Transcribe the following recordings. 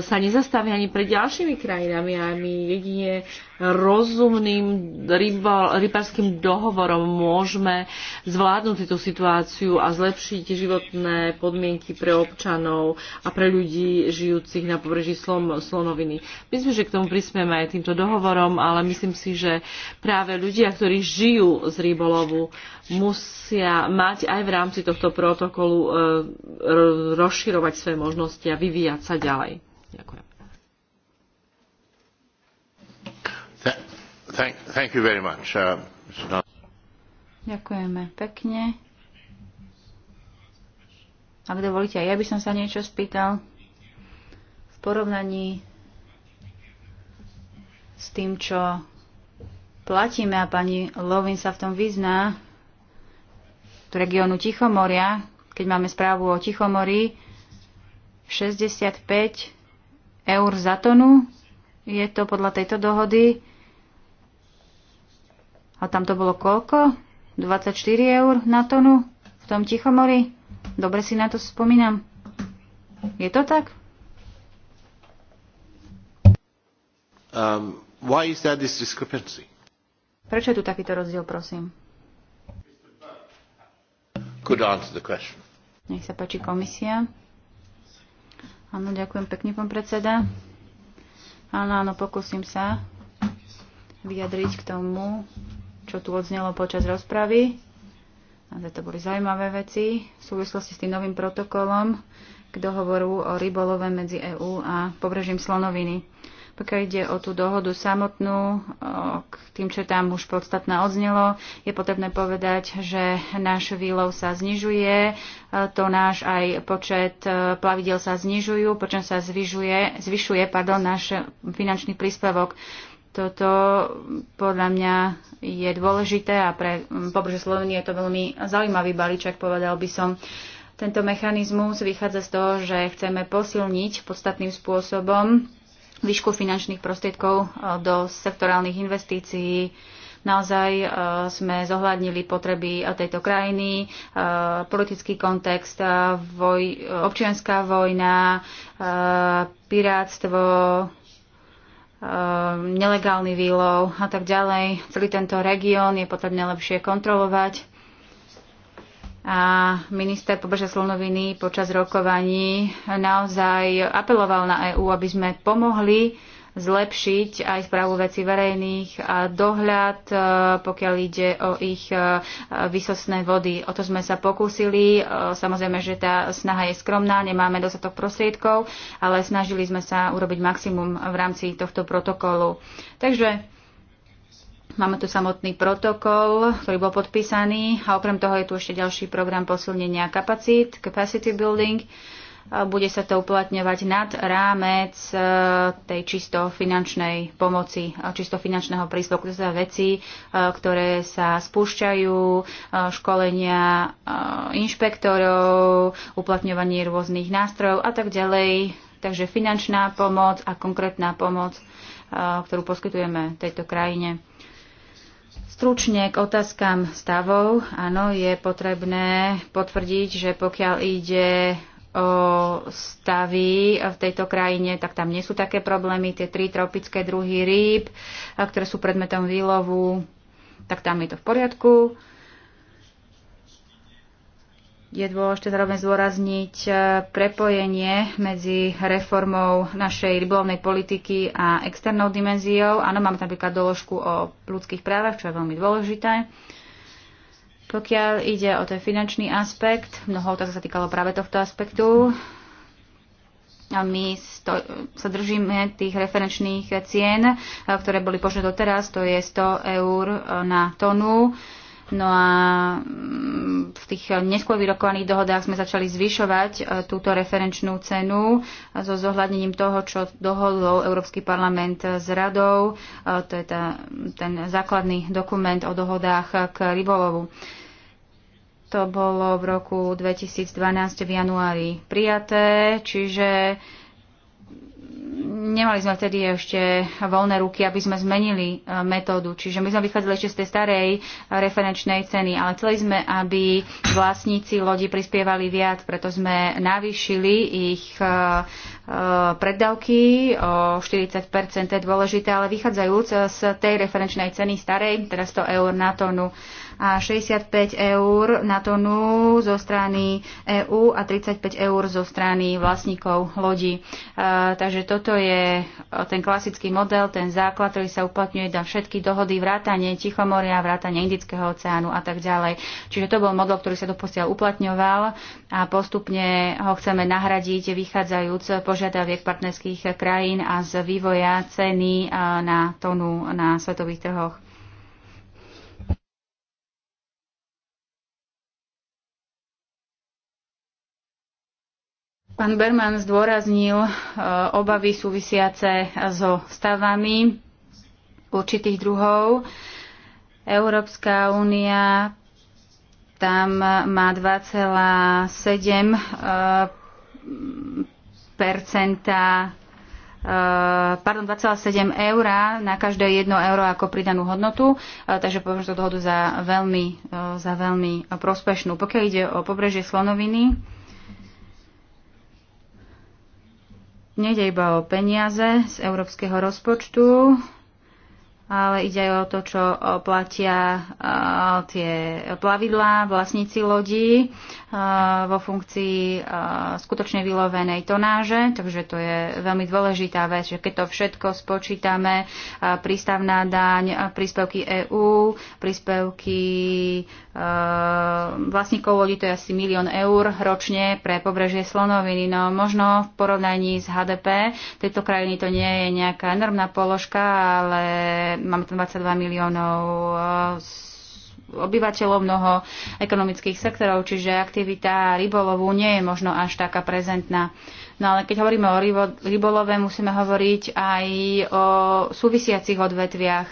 sa nezastaví ani pred ďalšími krajinami a my jedine rozumným rybárským rybarským dohovorom môžeme zvládnuť túto situáciu a zlepšiť životné podmienky pre občanov a pre ľudí žijúcich na pobreží slon, slonoviny. Myslím, že k tomu prispieme aj týmto dohovorom, ale myslím si, že práve ľudia, ktorí žijú z rybolovu, musia mať aj v rámci tohto protokolu e, rozširovať svoje možnosti a vyvíjať sa ďalej. Ďakujem. Thank, you very much. Uh, Ďakujeme pekne. Ak dovolíte, ja by som sa niečo spýtal v porovnaní s tým, čo platíme a pani Lovin sa v tom vyzná, regiónu Tichomoria, keď máme správu o Tichomorí, 65 eur za tonu. Je to podľa tejto dohody. A tam to bolo koľko? 24 eur na tonu v tom Tichomori? Dobre si na to spomínam. Je to tak? Um, why is that this discrepancy? Prečo je tu takýto rozdiel, prosím? could answer the question. Nech sa páči komisia. Áno, ďakujem pekne, pán predseda. Áno, áno, pokúsim sa vyjadriť k tomu, čo tu odznelo počas rozpravy. A to boli zaujímavé veci v súvislosti s tým novým protokolom k dohovoru o rybolove medzi EÚ a pobrežím slonoviny. Pokiaľ ide o tú dohodu samotnú, k tým, čo tam už podstatne odznelo, je potrebné povedať, že náš výlov sa znižuje, e, to náš aj počet e, plavidel sa znižujú, počom sa zvyšuje, zvyšuje pardon, náš finančný príspevok toto podľa mňa je dôležité a pre pobrže Slovenie je to veľmi zaujímavý balíček, povedal by som. Tento mechanizmus vychádza z toho, že chceme posilniť podstatným spôsobom výšku finančných prostriedkov eh, do sektorálnych investícií. Naozaj eh, sme zohľadnili potreby eh, tejto krajiny, politický kontext, voj, občianská vojna, pirátstvo, nelegálny výlov a tak ďalej. Celý tento región je potrebné lepšie kontrolovať a minister pobrežia Slonoviny počas rokovaní naozaj apeloval na EÚ, aby sme pomohli zlepšiť aj správu veci verejných a dohľad, e, pokiaľ ide o ich e, vysosné vody. O to sme sa pokúsili. E, samozrejme, že tá snaha je skromná, nemáme dostatok prostriedkov, ale snažili sme sa urobiť maximum v rámci tohto protokolu. Takže Máme tu samotný protokol, ktorý bol podpísaný a okrem toho je tu ešte ďalší program posilnenia kapacít, capacity building. Bude sa to uplatňovať nad rámec e, tej čisto finančnej pomoci, e, čisto finančného príspevku. To sú teda veci, e, ktoré sa spúšťajú, školenia inšpektorov, uplatňovanie rôznych nástrojov a tak ďalej. Takže finančná pomoc a konkrétna pomoc, ktorú poskytujeme tejto krajine. Stručne k otázkam stavov. Áno, je potrebné potvrdiť, že pokiaľ ide o stavy v tejto krajine, tak tam nie sú také problémy. Tie tri tropické druhy rýb, ktoré sú predmetom výlovu, tak tam je to v poriadku. Je dôležité zároveň zdôrazniť e, prepojenie medzi reformou našej rybolovnej politiky a externou dimenziou. Áno, máme tam napríklad doložku o ľudských právach, čo je veľmi dôležité. Pokiaľ ide o ten finančný aspekt, mnoho otázok sa týkalo práve tohto aspektu. A my sto, sa držíme tých referenčných cien, e, ktoré boli požené doteraz, to je 100 eur e, na tonu No a mm, v tých neskôr vyrokovaných dohodách sme začali zvyšovať e, túto referenčnú cenu e, so zohľadnením toho, čo dohodol Európsky parlament e, s radou. To je tá, ten základný dokument o dohodách k rybolovu. To bolo v roku 2012 v januári prijaté, čiže nemali sme vtedy ešte voľné ruky, aby sme zmenili e, metódu. Čiže my sme vychádzali ešte z tej starej e, referenčnej ceny, ale chceli sme, aby vlastníci lodi prispievali viac, preto sme navýšili ich e, preddavky o 40 to je dôležité, ale vychádzajúc z tej referenčnej ceny starej, teraz 100 eur na tónu a 65 eur na tonu zo strany EÚ a 35 eur zo strany vlastníkov E, Takže toto je e, ten klasický model, ten základ, ktorý sa uplatňuje na všetky dohody, vrátanie Tichomoria, vrátanie Indického oceánu a tak ďalej. Čiže to bol model, ktorý sa doposiaľ uplatňoval a postupne ho chceme nahradiť vychádzajúc požiadaviek partnerských krajín a z vývoja ceny e, na tonu na svetových trhoch. Pán Berman zdôraznil e, obavy súvisiace so stavami určitých druhov. Európska únia tam má 2,7 e, percenta e, pardon, 2,7 eur na každé 1 euro ako pridanú hodnotu, takže považujem tú dohodu za veľmi, za veľmi prospešnú. Pokiaľ ide o pobrežie Slonoviny, Nejde iba o peniaze z európskeho rozpočtu, ale ide aj o to, čo platia tie plavidlá, vlastníci lodí vo funkcii skutočne vylovenej tonáže, takže to je veľmi dôležitá vec, že keď to všetko spočítame, prístavná daň, príspevky EÚ, príspevky Ehm, vlastníkov lodi to je asi milión eur ročne pre pobrežie Slonoviny. No možno v porovnaní s HDP tejto krajiny to nie je nejaká enormná položka, ale máme tam 22 miliónov ehm, obyvateľov, mnoho ekonomických sektorov, čiže aktivita rybolovu nie je možno až taká prezentná. No ale keď hovoríme o rybolove, musíme hovoriť aj o súvisiacich odvetviach.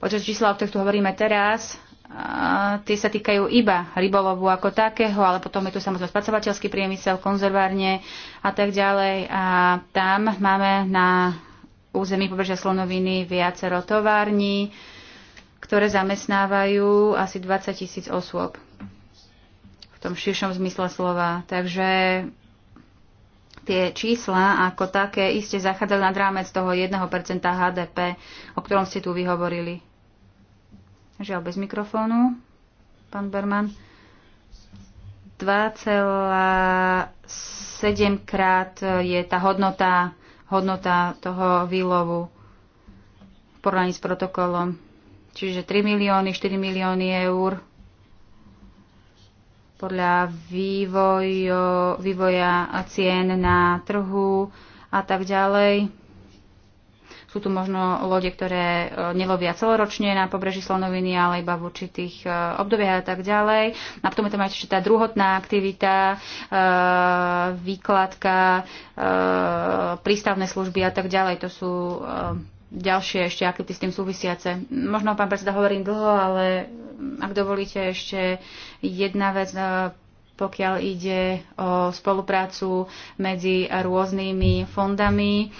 Počas čísla, o ktorých tu hovoríme teraz, tie sa týkajú iba rybolovu ako takého, ale potom je tu samozrejme spracovateľský priemysel, konzervárne a tak ďalej. A tam máme na území pobrežia Slonoviny viacero továrni, ktoré zamestnávajú asi 20 tisíc osôb v tom širšom zmysle slova. Takže tie čísla ako také iste zachádzajú nad rámec toho 1% HDP, o ktorom ste tu vyhovorili. Žiaľ, bez mikrofónu. Pán Berman. 2,7 krát je tá hodnota, hodnota toho výlovu v porovnaní s protokolom. Čiže 3 milióny, 4 milióny eur podľa vývojo, vývoja cien na trhu a tak ďalej sú tu možno lode, ktoré e, nelovia celoročne na pobreží slonoviny, ale iba v určitých e, obdobiach a tak ďalej. A potom je tam ešte tá druhotná aktivita, e, výkladka, prístavné služby a tak ďalej. To sú ďalšie ešte aktivity s tým súvisiace. Možno, pán predseda, hovorím dlho, ale ak dovolíte ešte jedna vec pokiaľ ide o spoluprácu medzi rôznymi fondami,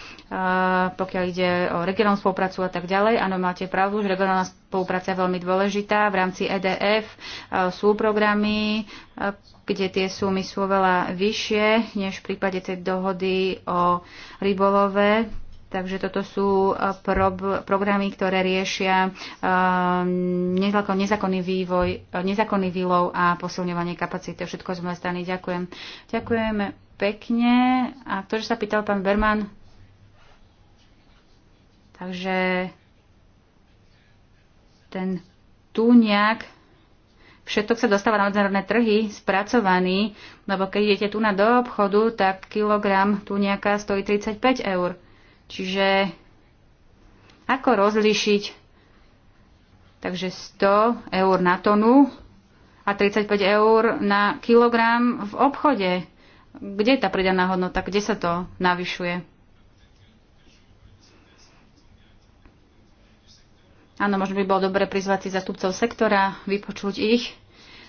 pokiaľ ide o regionálnu spoluprácu a tak ďalej. Áno, máte pravdu, že regionálna spolupráca je veľmi dôležitá. V rámci EDF sú programy, kde tie sumy sú veľa vyššie než v prípade tej dohody o rybolove Takže toto sú eh, prob- programy, ktoré riešia uh, nezákonný vývoj, eh, nezákonný výlov a posilňovanie kapacity. Všetko z mojej strany. Ďakujem. Ďakujem pekne. A to, že sa pýtal pán Berman, takže ten túňak, všetok sa dostáva na medzinárodné trhy, spracovaný, lebo keď idete tu na do obchodu, tak kilogram túňaka stojí 35 eur. Čiže ako rozlišiť takže 100 eur na tonu a 35 eur na kilogram v obchode. Kde je tá pridaná hodnota? Kde sa to navyšuje? Áno, možno by bolo dobre prizvať si zastupcov sektora, vypočuť ich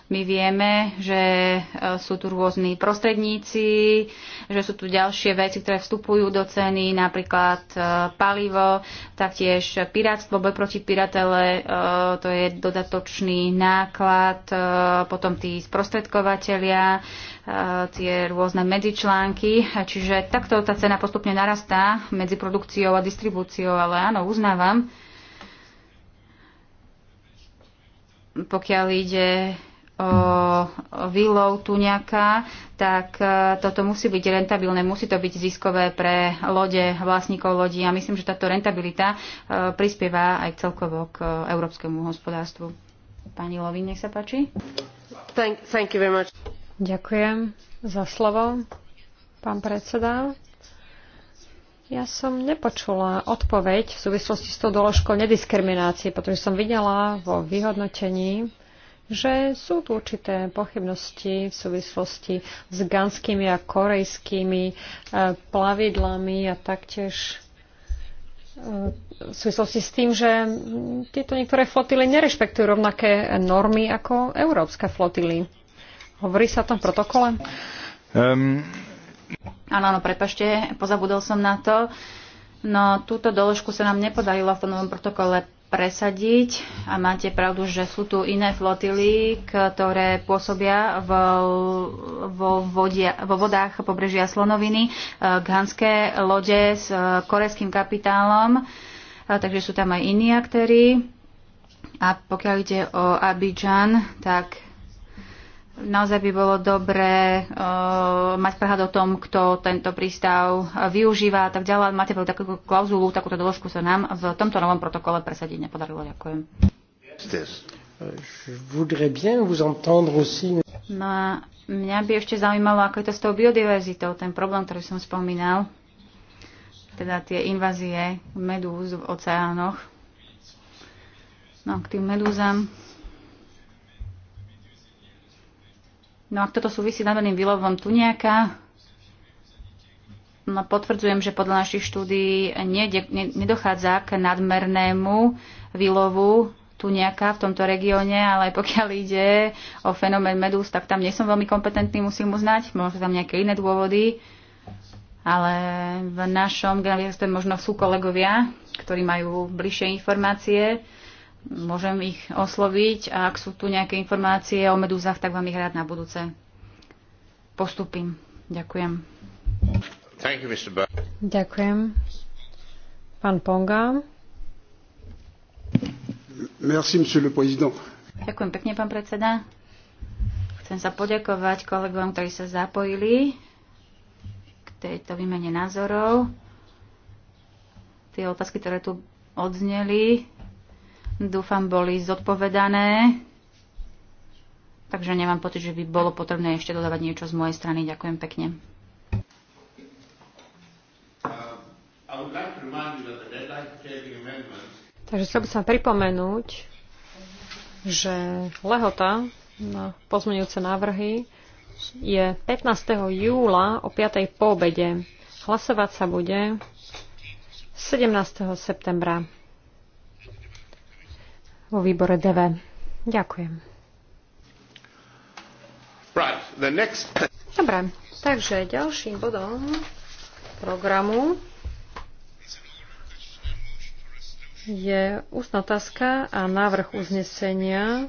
my vieme, že e, sú tu rôzni prostredníci, že sú tu ďalšie veci, ktoré vstupujú do ceny, napríklad e, palivo, taktiež pirátstvo, boj proti piratele, e, to je dodatočný náklad, potom tí sprostredkovateľia, tie rôzne medzičlánky. Čiže takto tá cena postupne narastá medzi produkciou a distribúciou, ale áno, uznávam, pokiaľ ide výlov tuňaka, tak e, toto musí byť rentabilné, musí to byť ziskové pre lode, vlastníkov lodí a myslím, že táto rentabilita e, prispieva aj celkovo k e, európskemu hospodárstvu. Pani Lovin, nech sa páči. Thank, thank you very much. Ďakujem za slovo, pán predseda. Ja som nepočula odpoveď v súvislosti s tou doložkou nediskriminácie, pretože som videla vo vyhodnotení že sú tu určité pochybnosti v súvislosti s ganskými a korejskými e, plavidlami a taktiež e, v súvislosti s tým, že tieto niektoré flotily nerešpektujú rovnaké normy ako európske flotily. Hovorí sa o tom protokole? Um... Áno, áno, prepašte, pozabudol som na to. No túto doložku sa nám nepodarilo v tom novom protokole presadiť a máte pravdu, že sú tu iné flotily, ktoré pôsobia vo, vo, vodia, vo vodách pobrežia Slonoviny, eh, ghanské lode s eh, korejským kapitálom, eh, takže sú tam aj iní aktéry. A pokiaľ ide o Abidžan, tak Naozaj by bolo dobré uh, mať prehľad o tom, kto tento prístav využíva a tak ďalej. Máte takú klauzulu, takúto doložku sa nám v tomto novom protokole presadiť nepodarilo. Ďakujem. No a mňa by ešte zaujímalo, ako je to s tou biodiverzitou, ten problém, ktorý som spomínal, teda tie invázie medúz v oceánoch. No, k tým medúzam. No ak toto súvisí s nadaným výlovom tuniaka, no potvrdzujem, že podľa našich štúdií nedochádza k nadmernému výlovu tuniaka v tomto regióne, ale pokiaľ ide o fenomén medúz, tak tam nie som veľmi kompetentný, musím uznať. Možno tam nejaké iné dôvody, ale v našom generálnom možno sú kolegovia, ktorí majú bližšie informácie môžem ich osloviť a ak sú tu nejaké informácie o medúzach, tak vám ich rád na budúce postupím. Ďakujem. You, Ďakujem. Pán Ponga. Merci, monsieur le président. Ďakujem pekne, pán predseda. Chcem sa poďakovať kolegom, ktorí sa zapojili k tejto výmene názorov. Tie otázky, ktoré tu odzneli, dúfam, boli zodpovedané. Takže nemám pocit, že by bolo potrebné ešte dodávať niečo z mojej strany. Ďakujem pekne. Takže chcel by som pripomenúť, že lehota na pozmeňujúce návrhy je 15. júla o 5. po obede. Hlasovať sa bude 17. septembra vo výbore DV. Ďakujem. Right, the next... Dobre, takže ďalším bodom programu je ústna otázka a návrh uznesenia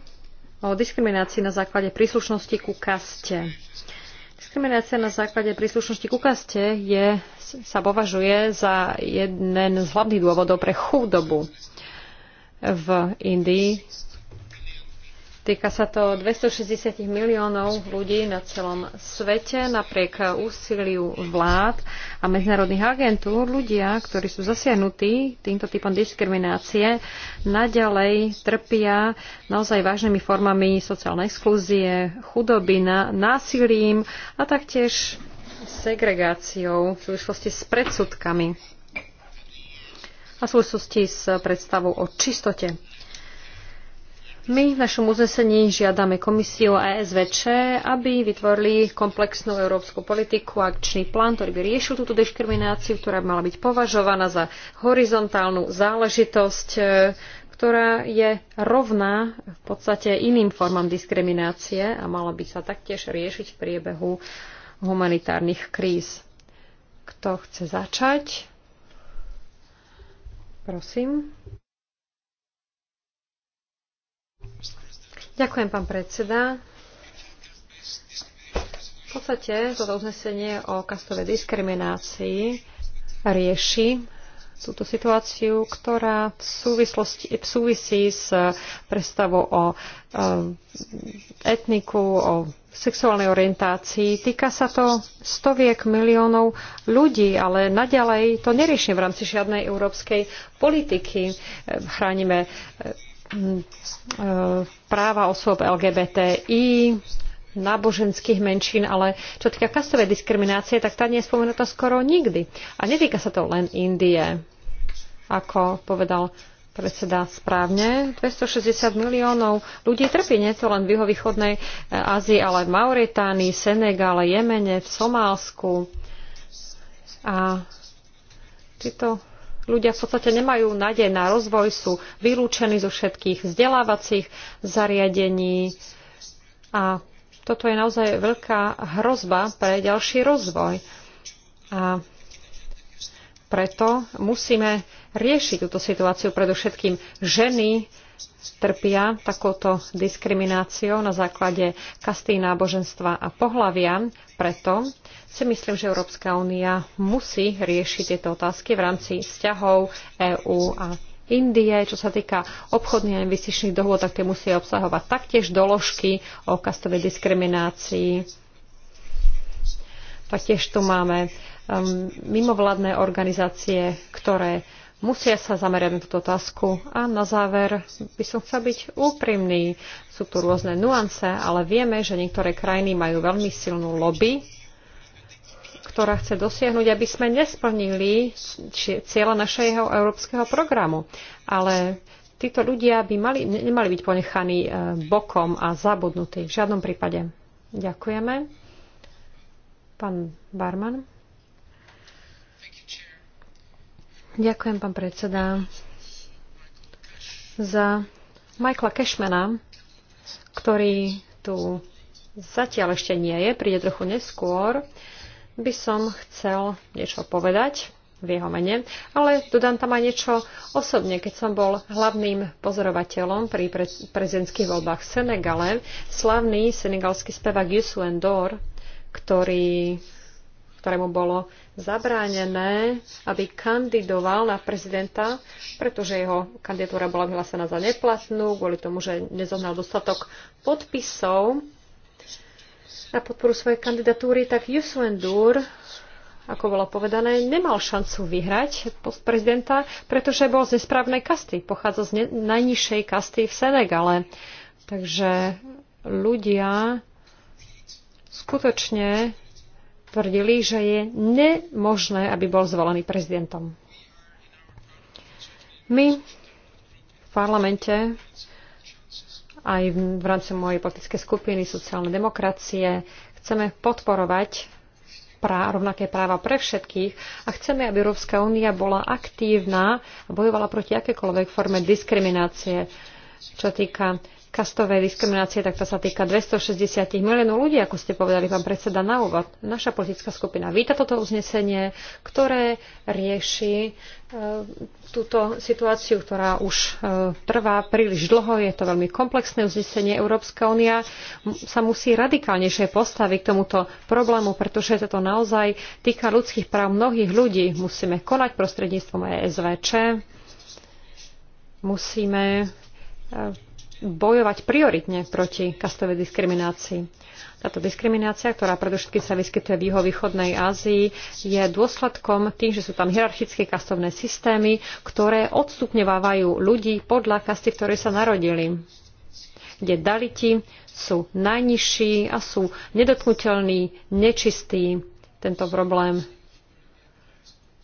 o diskriminácii na základe príslušnosti ku kaste. Diskriminácia na základe príslušnosti ku kaste je, sa považuje za jeden z hlavných dôvodov pre chudobu v Indii. Týka sa to 260 miliónov ľudí na celom svete. Napriek úsiliu vlád a medzinárodných agentúr, ľudia, ktorí sú zasiahnutí týmto typom diskriminácie, naďalej trpia naozaj vážnymi formami sociálnej exklúzie, chudoby, násilím a taktiež segregáciou v súvislosti s predsudkami a v súvislosti s predstavou o čistote. My v našom uznesení žiadame komisiu a ESVČ, aby vytvorili komplexnú európsku politiku a akčný plán, ktorý by riešil túto diskrimináciu, ktorá by mala byť považovaná za horizontálnu záležitosť, e, ktorá je rovná v podstate iným formám diskriminácie a mala by sa taktiež riešiť v priebehu humanitárnych kríz. Kto chce začať? Prosím. Ďakujem, pán predseda. V podstate toto uznesenie o kastovej diskriminácii rieši túto situáciu, ktorá v, súvislosti, v súvisí s predstavou o, o eh, etniku, o sexuálnej orientácii. Týka sa to stoviek miliónov ľudí, ale naďalej to nerieši v rámci žiadnej európskej politiky. Chránime eh, eh, práva osôb LGBTI, náboženských menšín, ale čo týka kastovej diskriminácie, tak tá nie je spomenutá skoro nikdy. A netýka sa to len Indie. Ako povedal predseda správne. 260 miliónov ľudí trpí, nieco len v juhovýchodnej e, Ázii, ale v Mauritánii, Senegále, Jemene, v Somálsku. A títo ľudia v podstate nemajú nádej na rozvoj, sú vylúčení zo všetkých vzdelávacích zariadení a toto je naozaj veľká hrozba pre ďalší rozvoj. A preto musíme riešiť túto situáciu. Predovšetkým ženy trpia takouto diskrimináciou na základe kastý náboženstva a pohlavia. Preto si myslím, že Európska únia musí riešiť tieto otázky v rámci vzťahov EÚ a Indie. Čo sa týka obchodných a investičných dohôd, tak tie musia obsahovať taktiež doložky o kastovej diskriminácii. Taktiež tu máme um, mimovládne organizácie, ktoré musia sa zamerať na túto otázku. A na záver by som chcel byť úprimný. Sú tu rôzne nuance, ale vieme, že niektoré krajiny majú veľmi silnú lobby, ktorá chce dosiahnuť, aby sme nesplnili cieľa našeho európskeho programu. Ale títo ľudia by mali, nemali byť ponechaní e, bokom a zabudnutí. V žiadnom prípade. Ďakujeme. Pán Barman. Ďakujem, pán predseda. Za Michaela Cashmana, ktorý tu zatiaľ ešte nie je, príde trochu neskôr, by som chcel niečo povedať v jeho mene, ale dodám tam aj niečo osobne. Keď som bol hlavným pozorovateľom pri prezidentských voľbách v Senegale, slavný senegalský spevák Youssou Endor, ktorý ktorému bolo zabránené, aby kandidoval na prezidenta, pretože jeho kandidatúra bola vyhlásená za neplatnú kvôli tomu, že nezohnal dostatok podpisov na podporu svojej kandidatúry, tak Dur, ako bolo povedané, nemal šancu vyhrať post prezidenta, pretože bol z nesprávnej kasty. Pochádza z ne- najnižšej kasty v Senegale. Takže ľudia skutočne tvrdili, že je nemožné, aby bol zvolený prezidentom. My v parlamente aj v rámci mojej politickej skupiny sociálnej demokracie chceme podporovať prá, rovnaké práva pre všetkých a chceme, aby Európska únia bola aktívna a bojovala proti akékoľvek forme diskriminácie, čo týka kastovej diskriminácie, tak to sa týka 260 miliónov ľudí, ako ste povedali, pán predseda, na úvod. Naša politická skupina víta toto uznesenie, ktoré rieši e, túto situáciu, ktorá už e, trvá príliš dlho. Je to veľmi komplexné uznesenie. Európska únia sa musí radikálnejšie postaviť k tomuto problému, pretože sa to naozaj týka ľudských práv mnohých ľudí. Musíme konať prostredníctvom ESVČ. Musíme e, bojovať prioritne proti kastovej diskriminácii. Táto diskriminácia, ktorá predovšetkým sa vyskytuje v juhovýchodnej Ázii, je dôsledkom tým, že sú tam hierarchické kastovné systémy, ktoré odstupňovávajú ľudí podľa kasty, v ktorej sa narodili kde daliti sú najnižší a sú nedotknutelní, nečistí. Tento problém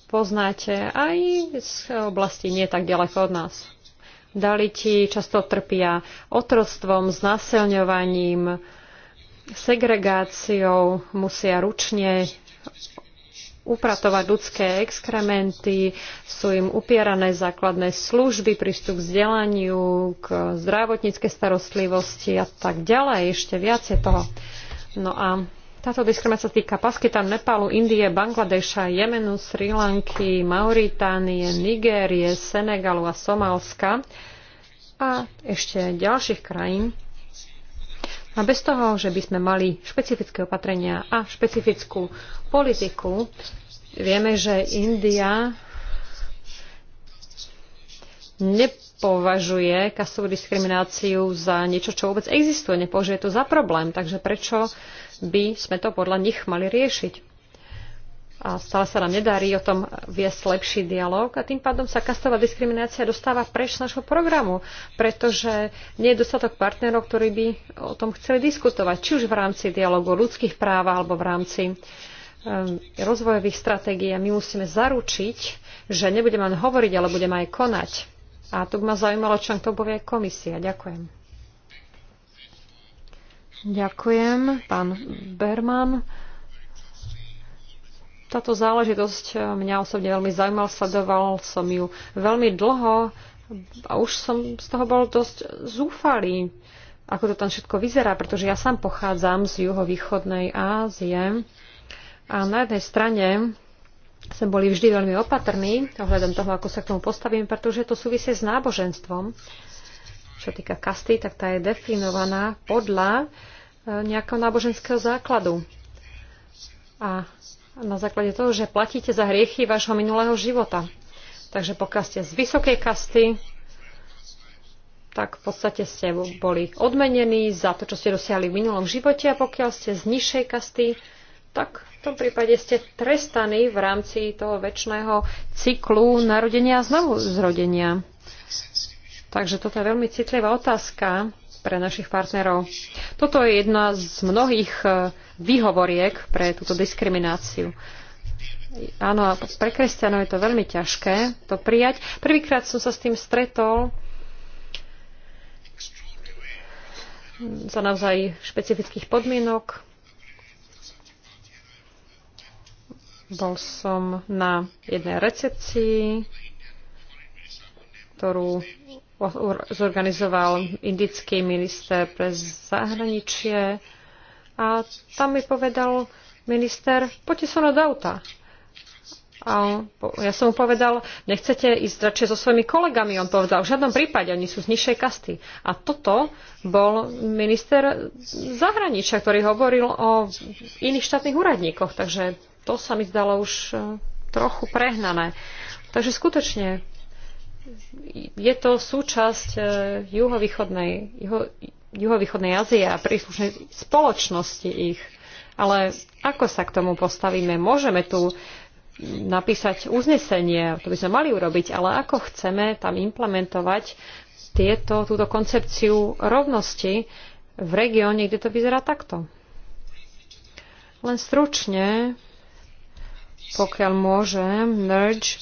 poznáte aj z oblasti nie tak ďaleko od nás. Daliti často trpia otrostvom, znásilňovaním, segregáciou, musia ručne upratovať ľudské exkrementy, sú im upierané základné služby, prístup k vzdelaniu, k zdravotníckej starostlivosti a tak ďalej. Ešte viac toho. No a táto diskriminácia týka Paskitanu, Nepalu, Indie, Bangladeša, Jemenu, Sri Lanky, Mauritánie, Nigérie, Senegalu a Somálska a ešte ďalších krajín. A bez toho, že by sme mali špecifické opatrenia a špecifickú politiku, vieme, že India nepovažuje kasovú diskrimináciu za niečo, čo vôbec existuje, nepovažuje to za problém. Takže prečo by sme to podľa nich mali riešiť. A stále sa nám nedarí o tom viesť lepší dialog a tým pádom sa kastová diskriminácia dostáva preč z našho programu, pretože nie je dostatok partnerov, ktorí by o tom chceli diskutovať, či už v rámci dialogu o ľudských práv alebo v rámci um, rozvojových stratégií a my musíme zaručiť, že nebudeme len hovoriť, ale budeme aj konať. A tu by ma zaujímalo, čo to povie komisia. Ďakujem. Ďakujem, pán Berman. Táto záležitosť mňa osobne veľmi zaujímal, sledoval som ju veľmi dlho a už som z toho bol dosť zúfalý, ako to tam všetko vyzerá, pretože ja sám pochádzam z juhovýchodnej Ázie a na jednej strane sme boli vždy veľmi opatrní ohľadom toho, ako sa k tomu postavím, pretože to súvisie s náboženstvom čo týka kasty, tak tá je definovaná podľa e, nejakého náboženského základu. A na základe toho, že platíte za hriechy vášho minulého života. Takže pokiaľ ste z vysokej kasty, tak v podstate ste boli odmenení za to, čo ste dosiahli v minulom živote a pokiaľ ste z nižšej kasty, tak v tom prípade ste trestaní v rámci toho väčšného cyklu narodenia a znovu zrodenia. Takže toto je veľmi citlivá otázka pre našich partnerov. Toto je jedna z mnohých e, výhovoriek pre túto diskrimináciu. Áno, a pre kresťanov je to veľmi ťažké to prijať. Prvýkrát som sa s tým stretol za naozaj špecifických podmienok. Bol som na jednej recepcii, ktorú zorganizoval indický minister pre zahraničie a tam mi povedal minister, poďte so do auta. A ja som mu povedal, nechcete ísť radšej so svojimi kolegami. On povedal, v žiadnom prípade, oni sú z nižšej kasty. A toto bol minister zahraničia, ktorý hovoril o iných štátnych úradníkoch. Takže to sa mi zdalo už eh, trochu prehnané. Takže skutočne je to súčasť e, juhovýchodnej, juho, juhovýchodnej Ázie a príslušnej spoločnosti ich. Ale ako sa k tomu postavíme? Môžeme tu napísať uznesenie, to by sme mali urobiť, ale ako chceme tam implementovať tieto, túto koncepciu rovnosti v regióne, kde to vyzerá takto? Len stručne, pokiaľ môžem, merge,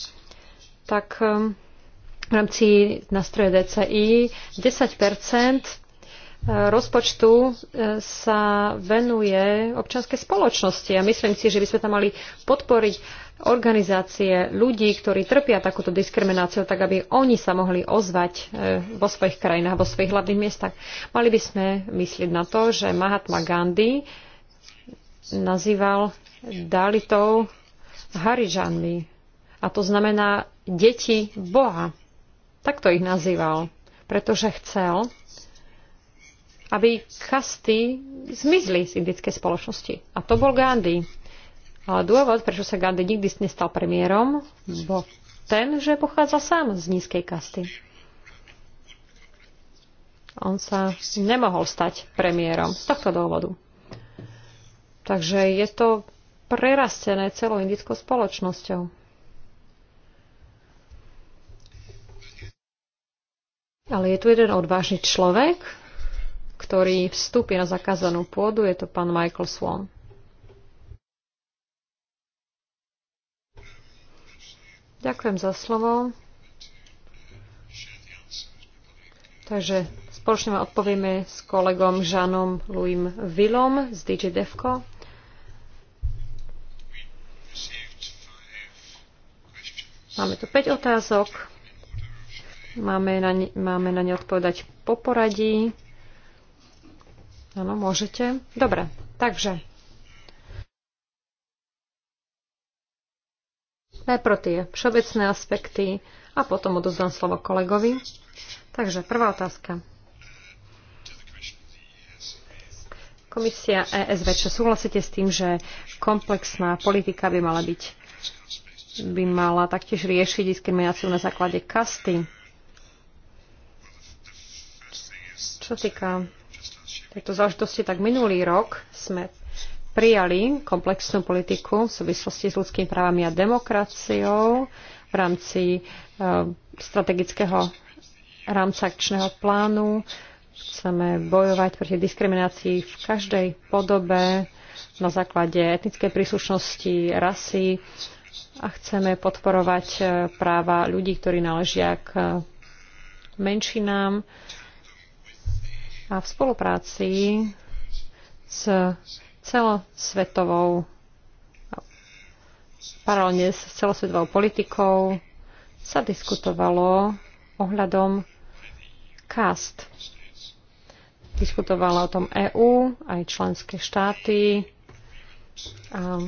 tak v rámci nástroje DCI 10 rozpočtu e, sa venuje občanskej spoločnosti a myslím si, že by sme tam mali podporiť organizácie ľudí, ktorí trpia takúto diskrimináciu, tak aby oni sa mohli ozvať e, vo svojich krajinách, vo svojich hlavných miestach. Mali by sme myslieť na to, že Mahatma Gandhi nazýval Dalitov Harižanmi. A to znamená deti Boha. Takto ich nazýval, pretože chcel, aby kasty zmizli z indickej spoločnosti. A to bol Gandhi. Ale dôvod, prečo sa Gandhi nikdy nestal premiérom, bol ten, že pochádza sám z nízkej kasty. On sa nemohol stať premiérom z tohto dôvodu. Takže je to prerastené celou indickou spoločnosťou. Ale je tu jeden odvážny človek, ktorý vstúpi na zakázanú pôdu, je to pán Michael Swan. Ďakujem za slovo. Takže spoločne vám odpovieme s kolegom Žanom Louis Willom z DJ Devco. Máme tu 5 otázok. Máme na, ne, máme na ne odpovedať po poradí. Áno, môžete. Dobre, takže. Najprv tie všeobecné aspekty a potom odozvám slovo kolegovi. Takže prvá otázka. Komisia ESV, čo súhlasíte s tým, že komplexná politika by mala byť by mala taktiež riešiť diskrimináciu na základe kasty Čo týka tejto záležitosti, tak minulý rok sme prijali komplexnú politiku v súvislosti s ľudskými právami a demokraciou v rámci eh, strategického rámca akčného plánu. Chceme bojovať proti diskriminácii v každej podobe na základe etnickej príslušnosti, rasy a chceme podporovať eh, práva ľudí, ktorí náležia k eh, menšinám a v spolupráci s celosvetovou paralelne s celosvetovou politikou sa diskutovalo ohľadom CAST. Diskutovala o tom EÚ, aj členské štáty. A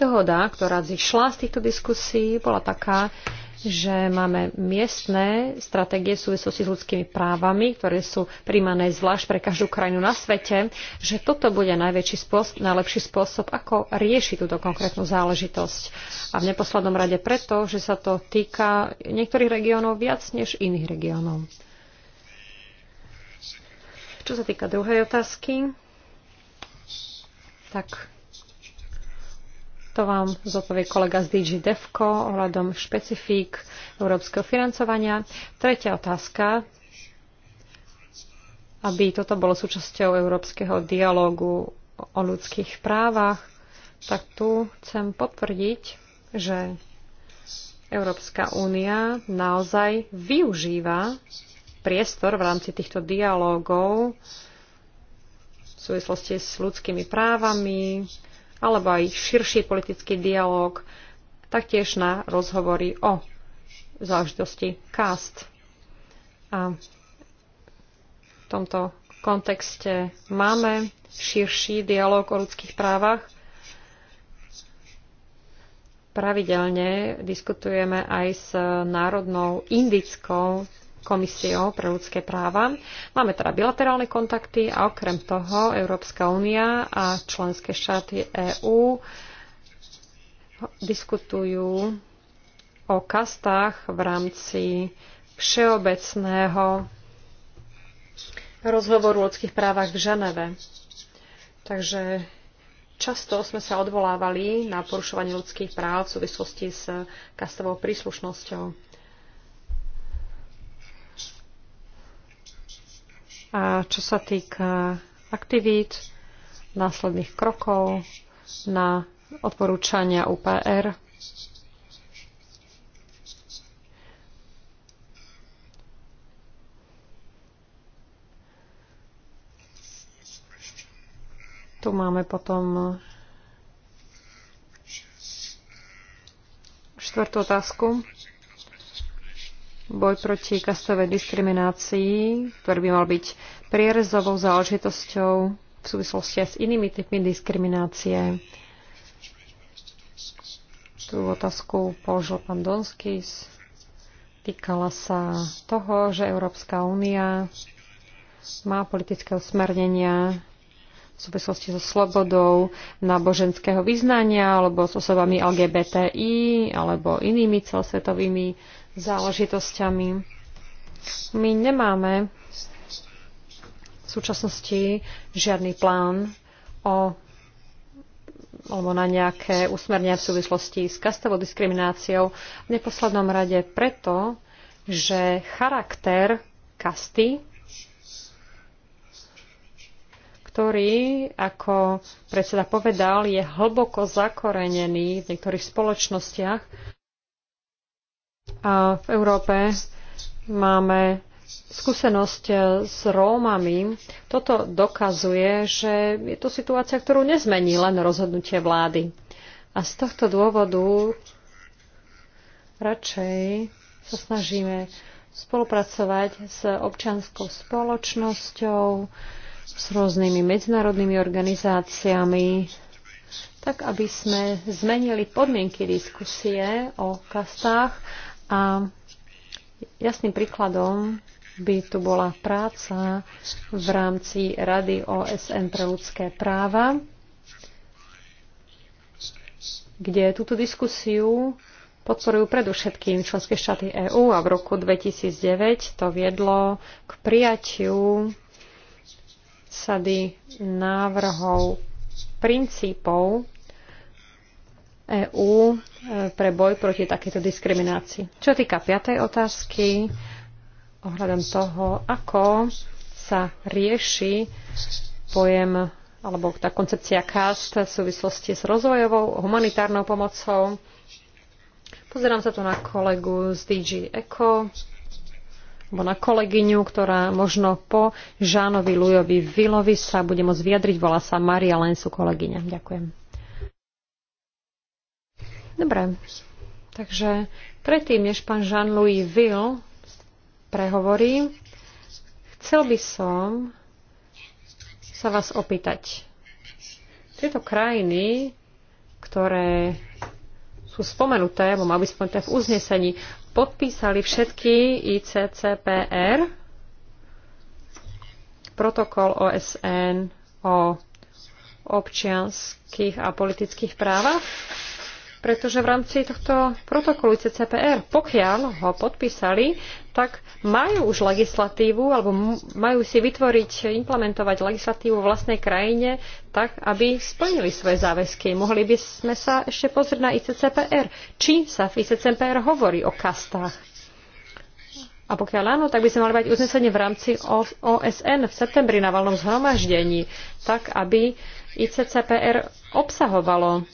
dohoda, ktorá zišla z týchto diskusí, bola taká, že máme miestne stratégie v súvislosti s ľudskými právami, ktoré sú príjmané zvlášť pre každú krajinu na svete, že toto bude najväčší spôsob, najlepší spôsob, ako riešiť túto konkrétnu záležitosť. A v neposlednom rade preto, že sa to týka niektorých regiónov viac než iných regiónov. Čo sa týka druhej otázky, tak to vám zodpovie kolega z DG DEFCO ohľadom špecifík európskeho financovania. Tretia otázka, aby toto bolo súčasťou európskeho dialógu o ľudských právach, tak tu chcem potvrdiť, že Európska únia naozaj využíva priestor v rámci týchto dialógov v súvislosti s ľudskými právami, alebo aj širší politický dialog, taktiež na rozhovory o záležitosti KAST. A v tomto kontexte máme širší dialog o ľudských právach. Pravidelne diskutujeme aj s Národnou indickou komisiou pre ľudské práva. Máme teda bilaterálne kontakty a okrem toho Európska únia a členské štáty EÚ diskutujú o kastách v rámci všeobecného rozhovoru o ľudských právach v Ženeve. Takže často sme sa odvolávali na porušovanie ľudských práv v súvislosti s kastovou príslušnosťou. A čo sa týka aktivít, následných krokov na odporúčania UPR, Tu máme potom štvrtú otázku boj proti kastovej diskriminácii, ktorý by mal byť prierezovou záležitosťou v súvislosti aj s inými typmi diskriminácie. Tú otázku položil pán Donskis. Týkala sa toho, že Európska únia má politické usmernenia v súvislosti so slobodou náboženského vyznania alebo s osobami LGBTI alebo inými celosvetovými záležitosťami. My nemáme v súčasnosti žiadny plán o alebo na nejaké usmernenia v súvislosti s kastovou diskrimináciou. V neposlednom rade preto, že charakter kasty, ktorý, ako predseda povedal, je hlboko zakorenený v niektorých spoločnostiach, a v Európe máme skúsenosť s Rómami. Toto dokazuje, že je to situácia, ktorú nezmení len rozhodnutie vlády. A z tohto dôvodu radšej sa snažíme spolupracovať s občianskou spoločnosťou, s rôznymi medzinárodnými organizáciami, tak aby sme zmenili podmienky diskusie o kastách a jasným príkladom by tu bola práca v rámci Rady OSN pre ľudské práva, kde túto diskusiu podporujú predovšetkým členské štáty EÚ a v roku 2009 to viedlo k prijatiu sady návrhov princípov EÚ e, pre boj proti takéto diskriminácii. Čo týka piatej otázky, ohľadom toho, ako sa rieši pojem alebo tá koncepcia CAST v súvislosti s rozvojovou humanitárnou pomocou. Pozerám sa tu na kolegu z DG ECO, alebo na kolegyňu, ktorá možno po Žánovi Lujovi Vilovi sa bude môcť vyjadriť. Volá sa Maria Lensu kolegyňa. Ďakujem. Dobre, takže predtým, než pán Jean-Louis Will prehovorí, chcel by som sa vás opýtať. Tieto krajiny, ktoré sú spomenuté, alebo mali spomenuté v uznesení, podpísali všetky ICCPR, protokol OSN o občianských a politických právach pretože v rámci tohto protokolu CCPR, pokiaľ ho podpísali, tak majú už legislatívu, alebo majú si vytvoriť, implementovať legislatívu v vlastnej krajine, tak, aby splnili svoje záväzky. Mohli by sme sa ešte pozrieť na ICCPR. Či sa v ICCPR hovorí o kastách? A pokiaľ áno, tak by sme mali mať uznesenie v rámci OSN v septembri na valnom zhromaždení, tak aby ICCPR obsahovalo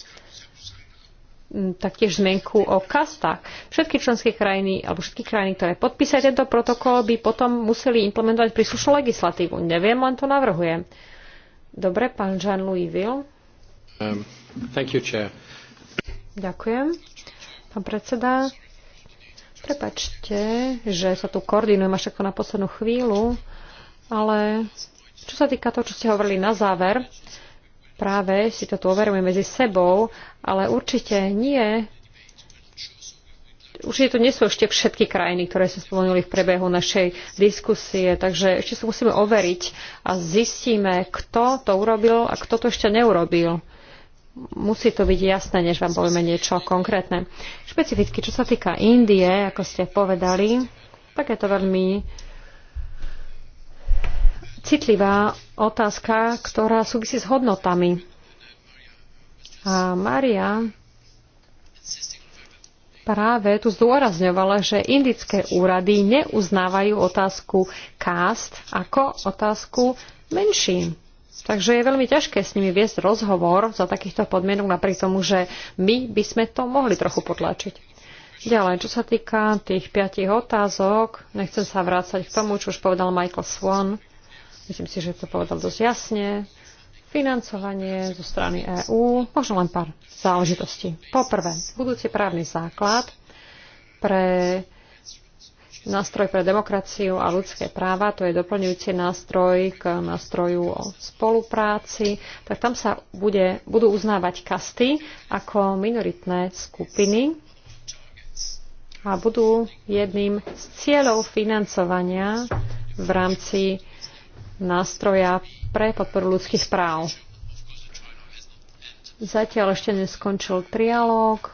taktiež zmenku o kastách. Všetky členské krajiny, alebo všetky krajiny, ktoré podpísali tento protokol, by potom museli implementovať príslušnú legislatívu. Neviem, len to navrhujem. Dobre, pán Jean-Louis Ville. Um, thank you, chair. Ďakujem. Pán predseda, prepačte, že sa tu koordinujem až ako na poslednú chvíľu, ale čo sa týka toho, čo ste hovorili na záver, práve si to tu overujeme medzi sebou, ale určite nie. Určite to nie sú ešte všetky krajiny, ktoré sa spomenuli v prebehu našej diskusie, takže ešte sa musíme overiť a zistíme, kto to urobil a kto to ešte neurobil. Musí to byť jasné, než vám povieme niečo konkrétne. Špecificky, čo sa týka Indie, ako ste povedali, tak je to veľmi citlivá otázka, ktorá súvisí s hodnotami. A Maria práve tu zdôrazňovala, že indické úrady neuznávajú otázku kást ako otázku menšín. Takže je veľmi ťažké s nimi viesť rozhovor za takýchto podmienok, napriek tomu, že my by sme to mohli trochu potlačiť. Ďalej, čo sa týka tých piatich otázok, nechcem sa vrácať k tomu, čo už povedal Michael Swan. Myslím si, že to povedal dosť jasne. Financovanie zo strany EÚ, možno len pár záležitostí. Poprvé, budúci právny základ pre nástroj pre demokraciu a ľudské práva, to je doplňujúci nástroj k nástroju o spolupráci, tak tam sa bude, budú uznávať kasty ako minoritné skupiny a budú jedným z cieľov financovania v rámci nástroja pre podporu ľudských práv. Zatiaľ ešte neskončil trialóg,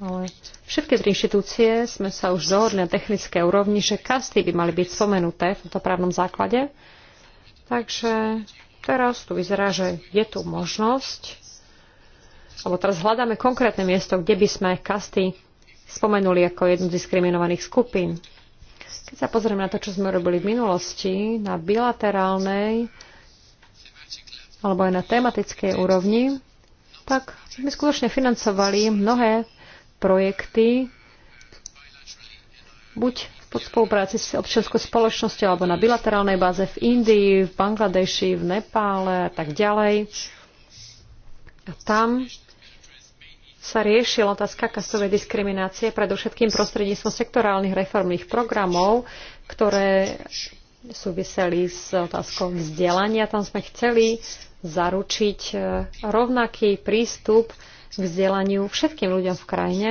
ale všetky tri inštitúcie sme sa už dohodli na technické úrovni, že kasty by mali byť spomenuté v tomto právnom základe. Takže teraz tu vyzerá, že je tu možnosť, alebo teraz hľadáme konkrétne miesto, kde by sme kasty spomenuli ako jednu z diskriminovaných skupín. Keď sa pozrieme na to, čo sme robili v minulosti, na bilaterálnej alebo aj na tematickej úrovni, tak sme skutočne financovali mnohé projekty, buď v spolupráci s občianskou spoločnosťou alebo na bilaterálnej báze v Indii, v Bangladeši, v Nepále a tak ďalej. A tam sa riešila otázka kastovej diskriminácie predovšetkým prostredníctvom sektorálnych reformných programov, ktoré súviseli s otázkou vzdelania. Tam sme chceli zaručiť e, rovnaký prístup k vzdelaniu všetkým ľuďom v krajine,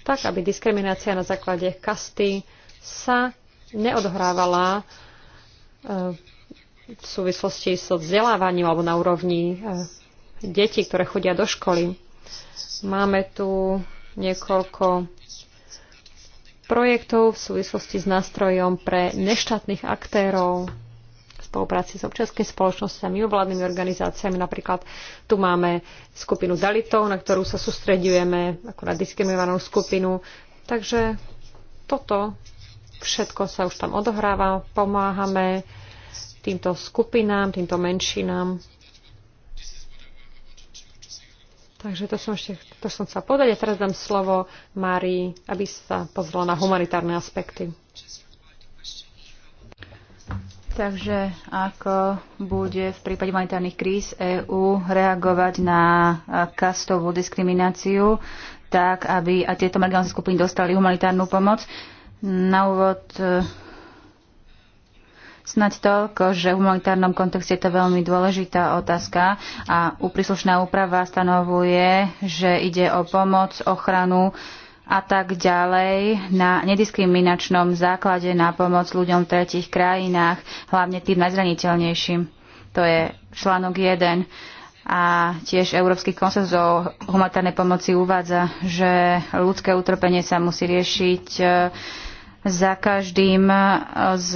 tak aby diskriminácia na základe kasty sa neodhrávala e, v súvislosti so vzdelávaním alebo na úrovni e, detí, ktoré chodia do školy. Máme tu niekoľko projektov v súvislosti s nástrojom pre neštátnych aktérov v spolupráci s občianskými spoločnosťami, mimovládnymi organizáciami. Napríklad tu máme skupinu Dalitov, na ktorú sa sústredujeme ako na diskriminovanú skupinu. Takže toto všetko sa už tam odohráva, pomáhame týmto skupinám, týmto menšinám. Takže to som ešte to som chcela povedať a teraz dám slovo Márii, aby sa pozrela na humanitárne aspekty. Takže ako bude v prípade humanitárnych kríz EÚ reagovať na kastovú diskrimináciu, tak aby a tieto marginálne skupiny dostali humanitárnu pomoc? Na úvod e, Snaď toľko, že v humanitárnom kontexte je to veľmi dôležitá otázka a príslušná úprava stanovuje, že ide o pomoc, ochranu a tak ďalej na nediskriminačnom základe na pomoc ľuďom v tretich krajinách, hlavne tým najzraniteľnejším. To je článok 1. A tiež Európsky konsens o humanitárnej pomoci uvádza, že ľudské utrpenie sa musí riešiť e, za každým e, s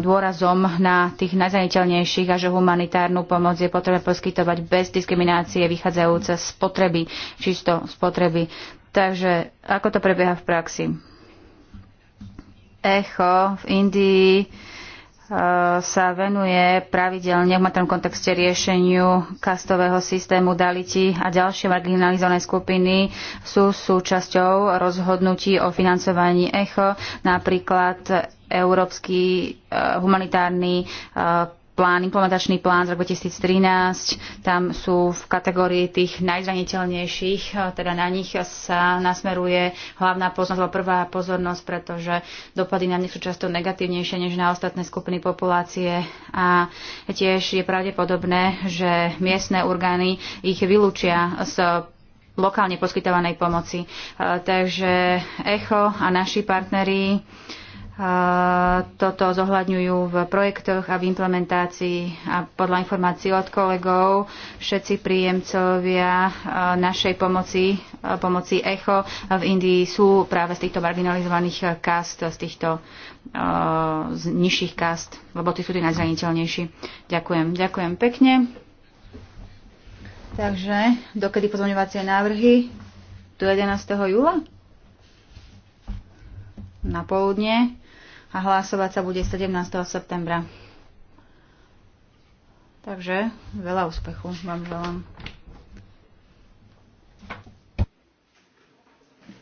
dôrazom na tých najzraniteľnejších a že humanitárnu pomoc je potrebné poskytovať bez diskriminácie vychádzajúce z potreby, čisto z potreby. Takže ako to prebieha v praxi? Echo v Indii E, sa venuje pravidelne v matrom kontexte riešeniu kastového systému Daliti a ďalšie marginalizované skupiny sú súčasťou rozhodnutí o financovaní ECHO, napríklad Európsky e, humanitárny e, plán, implementačný plán z roku 2013, tam sú v kategórii tých najzraniteľnejších, teda na nich sa nasmeruje hlavná pozornosť, alebo prvá pozornosť, pretože dopady na nich sú často negatívnejšie než na ostatné skupiny populácie a tiež je pravdepodobné, že miestne orgány ich vylúčia z lokálne poskytovanej pomoci. Takže ECHO a naši partneri toto zohľadňujú v projektoch a v implementácii. A podľa informácií od kolegov všetci príjemcovia e, našej pomoci, e, pomoci ECHO v Indii sú práve z týchto marginalizovaných kast, z týchto e, z nižších kast, lebo tí sú tí najzraniteľnejší. Ďakujem. Ďakujem pekne. Takže, dokedy pozvoňovacie návrhy? Do 11. júla? Na poludne a hlasovať sa bude 17. septembra. Takže veľa úspechu vám želám.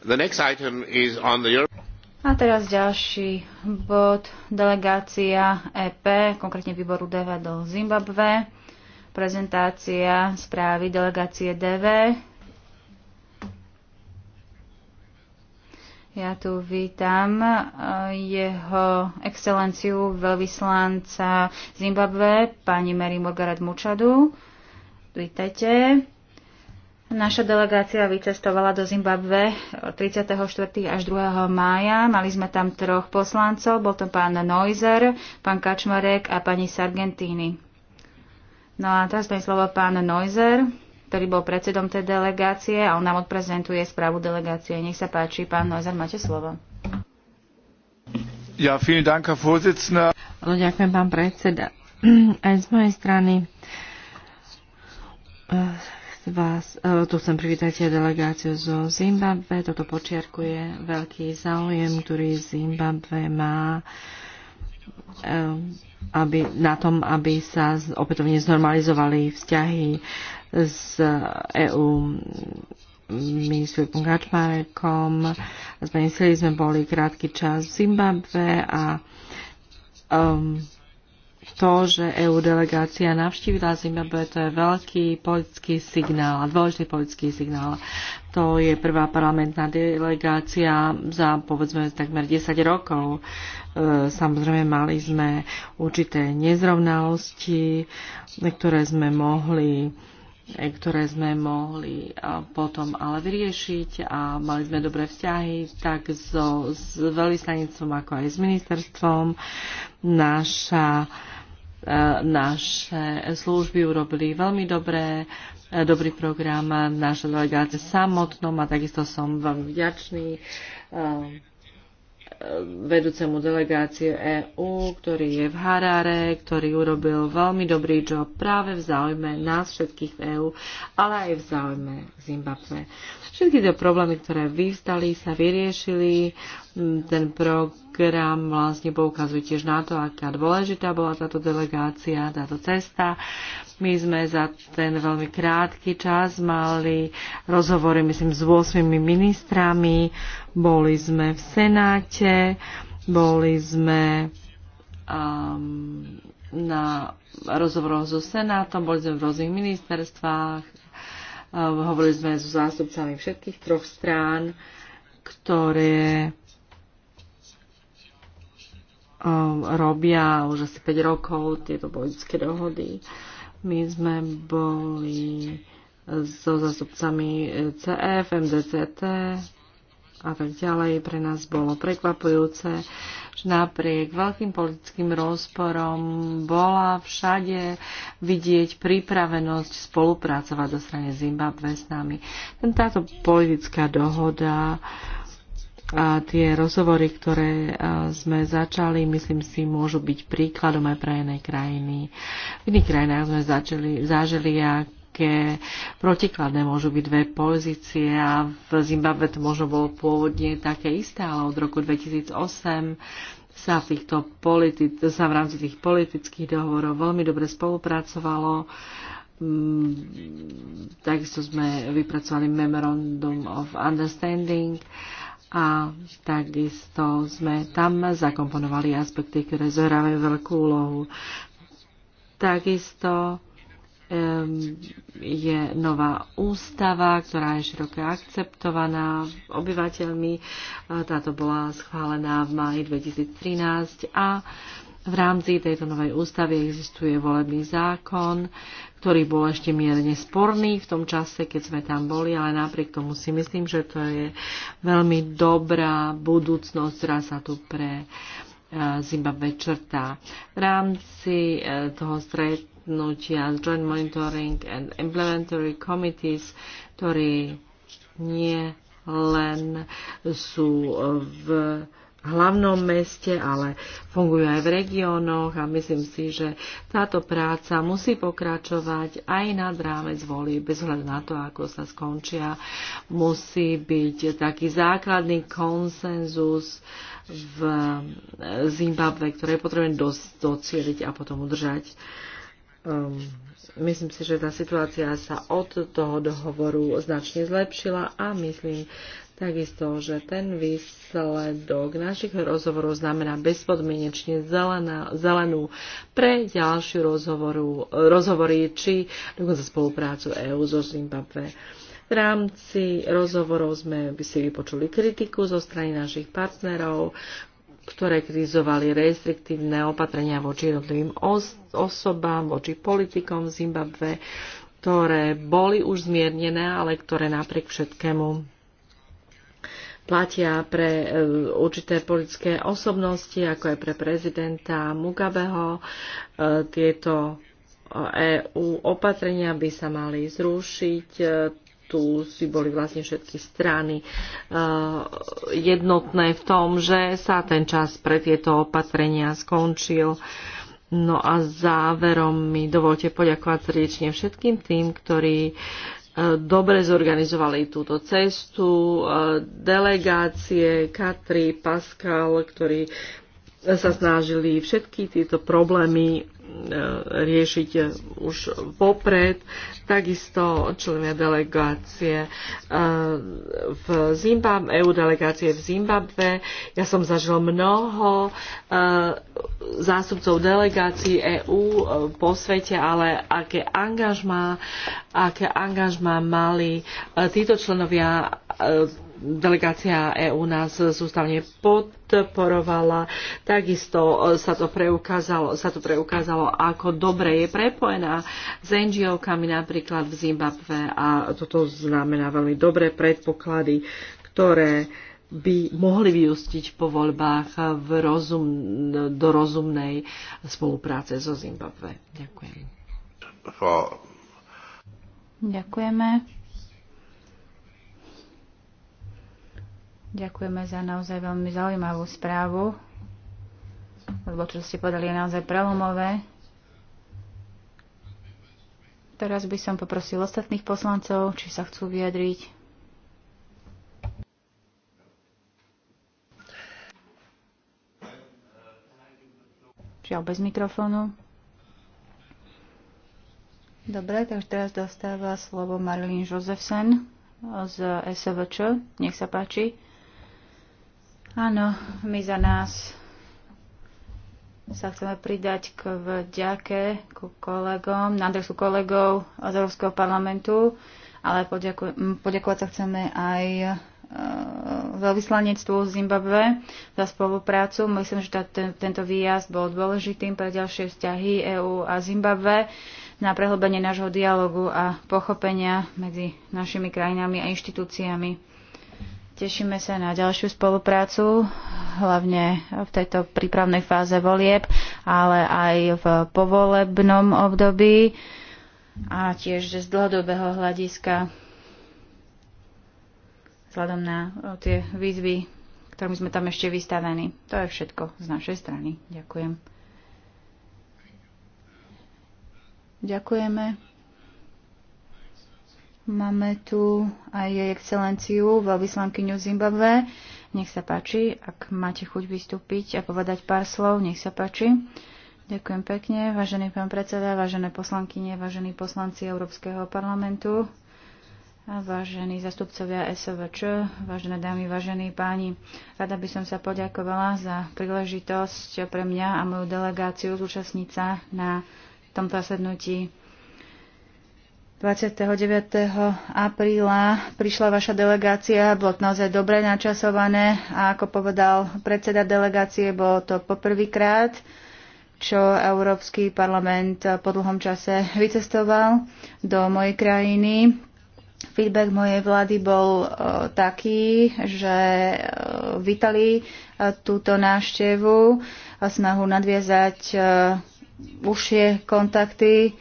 The next item is on the a teraz ďalší bod. Delegácia EP, konkrétne výboru DV do Zimbabve. Prezentácia správy delegácie DV Ja tu vítam e, jeho excelenciu veľvyslanca Zimbabwe, pani Mary Margaret Mučadu. Vítajte. Naša delegácia vycestovala do Zimbabve 34. až 2. mája. Mali sme tam troch poslancov, bol to pán Noizer, pán Kačmarek a pani Sargentini. No a teraz daj slovo pán Noizer ktorý bol predsedom tej delegácie a on nám odprezentuje správu delegácie. Nech sa páči, pán Nozer, máte slovo. Ja, vielen Dank, Herr Vorsitzender. No, ďakujem, pán predseda. Aj z mojej strany eh, vás, eh, tu chcem privítať delegáciu zo Zimbabve. Toto počiarkuje veľký záujem, ktorý Zimbabve má eh, aby, na tom, aby sa opätovne znormalizovali vzťahy s EU ministerkom Kačmarekom. S ministri sme boli krátky čas v Zimbabve a um, to, že EU delegácia navštívila Zimbabwe, to je veľký politický signál, dôležitý politický signál. To je prvá parlamentná delegácia za, povedzme, takmer 10 rokov. E, samozrejme, mali sme určité nezrovnalosti, ktoré sme mohli E, ktoré sme mohli e, potom ale vyriešiť a mali sme dobré vzťahy tak so, s veľvyslanicom ako aj s ministerstvom. Naša, e, naše služby urobili veľmi dobré, dobrý program, naša delegácia samotnom a takisto som veľmi vďačný vedúcemu delegácie EÚ, ktorý je v Harare, ktorý urobil veľmi dobrý job práve v záujme nás všetkých v EÚ, ale aj v záujme Zimbabwe. Všetky tie problémy, ktoré vyvstali, sa vyriešili. Mm, ten program vlastne poukazuje tiež na to, aká dôležitá bola táto delegácia, táto cesta. My sme za ten veľmi krátky čas mali rozhovory, myslím, s 8 ministrami. Boli sme v Senáte, boli sme um, na rozhovoroch so Senátom, boli sme v rôznych ministerstvách, Hovorili sme so zástupcami všetkých troch strán, ktoré um, robia už asi 5 rokov tieto politické dohody. My sme boli so zastupcami CF, MDCT, a tak ďalej. Pre nás bolo prekvapujúce, že napriek veľkým politickým rozporom bola všade vidieť pripravenosť spolupracovať zo strany Zimbabwe s nami. Táto politická dohoda a tie rozhovory, ktoré sme začali, myslím si, môžu byť príkladom aj pre iné krajiny. V iných krajinách sme začali, zažili, ak také protikladné, môžu byť dve pozície a v Zimbabve to možno bolo pôvodne také isté, ale od roku 2008 sa v, týchto politi- sa v rámci tých politických dohovorov veľmi dobre spolupracovalo. Mm, takisto sme vypracovali Memorandum of Understanding a takisto sme tam zakomponovali aspekty, ktoré zohrávajú veľkú úlohu. Takisto je nová ústava, ktorá je široko akceptovaná obyvateľmi. Táto bola schválená v máji 2013 a v rámci tejto novej ústavy existuje volebný zákon, ktorý bol ešte mierne sporný v tom čase, keď sme tam boli, ale napriek tomu si myslím, že to je veľmi dobrá budúcnosť, ktorá sa tu pre e, Zimbabwe črtá. V rámci e, toho stret zasadnutia Joint Monitoring and Implementary Committees, ktorí nie len sú v hlavnom meste, ale fungujú aj v regiónoch a myslím si, že táto práca musí pokračovať aj nad rámec voli, bez hľadu na to, ako sa skončia. Musí byť taký základný konsenzus v Zimbabve, ktoré potrebujeme docieliť a potom udržať. Uh, Um, myslím si, že tá situácia sa od toho dohovoru značne zlepšila a myslím takisto, že ten výsledok našich rozhovorov znamená bezpodmienečne zelená, zelenú pre ďalšiu rozhovoru, rozhovory či dokonca spoluprácu EÚ so Zimbabwe. V rámci rozhovorov sme si vypočuli kritiku zo strany našich partnerov, ktoré krizovali restriktívne opatrenia voči jednotlivým os- osobám, voči politikom v Zimbabve, ktoré boli už zmiernené, ale ktoré napriek všetkému platia pre e, určité politické osobnosti, ako aj pre prezidenta Mugabeho. E, tieto EU e opatrenia by sa mali zrušiť, tu si boli vlastne všetky strany eh, jednotné v tom, že sa ten čas pre tieto opatrenia skončil. No a záverom mi dovolte poďakovať srdečne všetkým tým, ktorí eh, dobre zorganizovali túto cestu, eh, delegácie, Katri, Pascal, ktorí sa snažili všetky tieto problémy e, riešiť už popred. Takisto členia delegácie e, v Zimbabve, EU delegácie v Zimbabve. Ja som zažil mnoho e, zástupcov delegácií EU po svete, ale aké angažma, aké angažma mali títo členovia delegácia EÚ nás sústavne podporovala. Takisto e, sa to, preukázalo, sa to preukázalo, ako dobre je prepojená s NGO-kami napríklad v Zimbabve a toto znamená veľmi dobré predpoklady, ktoré by mohli vyústiť po voľbách v rozum, do rozumnej spolupráce so Zimbabve. Ďakujem. Ďakujeme. Ďakujeme za naozaj veľmi zaujímavú správu, lebo čo ste povedali je naozaj prelomové. Teraz by som poprosil ostatných poslancov, či sa chcú vyjadriť. Žiaľ bez mikrofónu. Dobre, takže teraz dostáva slovo Marilyn Josefsen z SVČ. Nech sa páči. Áno, my za nás sa chceme pridať k vďake ku kolegom, na adresu kolegov z Európskeho parlamentu, ale poďaku, poďakovať sa chceme aj e, veľvyslanectvu Zimbabve za spoluprácu. Myslím, že tá, ten, tento výjazd bol dôležitým pre ďalšie vzťahy EÚ a Zimbabve na prehlbenie nášho dialogu a pochopenia medzi našimi krajinami a inštitúciami. Tešíme sa na ďalšiu spoluprácu, hlavne v tejto prípravnej fáze volieb, ale aj v povolebnom období a tiež z dlhodobého hľadiska vzhľadom na tie výzvy, ktorými sme tam ešte vystavení. To je všetko z našej strany. Ďakujem. Ďakujeme. Máme tu aj jej excelenciu, veľvyslankyňu Zimbabve. Nech sa páči, ak máte chuť vystúpiť a povedať pár slov, nech sa páči. Ďakujem pekne, vážený pán predseda, vážené poslankyne, vážení poslanci Európskeho parlamentu, a vážení zastupcovia SOVČ, vážené dámy, vážení páni, rada by som sa poďakovala za príležitosť pre mňa a moju delegáciu zúčastniť sa na tomto sednutí 29. apríla prišla vaša delegácia, bolo to naozaj dobre načasované a ako povedal predseda delegácie, bolo to poprvýkrát, čo Európsky parlament po dlhom čase vycestoval do mojej krajiny. Feedback mojej vlády bol e, taký, že e, vítali e, túto návštevu, snahu nadviazať užšie kontakty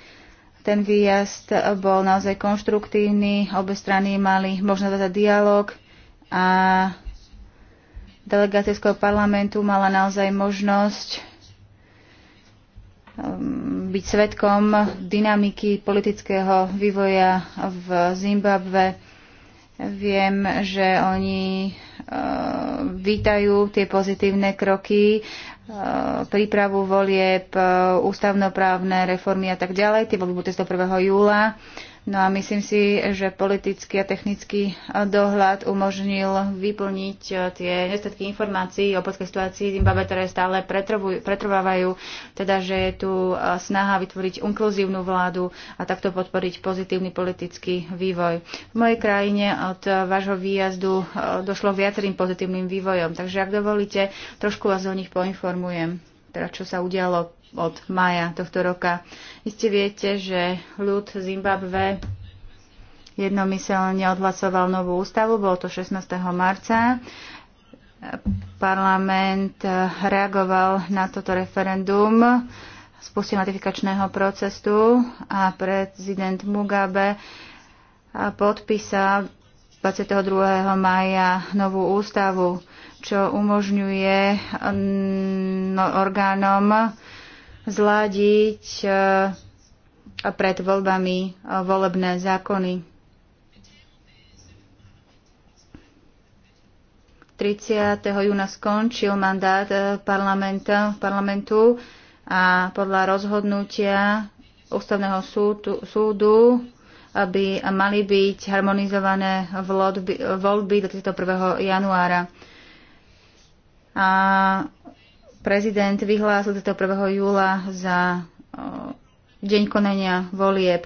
ten výjazd bol naozaj konštruktívny, obe strany mali možnosť za dialog a delegácia parlamentu mala naozaj možnosť um, byť svetkom dynamiky politického vývoja v Zimbabve. Viem, že oni uh, vítajú tie pozitívne kroky Eh, prípravu volieb, eh, ústavnoprávne reformy a tak ďalej. Tie voľby budú 1. júla No a myslím si, že politický a technický e, dohľad umožnil vyplniť e, tie nedostatky informácií o podskej situácii Zimbabwe, ktoré stále pretrvávajú, teda že je tu e, snaha vytvoriť inkluzívnu vládu a takto podporiť pozitívny politický vývoj. V mojej krajine od vášho výjazdu došlo k viacerým pozitívnym vývojom, takže ak dovolíte, trošku vás o nich poinformujem, teda čo sa udialo od maja tohto roka. Iste viete, že ľud Zimbabve jednomyselne odhlasoval novú ústavu, bolo to 16. marca. Parlament reagoval na toto referendum spustil notifikačného procesu a prezident Mugabe podpísal 22. maja novú ústavu, čo umožňuje mm, no, orgánom zladiť e, pred voľbami e, volebné zákony. 30. júna skončil mandát e, parlamenta, parlamentu a podľa rozhodnutia ústavného súdu, súdu aby mali byť harmonizované voľby do 31. januára. A Prezident vyhlásil 1. júla za deň konania volieb.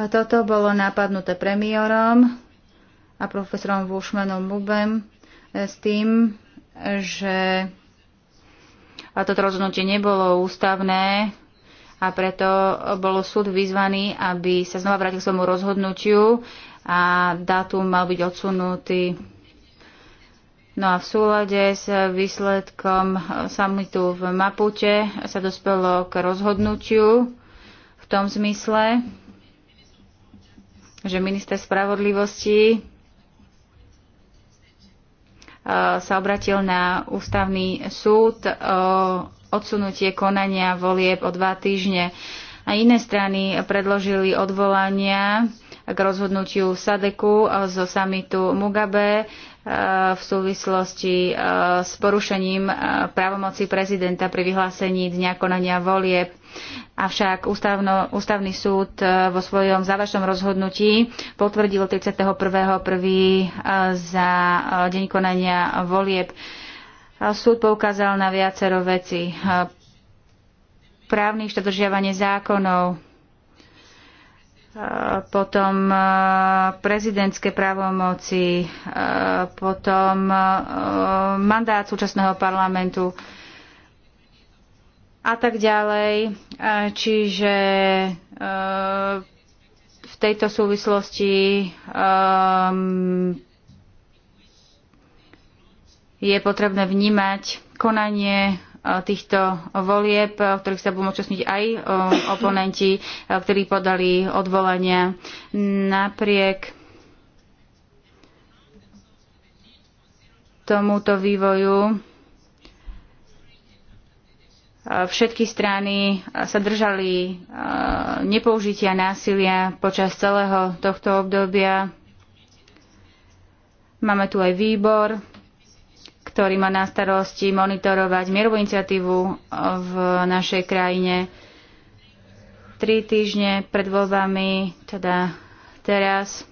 A toto bolo napadnuté premiérom a profesorom Wushmanom Bubem e, s tým, že a toto rozhodnutie nebolo ústavné a preto bol súd vyzvaný, aby sa znova vrátil k svojmu rozhodnutiu a dátum mal byť odsunutý No a v súlade s výsledkom eh, samitu v Mapute sa dospelo k rozhodnutiu v tom zmysle, že minister spravodlivosti eh, sa obratil na ústavný súd o odsunutie konania volieb o dva týždne. A iné strany predložili odvolania k rozhodnutiu Sadeku eh, zo samitu Mugabe E, v súvislosti e, s porušením e, právomoci prezidenta pri vyhlásení dňa konania volieb. Avšak ústavno, ústavný súd vo svojom závažnom rozhodnutí potvrdil 31.1. za deň konania volieb. Súd poukázal na viacero veci. Právny štát zákonov, potom e, prezidentské právomoci, e, potom e, mandát súčasného parlamentu a tak ďalej. Čiže v tejto súvislosti je potrebné vnímať konanie Eh, týchto volieb, v eh, ktorých sa budú účastniť aj eh, oponenti, ktorí podali odvolania napriek tomuto vývoju všetky strany sa držali nepoužitia násilia počas celého tohto obdobia. Máme tu aj výbor ktorý má na starosti monitorovať mierovú iniciatívu e, v našej krajine. Tri týždne pred voľbami, teda teraz,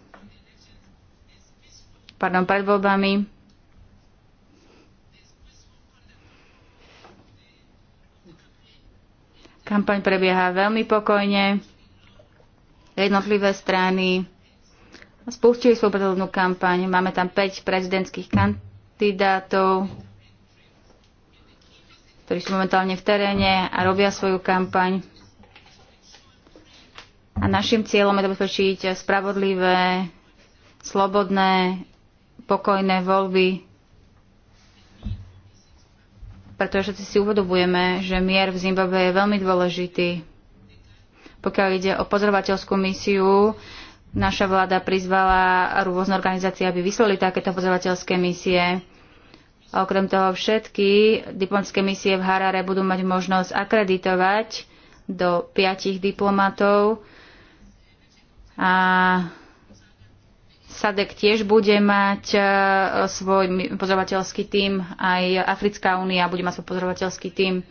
pardon, pred voľbami, Kampaň prebieha veľmi pokojne. Jednotlivé strany spustili svoju predvolebnú kampaň. Máme tam 5 prezidentských kan- kandidátov, ktorí sú momentálne v teréne a robia svoju kampaň. A našim cieľom je zabezpečiť spravodlivé, slobodné, pokojné voľby, pretože všetci si uvedomujeme, že mier v Zimbabwe je veľmi dôležitý. Pokiaľ ide o pozorovateľskú misiu, Naša vláda prizvala rôzne organizácie, aby vyslali takéto pozorovateľské misie. A okrem toho všetky diplomatické misie v Harare budú mať možnosť akreditovať do piatich diplomatov a SADEK tiež bude mať e, svoj pozorovateľský tím, aj Africká únia bude mať svoj pozorovateľský tím.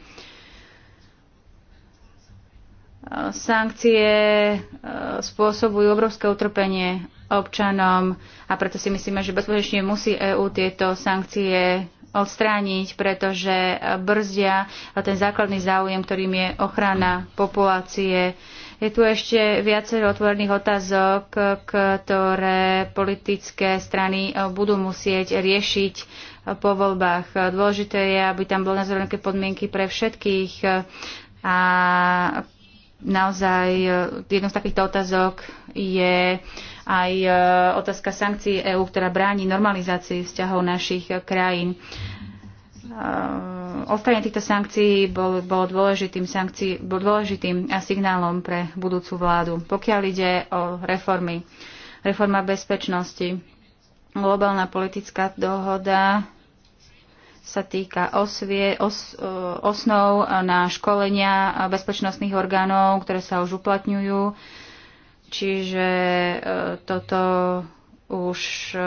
Sankcie eh, spôsobujú obrovské utrpenie občanom a preto si myslíme, že bezpečne musí EÚ tieto sankcie odstrániť, pretože brzdia ten základný záujem, ktorým je ochrana populácie. Je tu ešte viacero otvorených otázok, ktoré politické strany eh, budú musieť riešiť eh, po voľbách. Dôležité je, aby tam boli nazorovné podmienky pre všetkých a naozaj e, jednou z takýchto otázok je aj e, otázka sankcií EÚ, ktorá bráni normalizácii vzťahov našich e, krajín. Odstavenie týchto sankcií bol, bolo dôležitým, sankcií, bol dôležitým signálom pre budúcu vládu. Pokiaľ ide o reformy, reforma bezpečnosti, globálna politická dohoda sa týka osvie, os, e, osnov na školenia bezpečnostných orgánov, ktoré sa už uplatňujú. Čiže e, toto už e,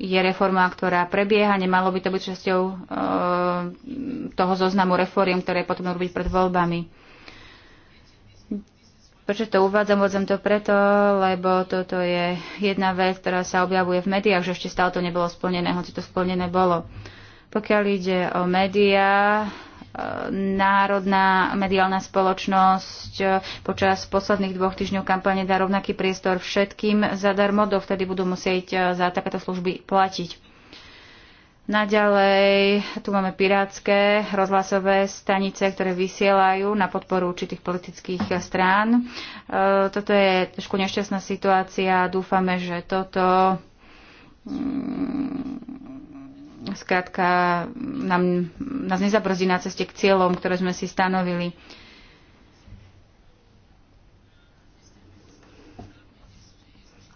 je reforma, ktorá prebieha. Nemalo by to byť časťou toho zoznamu reforiem, ktoré je potrebné robiť pred voľbami. Prečo to uvádzam? Uvádzam to preto, lebo toto je jedna vec, ktorá sa objavuje v médiách, že ešte stále to nebolo splnené, hoci to splnené bolo. Uh, pokiaľ ide o médiá, e, národná mediálna spoločnosť e, počas posledných dvoch týždňov kampane dá rovnaký priestor všetkým zadarmo, dovtedy budú musieť e, za takéto služby platiť. Naďalej tu máme pirátske rozhlasové stanice, ktoré vysielajú na podporu určitých politických strán. Toto je trošku nešťastná situácia. Dúfame, že toto mm, skrátka nám, nás nezabrzdí na ceste k cieľom, ktoré sme si stanovili.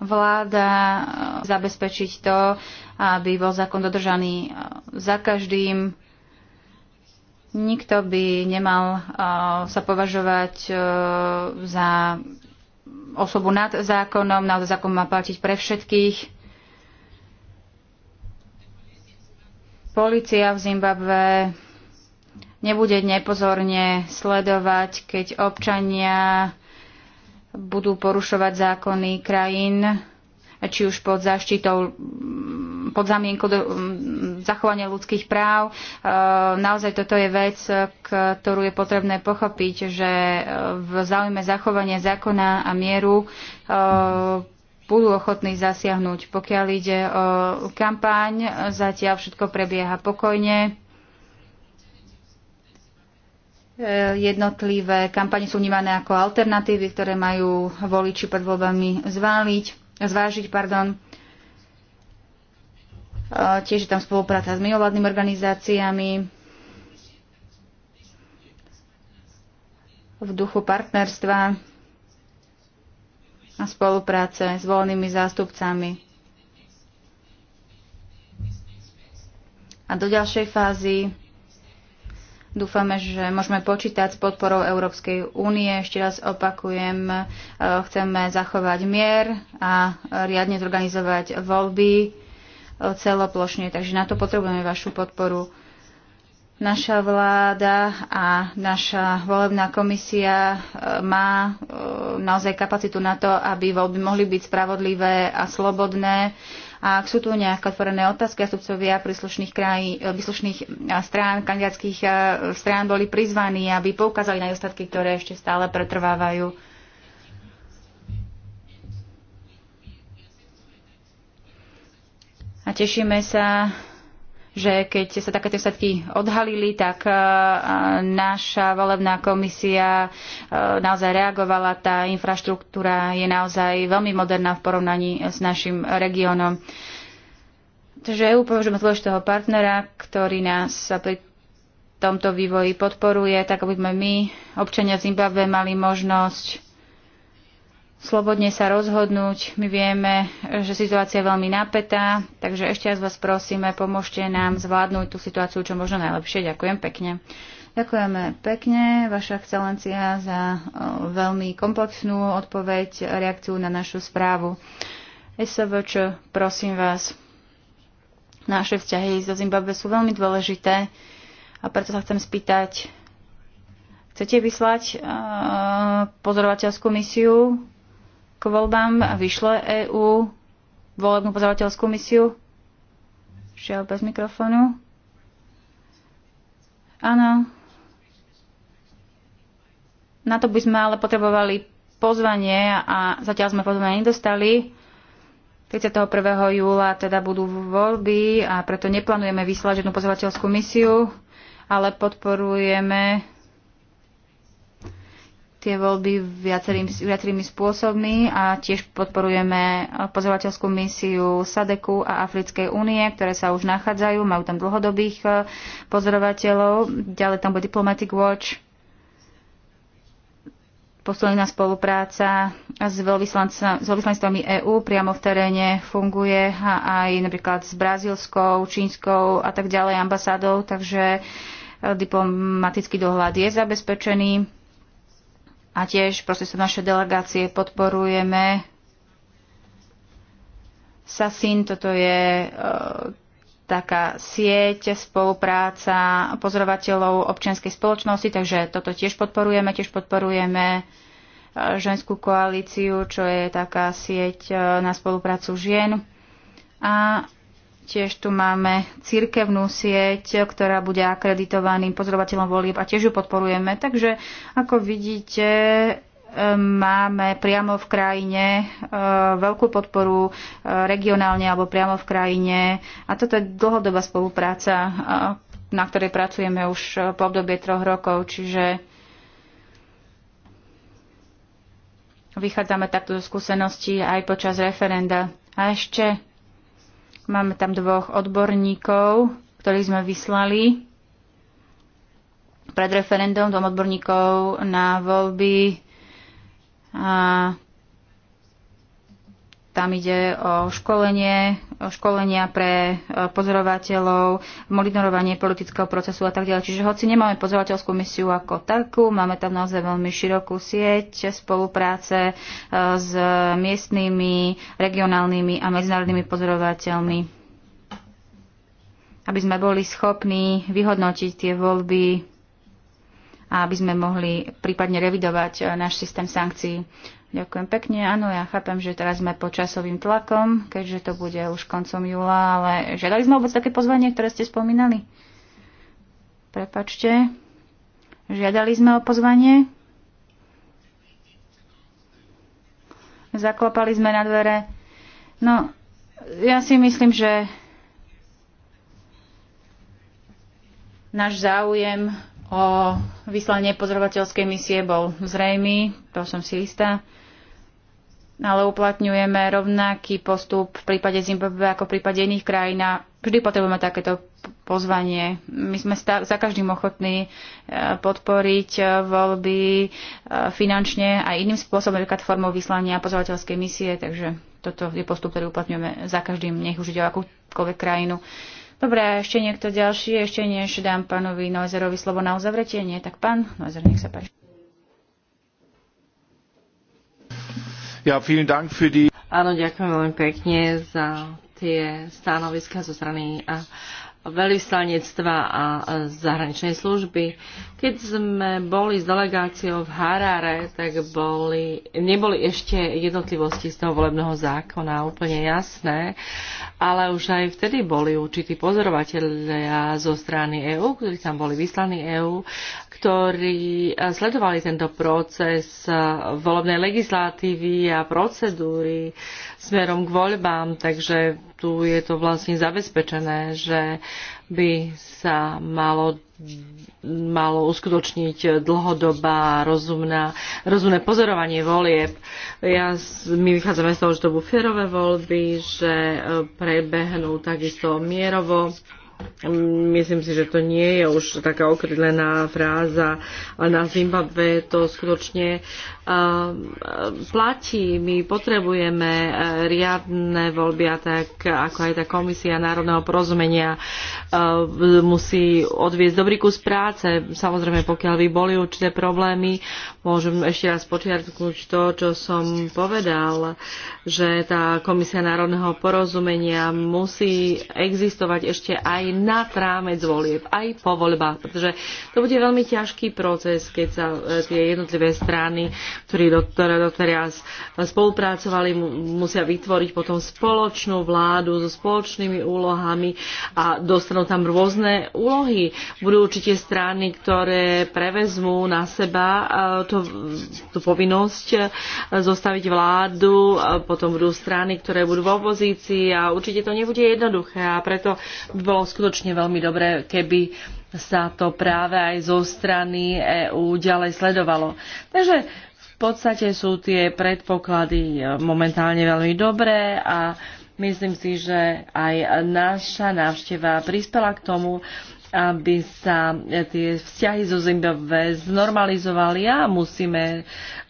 Vláda e, zabezpečiť to, aby bol zákon dodržaný e, za každým. Nikto by nemal e, sa považovať za osobu nad zákonom. Naozaj zákon má platiť pre všetkých Polícia v Zimbabve nebude nepozorne sledovať, keď občania budú porušovať zákony krajín, či už pod zaštitou, pod zamienkou do, zachovania ľudských práv. E, naozaj toto je vec, ktorú je potrebné pochopiť, že e, v záujme zachovania zákona a mieru e, budú ochotní zasiahnuť. Pokiaľ ide o kampaň, zatiaľ všetko prebieha pokojne. E, jednotlivé kampane sú vnímané ako alternatívy, ktoré majú voliči pred voľbami zváliť, zvážiť. Pardon. E, tiež je tam spolupráca s mimovládnymi organizáciami. v duchu partnerstva a spolupráce s voľnými zástupcami. A do ďalšej fázy Dúfame, že môžeme počítať s podporou Európskej únie. Ešte raz opakujem, e, chceme zachovať mier a riadne zorganizovať voľby e, celoplošne. Takže na to potrebujeme vašu podporu. Naša vláda a naša volebná komisia e, má e, naozaj kapacitu na to, aby voľby mohli byť spravodlivé a slobodné. A ak sú tu nejaké otvorené otázky a sudcovia príslušných, krají, e, príslušných strán, kandidátskych strán boli prizvaní, aby poukázali na ostatky, ktoré ešte stále pretrvávajú. A tešíme sa že keď sa takéto statky odhalili, tak e, naša volebná komisia e, naozaj reagovala. Tá infraštruktúra je naozaj veľmi moderná v porovnaní s našim regiónom. Takže EU považujeme dôležitého partnera, ktorý nás pri tomto vývoji podporuje, tak aby sme my, občania Zimbabwe, mali možnosť slobodne sa rozhodnúť. My vieme, že situácia je veľmi napätá, takže ešte raz vás prosíme, pomôžte nám zvládnuť tú situáciu čo možno najlepšie. Ďakujem pekne. Ďakujeme pekne, Vaša excelencia, za veľmi komplexnú odpoveď, reakciu na našu správu. SVČ, prosím vás, naše vzťahy so Zimbabwe sú veľmi dôležité a preto sa chcem spýtať, chcete vyslať uh, pozorovateľskú misiu k voľbám vyšle EÚ volebnú pozorovateľskú misiu? Žiaľ, bez mikrofónu. Áno. Na to by sme ale potrebovali pozvanie a zatiaľ sme pozvanie nedostali. 31. júla teda budú voľby a preto neplánujeme vyslať žiadnu pozorovateľskú misiu, ale podporujeme tie voľby viacerým, viacerými spôsobmi a tiež podporujeme pozorovateľskú misiu SADEKu a Africkej únie, ktoré sa už nachádzajú, majú tam dlhodobých eh, pozorovateľov. Ďalej tam bude Diplomatic Watch, posledná spolupráca s, veľvyslanc- s veľvyslanstvami EÚ priamo v teréne funguje a aj napríklad s brazílskou, čínskou a tak ďalej ambasádou, takže eh, diplomatický dohľad je zabezpečený a tiež procesom našej delegácie podporujeme SASIN, toto je e, taká sieť, spolupráca pozorovateľov občianskej spoločnosti, takže toto tiež podporujeme, tiež podporujeme e, ženskú koalíciu, čo je taká sieť e, na spoluprácu žien. A Tiež tu máme cirkevnú sieť, ktorá bude akreditovaným pozorovateľom volieb a tiež ju podporujeme. Takže ako vidíte, máme priamo v krajine e, veľkú podporu e, regionálne alebo priamo v krajine. A toto je dlhodobá spolupráca, e, na ktorej pracujeme už po obdobie troch rokov. Čiže vychádzame takto zo skúsenosti aj počas referenda. A ešte Máme tam dvoch odborníkov, ktorých sme vyslali pred referendum, dvom odborníkov na voľby. A tam ide o školenie, o školenia pre e, pozorovateľov, monitorovanie politického procesu a tak ďalej. Čiže hoci nemáme pozorovateľskú misiu ako takú, máme tam naozaj veľmi širokú sieť spolupráce e, s miestnymi, regionálnymi a medzinárodnými pozorovateľmi, aby sme boli schopní vyhodnotiť tie voľby a aby sme mohli prípadne revidovať e, náš systém sankcií. Ďakujem pekne. Áno, ja chápem, že teraz sme pod časovým tlakom, keďže to bude už koncom júla, ale žiadali sme vôbec také pozvanie, ktoré ste spomínali? Prepačte. Žiadali sme o pozvanie? Zaklopali sme na dvere. No, ja si myslím, že náš záujem o vyslanie pozorovateľskej misie bol zrejmý, to som si istá ale uplatňujeme rovnaký postup v prípade Zimbabwe ako v prípade iných krajín a vždy potrebujeme takéto pozvanie. My sme za každým ochotní e, podporiť e, voľby e, finančne a iným spôsobom, napríklad formou vyslania pozorovateľskej misie, takže toto je postup, ktorý uplatňujeme za každým, nech už ide o akúkoľvek krajinu. Dobre, ešte niekto ďalší, ešte než dám pánovi Noezerovi slovo na uzavretie, nie, tak pán Noezer, nech sa páči. Ja, vielen Dank für die... Áno, ďakujem veľmi pekne za tie stanoviska zo strany a veľvyslanectva a zahraničnej služby. Keď sme boli s delegáciou v Harare, tak boli, neboli ešte jednotlivosti z toho volebného zákona úplne jasné, ale už aj vtedy boli určití pozorovateľia zo strany EÚ, ktorí tam boli vyslaní EÚ ktorí eh, sledovali tento proces eh, volebnej legislatívy a procedúry smerom k voľbám, takže tu je to vlastne zabezpečené, že by sa malo, malo uskutočniť dlhodobá rozumná, rozumné pozorovanie volieb. Ja, my vychádzame z toho, že to budú férové voľby, že eh, prebehnú takisto mierovo Mm, myslím si, že to nie je už taká okrydlená fráza, na Zimbabve to skutočne eh, eh, platí. My potrebujeme eh, riadne voľby a tak ako aj tá komisia národného porozumenia musí odviesť dobrý kus práce. Samozrejme, pokiaľ by boli určité problémy, môžem ešte raz počiarknúť to, čo som povedal, že tá komisia národného porozumenia musí existovať ešte aj na nad rámec volieb, aj po voľbách, pretože to bude veľmi ťažký proces, keď sa e, tie jednotlivé strany, ktoré doteraz spolupracovali, musia vytvoriť potom spoločnú vládu so spoločnými úlohami a dostanú tam rôzne úlohy. Budú určite strany, ktoré prevezmú na seba e, to, tú povinnosť e, zostaviť vládu, potom budú strany, ktoré budú v opozícii a určite to nebude jednoduché a preto by bolo skutočné skutočne veľmi dobré, keby sa to práve aj zo strany EÚ ďalej sledovalo. Takže v podstate sú tie predpoklady e, momentálne veľmi dobré a myslím si, že aj naša návšteva prispela k tomu, aby sa e, tie vzťahy zo Zimbabwe znormalizovali a musíme e,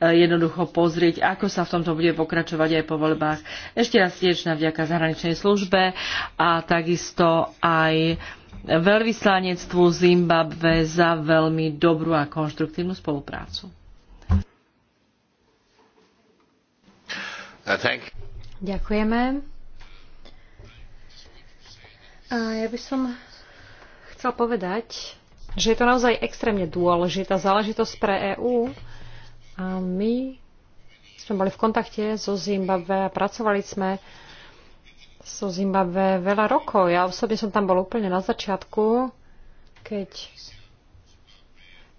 jednoducho pozrieť, ako sa v tomto bude pokračovať aj po voľbách. Ešte raz srdečná vďaka zahraničnej službe a takisto aj veľvyslanectvu Zimbabwe za veľmi dobrú a konštruktívnu spoluprácu. Uh, Ďakujeme. A ja by som chcel povedať, že je to naozaj extrémne dôležitá záležitosť pre EÚ a my sme boli v kontakte so Zimbabwe a pracovali sme so Zimbabwe veľa rokov. Ja osobne som tam bol úplne na začiatku, keď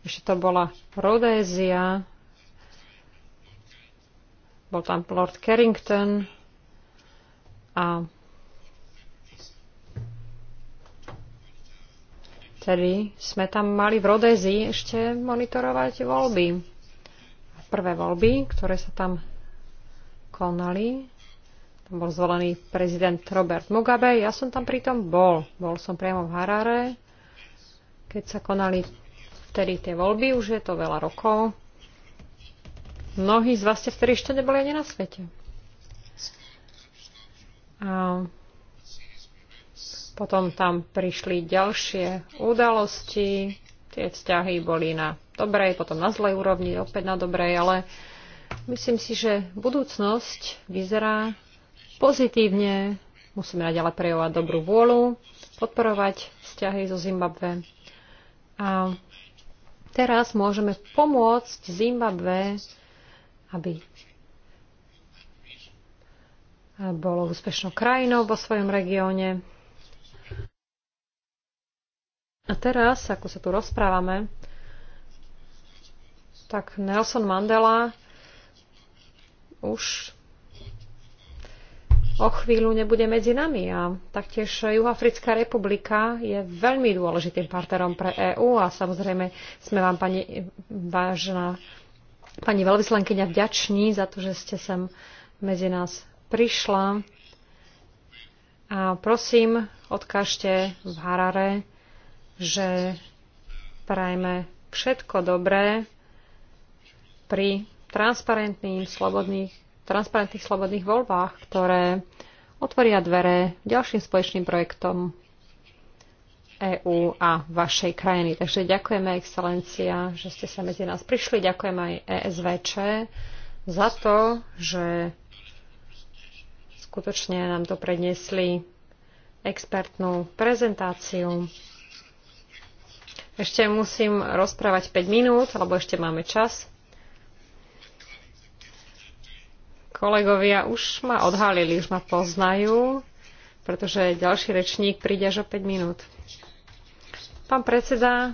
ešte to bola Rodézia, bol tam Lord Carrington a Tedy sme tam mali v Rodezi ešte monitorovať voľby. Prvé voľby, ktoré sa tam konali, tam bol zvolený prezident Robert Mugabe. Ja som tam pritom bol. Bol som priamo v Harare, keď sa konali vtedy tie voľby. Už je to veľa rokov. Mnohí z vás ste vtedy ešte neboli ani na svete. A potom tam prišli ďalšie udalosti, tie vzťahy boli na dobrej, potom na zlej úrovni, opäť na dobrej, ale myslím si, že budúcnosť vyzerá pozitívne. Musíme naďalej prejovať dobrú vôľu, podporovať vzťahy zo Zimbabve. A teraz môžeme pomôcť Zimbabve, aby bolo úspešnou krajinou vo svojom regióne. A teraz, ako sa tu rozprávame, tak Nelson Mandela už o chvíľu nebude medzi nami a taktiež Juhafrická republika je veľmi dôležitým partnerom pre EÚ a samozrejme sme vám, pani, vážna pani veľvyslankyňa, vďační za to, že ste sem medzi nás prišla. A prosím, odkážte v Harare že prajme všetko dobré pri transparentných slobodných, transparentných slobodných voľbách, ktoré otvoria dvere ďalším spoločným projektom EÚ a vašej krajiny. Takže ďakujeme, excelencia, že ste sa medzi nás prišli. Ďakujem aj ESVČ za to, že skutočne nám to predniesli expertnú prezentáciu. Ešte musím rozprávať 5 minút, alebo ešte máme čas. Kolegovia už ma odhalili, už ma poznajú, pretože ďalší rečník príde až o 5 minút. Pán predseda,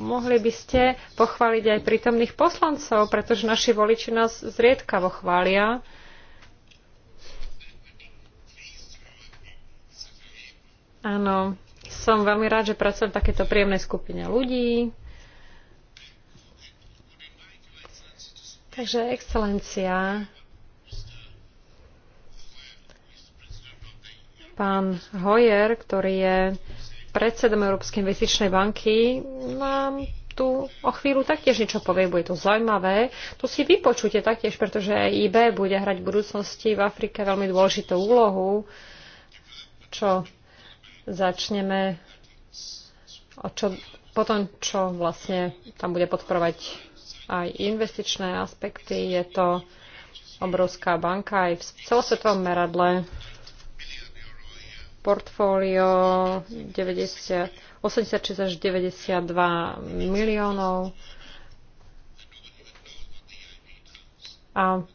mohli by ste pochváliť aj prítomných poslancov, pretože naši voliči nás zriedkavo chvália. Áno, som veľmi rád, že pracujem v takéto príjemnej skupine ľudí. Takže, excelencia, pán Hoyer, ktorý je predsedom Európskej investičnej banky, mám tu o chvíľu taktiež niečo povie, bude to zaujímavé. tu si vypočujte taktiež, pretože IB bude hrať v budúcnosti v Afrike veľmi dôležitú úlohu, čo začneme o čo, tom, čo vlastne tam bude podporovať aj investičné aspekty, je to obrovská banka aj v celosvetovom meradle. Portfólio 90, 86 až 92 miliónov. A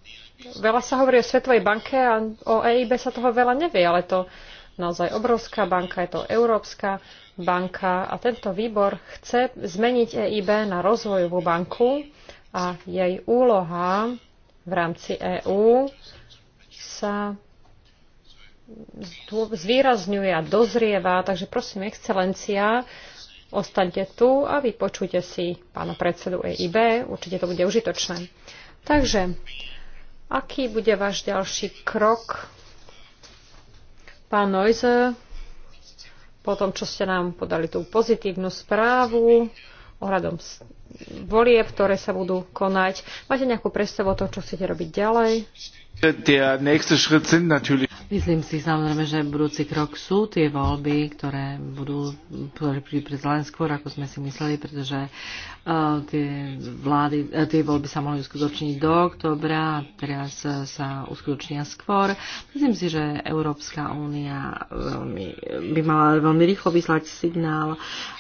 veľa sa hovorí o Svetovej banke a o EIB sa toho veľa nevie, ale to naozaj obrovská banka, je to Európska banka a tento výbor chce zmeniť EIB na rozvojovú banku a jej úloha v rámci EÚ sa zvýrazňuje a dozrieva, takže prosím, excelencia, ostaňte tu a vypočujte si pána predsedu EIB, určite to bude užitočné. Takže, aký bude váš ďalší krok Pán Neuse, po tom, čo ste nám podali tú pozitívnu správu ohľadom volieb, ktoré sa budú konať, máte nejakú predstavu o tom, čo chcete robiť ďalej? Myslím si samozrejme, že budúci krok sú tie voľby, ktoré budú pre len skôr, ako sme si mysleli, pretože uh, tie, vlády, uh, tie voľby sa mohli uskutočniť do oktobra, teraz eh, sa uskutočnia skôr. Myslím si, že Európska únia veľmi, by mala veľmi rýchlo vyslať signál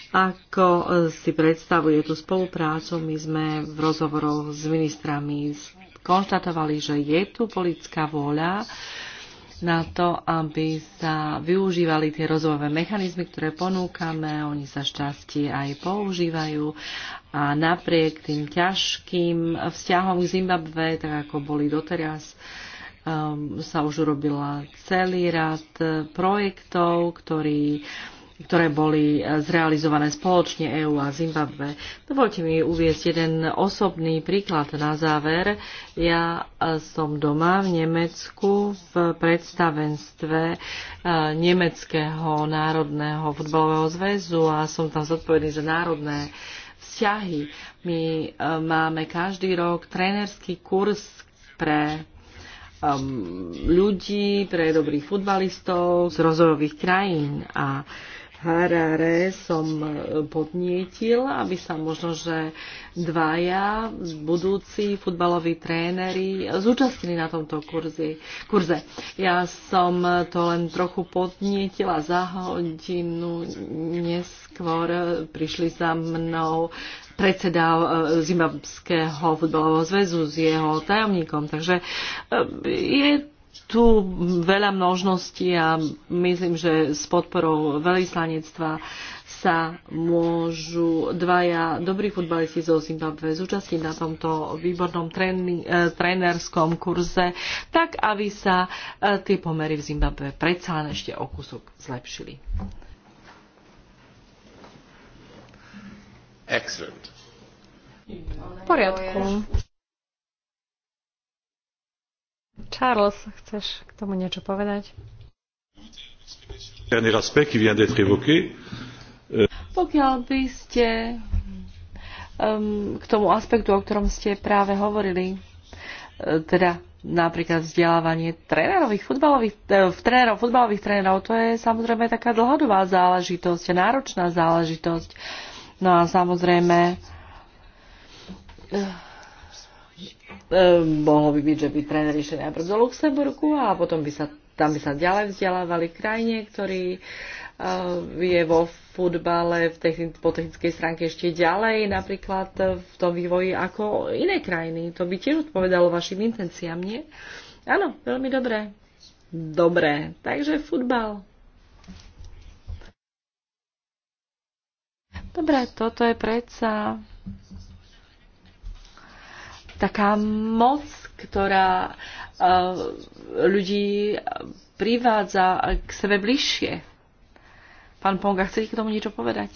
ako si predstavuje tú spoluprácu. My sme v rozhovoroch s ministrami z konštatovali, že je tu politická vôľa na to, aby sa využívali tie rozvojové mechanizmy, ktoré ponúkame. Oni sa šťastie aj používajú a napriek tým ťažkým vzťahom k Zimbabve, tak ako boli doteraz, um, sa už urobila celý rad projektov, ktorí um, ktoré boli e, zrealizované spoločne EÚ a Zimbabwe. Dovolte mi uviezť jeden osobný príklad na záver. Ja e, som doma v Nemecku v predstavenstve e, Nemeckého národného futbalového zväzu a som tam zodpovedný za národné vzťahy. My máme každý rok trénerský kurz pre um, ľudí, pre dobrých futbalistov z rozvojových krajín a Harare som e, podnietil, aby sa možno, že dvaja budúci futbaloví tréneri zúčastnili na tomto kurzi, kurze. Ja som to len trochu podnietila za hodinu neskôr. Prišli za mnou predseda e, Zimbabského futbalového zväzu s jeho tajomníkom. Takže e, je tu veľa množností a myslím, že s podporou veľvyslanectva sa môžu dvaja dobrí futbalisti zo Zimbabwe zúčastniť na tomto výbornom tréni, eh, trénerskom kurze, tak aby sa eh, tie pomery v Zimbabwe predsa len ešte o kusok zlepšili. Excellent. V poriadku. Charles, chceš k tomu niečo povedať? Euh, Pokiaľ by ste um, k tomu aspektu, o ktorom ste práve hovorili, uh, teda napríklad vzdelávanie trénerových futbalových, eh, v trénerov, futbalových trénerov, to je samozrejme taká dlhodobá záležitosť, náročná záležitosť. No a samozrejme eh, E, mohlo by byť, že by tréneri išli najprv do Luxemburgu a potom by sa, tam by sa ďalej vzdelávali krajine, ktorý e, je vo futbale v techni- po technickej stránke ešte ďalej, napríklad v tom vývoji ako iné krajiny. To by tiež odpovedalo vašim intenciám, nie? Áno, veľmi dobré. Dobré. Takže futbal. Dobre, toto je predsa taká moc, ktorá e, ľudí privádza k sebe bližšie. Pán Ponga, chcete k tomu niečo povedať?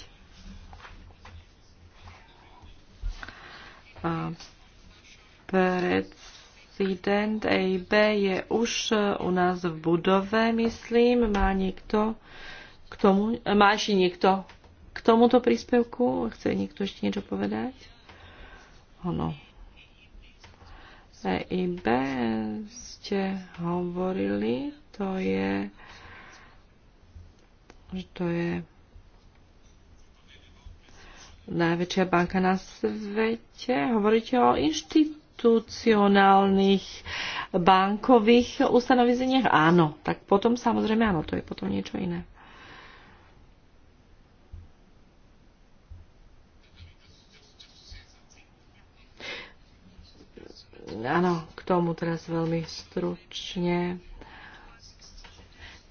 Prezident EIB je už u nás v budove, myslím. Má niekto k tomu, má ešte niekto k tomuto príspevku? Chce niekto ešte niečo povedať? Ono. Oh, E B ste hovorili, to je, že to je najväčšia banka na svete. Hovoríte o inštitucionálnych bankových ustanovizeniach? Áno, tak potom samozrejme áno, to je potom niečo iné. áno, k tomu teraz veľmi stručne.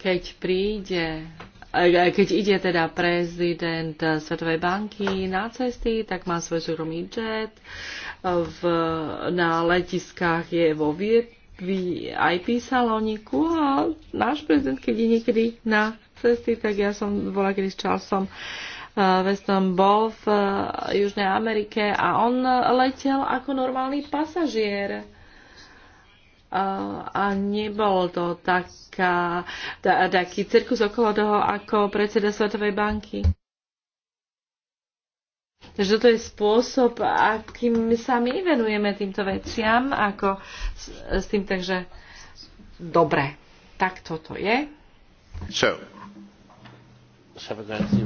Keď príde e, e, keď ide teda prezident Svetovej banky na cesty, tak má svoj súkromný jet. V, na letiskách je vo VIP saloniku a náš prezident, keď je niekedy na cesty, tak ja som bola kedy s Charlesom uh, Weston e, bol v e, Južnej Amerike a on letel ako normálny pasažier e, a nebol to taká, taký cirkus okolo toho ako predseda Svetovej banky. Takže toto je spôsob, akým sa my venujeme týmto veciam, ako s, s tým, takže dobre, tak toto je. So. Shall we go and see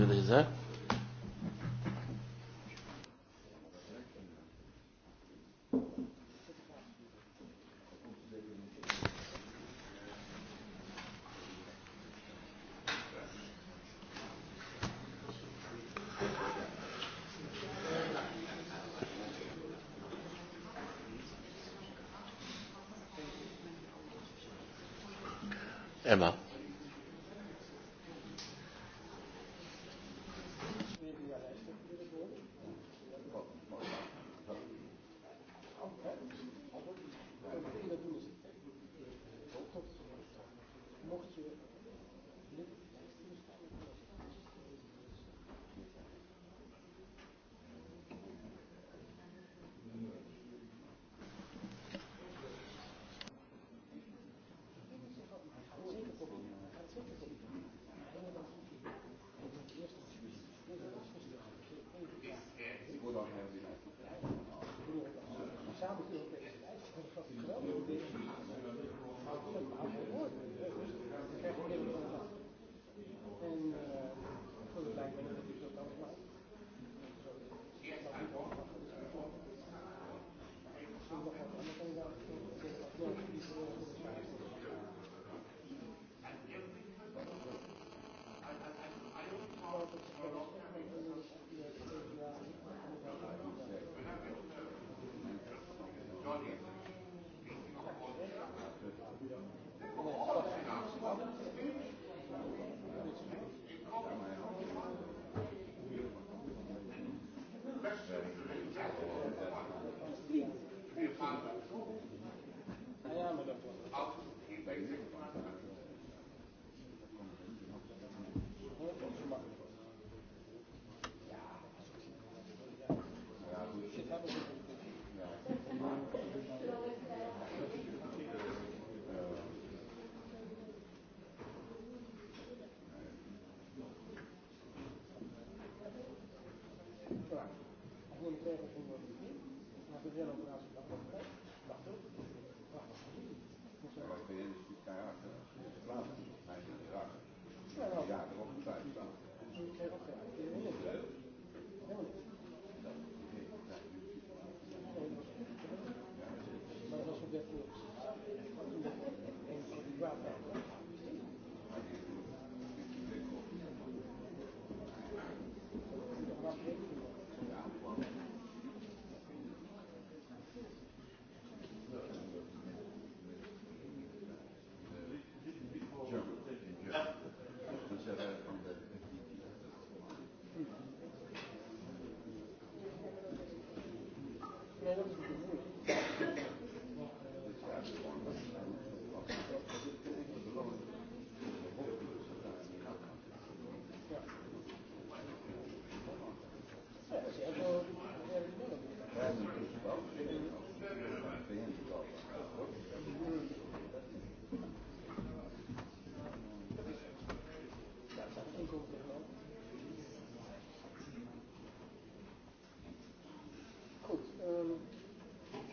um,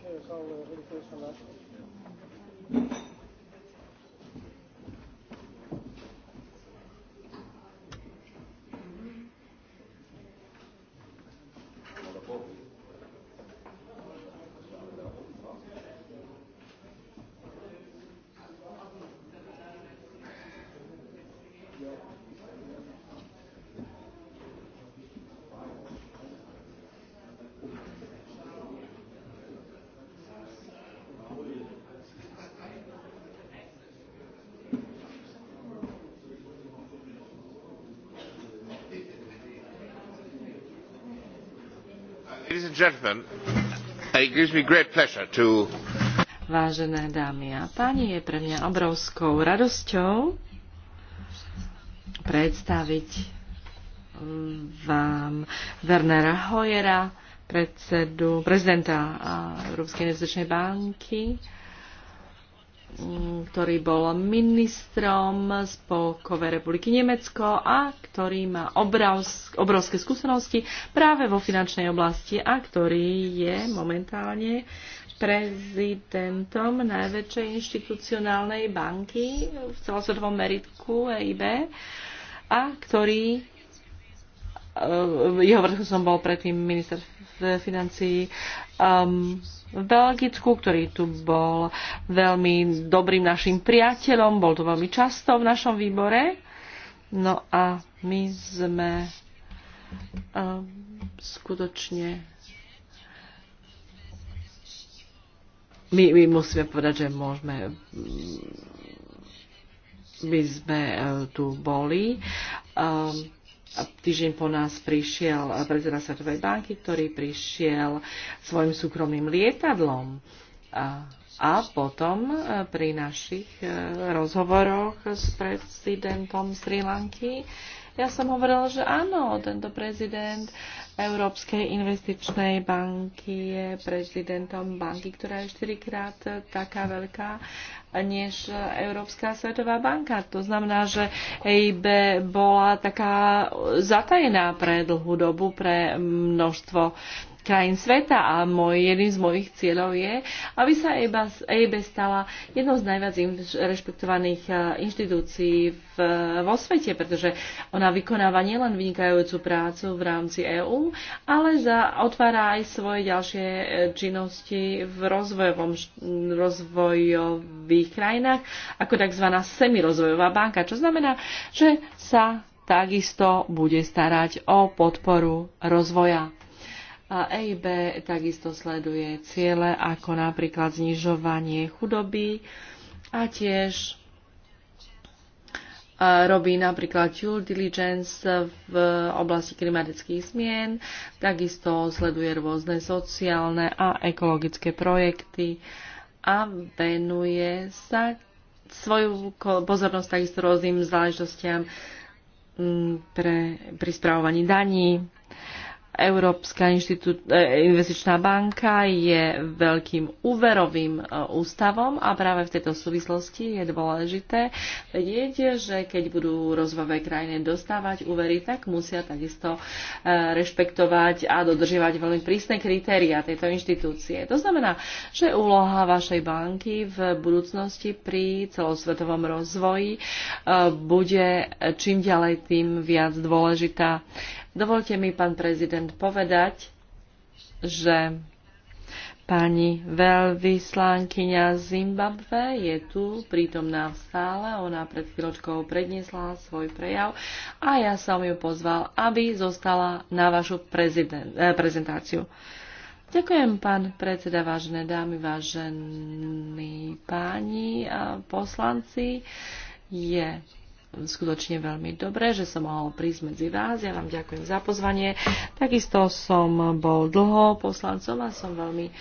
şey, sağ olun, Vážené dámy a páni, je pre mňa obrovskou radosťou predstaviť mm, vám Wernera Hoyera, predsedu, prezidenta Európskej investičnej banky, ktorý bol ministrom Spolkovej republiky Nemecko a ktorý má obrovské skúsenosti práve vo finančnej oblasti a ktorý je momentálne prezidentom najväčšej inštitucionálnej banky v celosvetovom meritku EIB a ktorý jeho vrchu som bol predtým minister financií um, v Belgicku, ktorý tu bol veľmi dobrým našim priateľom, bol tu veľmi často v našom výbore. No a my sme um, skutočne my, my musíme povedať, že môžeme my sme uh, tu boli. Um, týždeň po nás prišiel predseda Svetovej banky, ktorý prišiel svojim súkromným lietadlom. A, a potom e, pri našich e, rozhovoroch s prezidentom Sri Lanky ja som hovorila, že áno, tento prezident Európskej investičnej banky je prezidentom banky, ktorá je štyrikrát taká veľká než Európska svetová banka. To znamená, že EIB bola taká zatajená pre dlhú dobu pre množstvo uh, krajín sveta a môj, jedným z mojich cieľov je, aby sa EIB, stala jednou z najviac rešpektovaných e, inštitúcií v, vo svete, pretože ona vykonáva nielen vynikajúcu prácu v rámci EÚ, ale za, otvára aj svoje ďalšie e, činnosti v rozvojovom, rozvojových krajinách, ako tzv. semirozvojová banka, čo znamená, že sa takisto bude starať o podporu rozvoja EIB takisto sleduje ciele ako napríklad znižovanie chudoby a tiež e, robí napríklad due diligence v oblasti klimatických zmien, takisto sleduje rôzne sociálne a ekologické projekty a venuje sa svoju pozornosť takisto rôznym záležitostiam pre, pri správovaní daní, Európska e, investičná banka je veľkým úverovým e, ústavom a práve v tejto súvislosti je dôležité vedieť, že keď budú rozvojové krajiny dostávať úvery, tak musia takisto e, rešpektovať a dodržiavať veľmi prísne kritéria tejto inštitúcie. To znamená, že úloha vašej banky v budúcnosti pri celosvetovom rozvoji bude čím ďalej tým viac dôležitá. Dovolte mi, pán prezident, povedať, že pani veľvyslankyňa Zimbabve je tu prítomná v sále. Ona pred chvíľočkou predniesla svoj prejav a ja som ju pozval, aby zostala na vašu eh, prezentáciu. Ďakujem, pán predseda, vážené dámy, vážení páni a poslanci. Je skutočne veľmi dobre, že som mohol prísť medzi vás. Ja vám ďakujem za pozvanie. Takisto som bol dlho poslancom a som veľmi eh,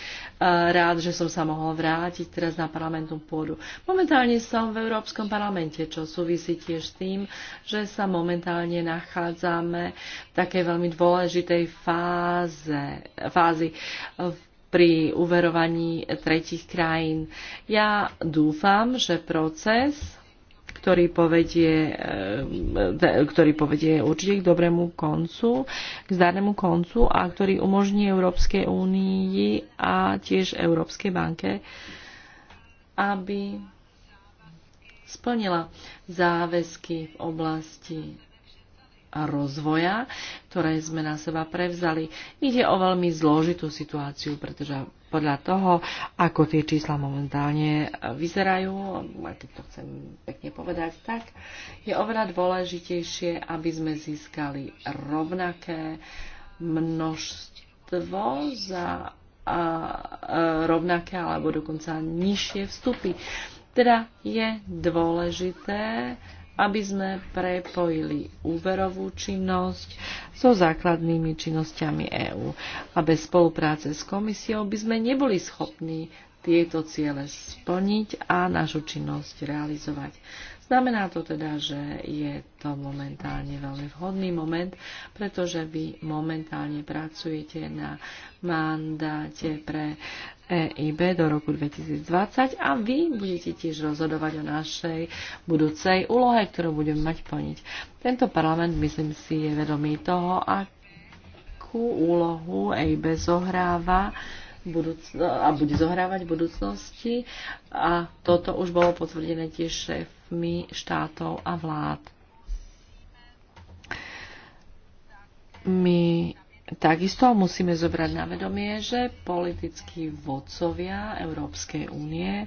rád, že som sa mohol vrátiť teraz na parlamentnú pôdu. Momentálne som v Európskom parlamente, čo súvisí tiež s tým, že sa momentálne nachádzame v takej veľmi dôležitej fáze, fázi pri uverovaní tretich krajín. Ja dúfam, že proces ktorý povedie, e, e, ktorý povedie určite k dobrému koncu, k zdarnému koncu a ktorý umožní Európskej únii a tiež Európskej banke, aby splnila záväzky v oblasti rozvoja, ktoré sme na seba prevzali. Ide o veľmi zložitú situáciu, pretože podľa toho, ako tie čísla momentálne vyzerajú, keď to chcem pekne povedať, tak je oveľa dôležitejšie, aby sme získali rovnaké množstvo za a, rovnaké alebo dokonca nižšie vstupy. Teda je dôležité aby sme prepojili úverovú činnosť so základnými činnosťami EÚ. A bez spolupráce s komisiou by sme neboli schopní tieto ciele splniť a našu činnosť realizovať. Znamená to teda, že je to momentálne veľmi vhodný moment, pretože vy momentálne pracujete na mandáte pre EIB do roku 2020 a vy budete tiež rozhodovať o našej budúcej úlohe, ktorú budeme mať plniť. Tento parlament, myslím si, je vedomý toho, akú úlohu EIB zohráva a bude zohrávať v budúcnosti a toto už bolo potvrdené tiež šéfmi štátov a vlád. My Takisto musíme zobrať na vedomie, že politickí vodcovia Európskej únie e,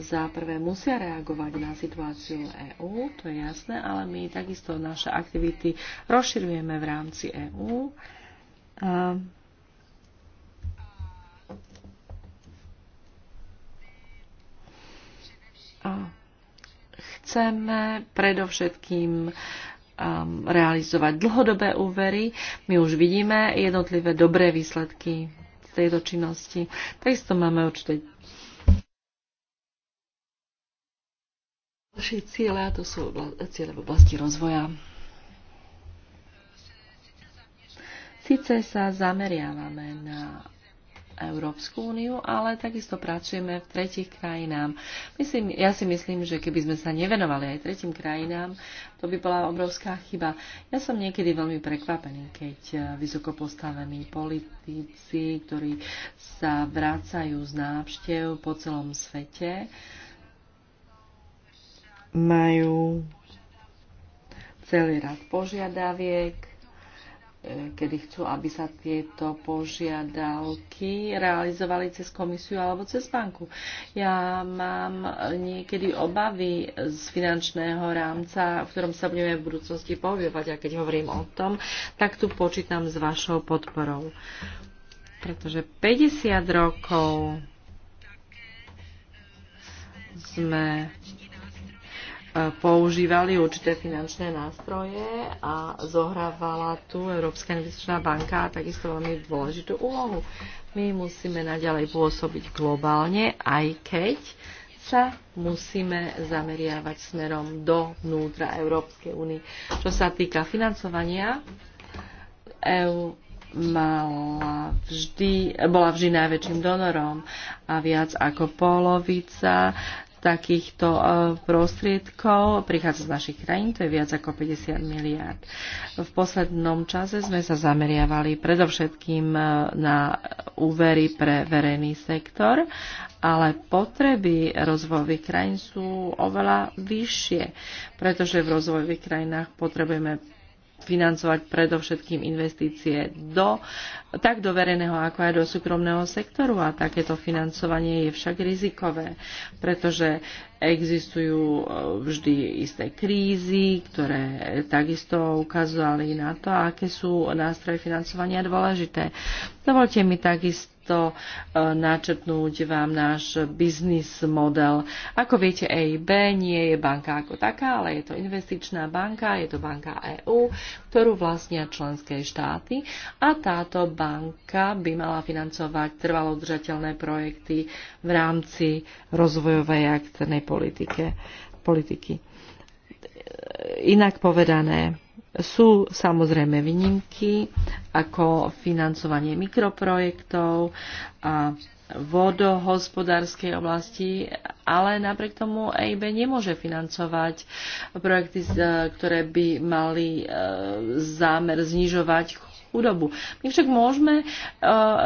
za prvé musia reagovať na situáciu EÚ, to je jasné, ale my takisto naše aktivity rozširujeme v rámci EÚ. Chceme predovšetkým uh, Um, realizovať dlhodobé úvery. My už vidíme jednotlivé dobré výsledky z tejto činnosti. Takisto máme určite ďalšie ciele a to sú ciele v oblasti rozvoja. Sice sa zameriavame na Európsku úniu, ale takisto pracujeme v tretich krajinám. Myslím, ja si myslím, že keby sme sa nevenovali aj tretím krajinám, to by bola obrovská chyba. Ja som niekedy veľmi prekvapený, keď e, vysoko postavení politici, ktorí sa vrácajú z návštev po celom svete, majú celý rad požiadaviek, kedy chcú, aby sa tieto požiadavky realizovali cez komisiu alebo cez banku. Ja mám niekedy obavy z finančného rámca, v ktorom sa budeme v budúcnosti povievať a keď hovorím o tom, tak tu počítam s vašou podporou. Pretože 50 rokov sme používali určité finančné nástroje a zohrávala tu Európska investičná banka takisto veľmi dôležitú úlohu. My musíme naďalej pôsobiť globálne, aj keď sa musíme zameriavať smerom do vnútra Európskej únie. Čo sa týka financovania, EU mala vždy, bola vždy najväčším donorom a viac ako polovica takýchto e, prostriedkov prichádza z našich krajín, to je viac ako 50 miliárd. V poslednom čase sme sa zameriavali predovšetkým e, na úvery pre verejný sektor, ale potreby rozvojových krajín sú oveľa vyššie, pretože v rozvojových krajinách potrebujeme financovať predovšetkým investície do, tak do verejného, ako aj do súkromného sektoru. A takéto financovanie je však rizikové, pretože existujú e, vždy isté krízy, ktoré takisto ukazovali na to, aké sú nástroje financovania dôležité. Dovolte mi takisto takisto e, načrtnúť vám náš biznis model. Ako viete, EIB nie je banka ako taká, ale je to investičná banka, je to banka EÚ, ktorú vlastnia členské štáty a táto banka by mala financovať trvalodržateľné projekty v rámci rozvojovej aktornej politike, politiky. Inak povedané, sú samozrejme výnimky ako financovanie mikroprojektov a vodohospodárskej oblasti, ale napriek tomu EIB nemôže financovať projekty, e, ktoré by mali e, zámer znižovať chudobu. My však môžeme e,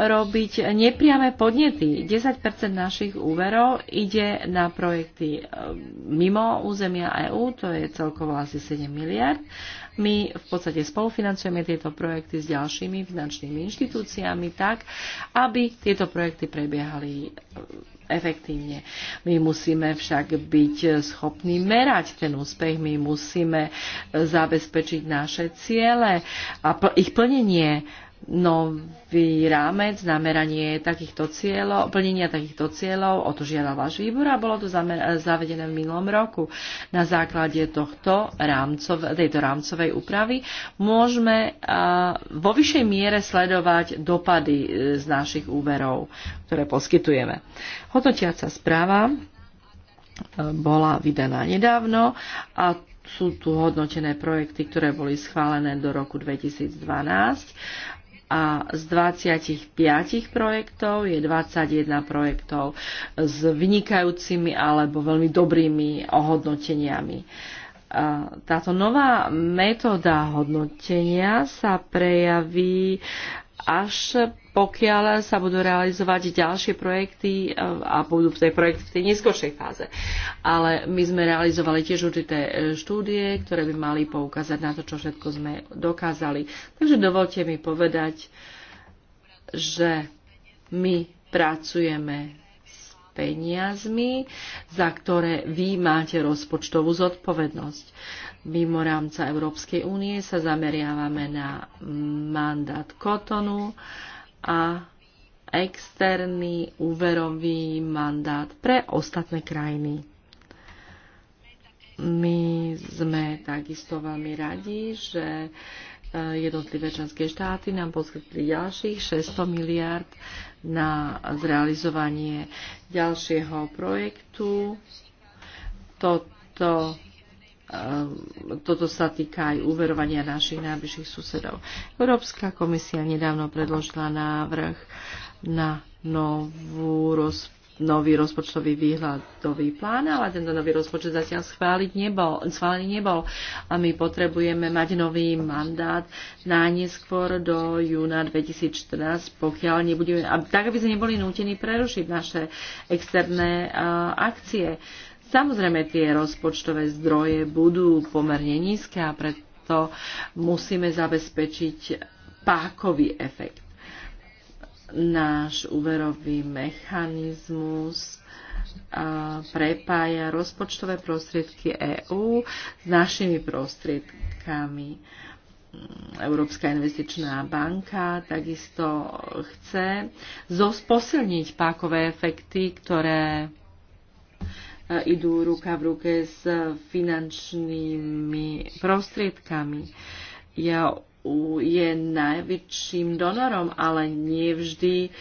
robiť nepriame podnety. 10 našich úverov ide na projekty mimo územia EÚ, to je celkovo asi 7 miliard my v podstate spolufinancujeme tieto projekty s ďalšími finančnými inštitúciami tak, aby tieto projekty prebiehali eh, efektívne. My musíme však byť schopní merať ten úspech, my musíme eh, zabezpečiť naše ciele a ich plnenie nový rámec nameranie takýchto cieľov, plnenia takýchto cieľov, o to žiada váš výbor a bolo to zavedené v minulom roku. Na základe tohto rámcov, tejto rámcovej úpravy môžeme vo vyššej miere sledovať dopady e, z našich úverov, ktoré poskytujeme. Hodnotiaca správa e, bola vydaná nedávno a sú tu hodnotené projekty, ktoré boli schválené do roku 2012 a z 25 projektov je 21 projektov s vynikajúcimi alebo veľmi dobrými ohodnoteniami. Táto nová metóda hodnotenia sa prejaví až pokiaľ sa budú realizovať ďalšie projekty e, a budú tie projekty v tej neskôršej fáze. Ale my sme realizovali tiež určité e, štúdie, ktoré by mali poukázať na to, čo všetko sme dokázali. Takže dovolte mi povedať, že my pracujeme s peniazmi, za ktoré vy máte rozpočtovú zodpovednosť mimo rámca Európskej únie sa zameriavame na mandát Kotonu a externý úverový mandát pre ostatné krajiny. My sme takisto veľmi radi, že eh, jednotlivé členské štáty nám poskytli ďalších 600 miliard na zrealizovanie ďalšieho projektu. Toto Ehm, toto sa týka aj uverovania našich najbližších susedov. Európska komisia nedávno predložila návrh na novú roz, nový rozpočtový výhľadový plán, ale tento nový rozpočet zatiaľ schváliť nebol, schválený nebol. A my potrebujeme mať nový mandát najneskôr do júna 2014, pokiaľ nebudeme, tak aby sme neboli nútení prerušiť naše externé uh, akcie. Uh, Samozrejme, tie rozpočtové zdroje budú pomerne nízke a preto musíme zabezpečiť pákový efekt. Náš úverový mechanizmus prepája rozpočtové prostriedky EÚ s našimi prostriedkami. Európska investičná banka takisto chce posilniť pákové efekty, ktoré idú ruka v ruke s finančnými prostriedkami. Ja je najväčším donorom, ale nie vždy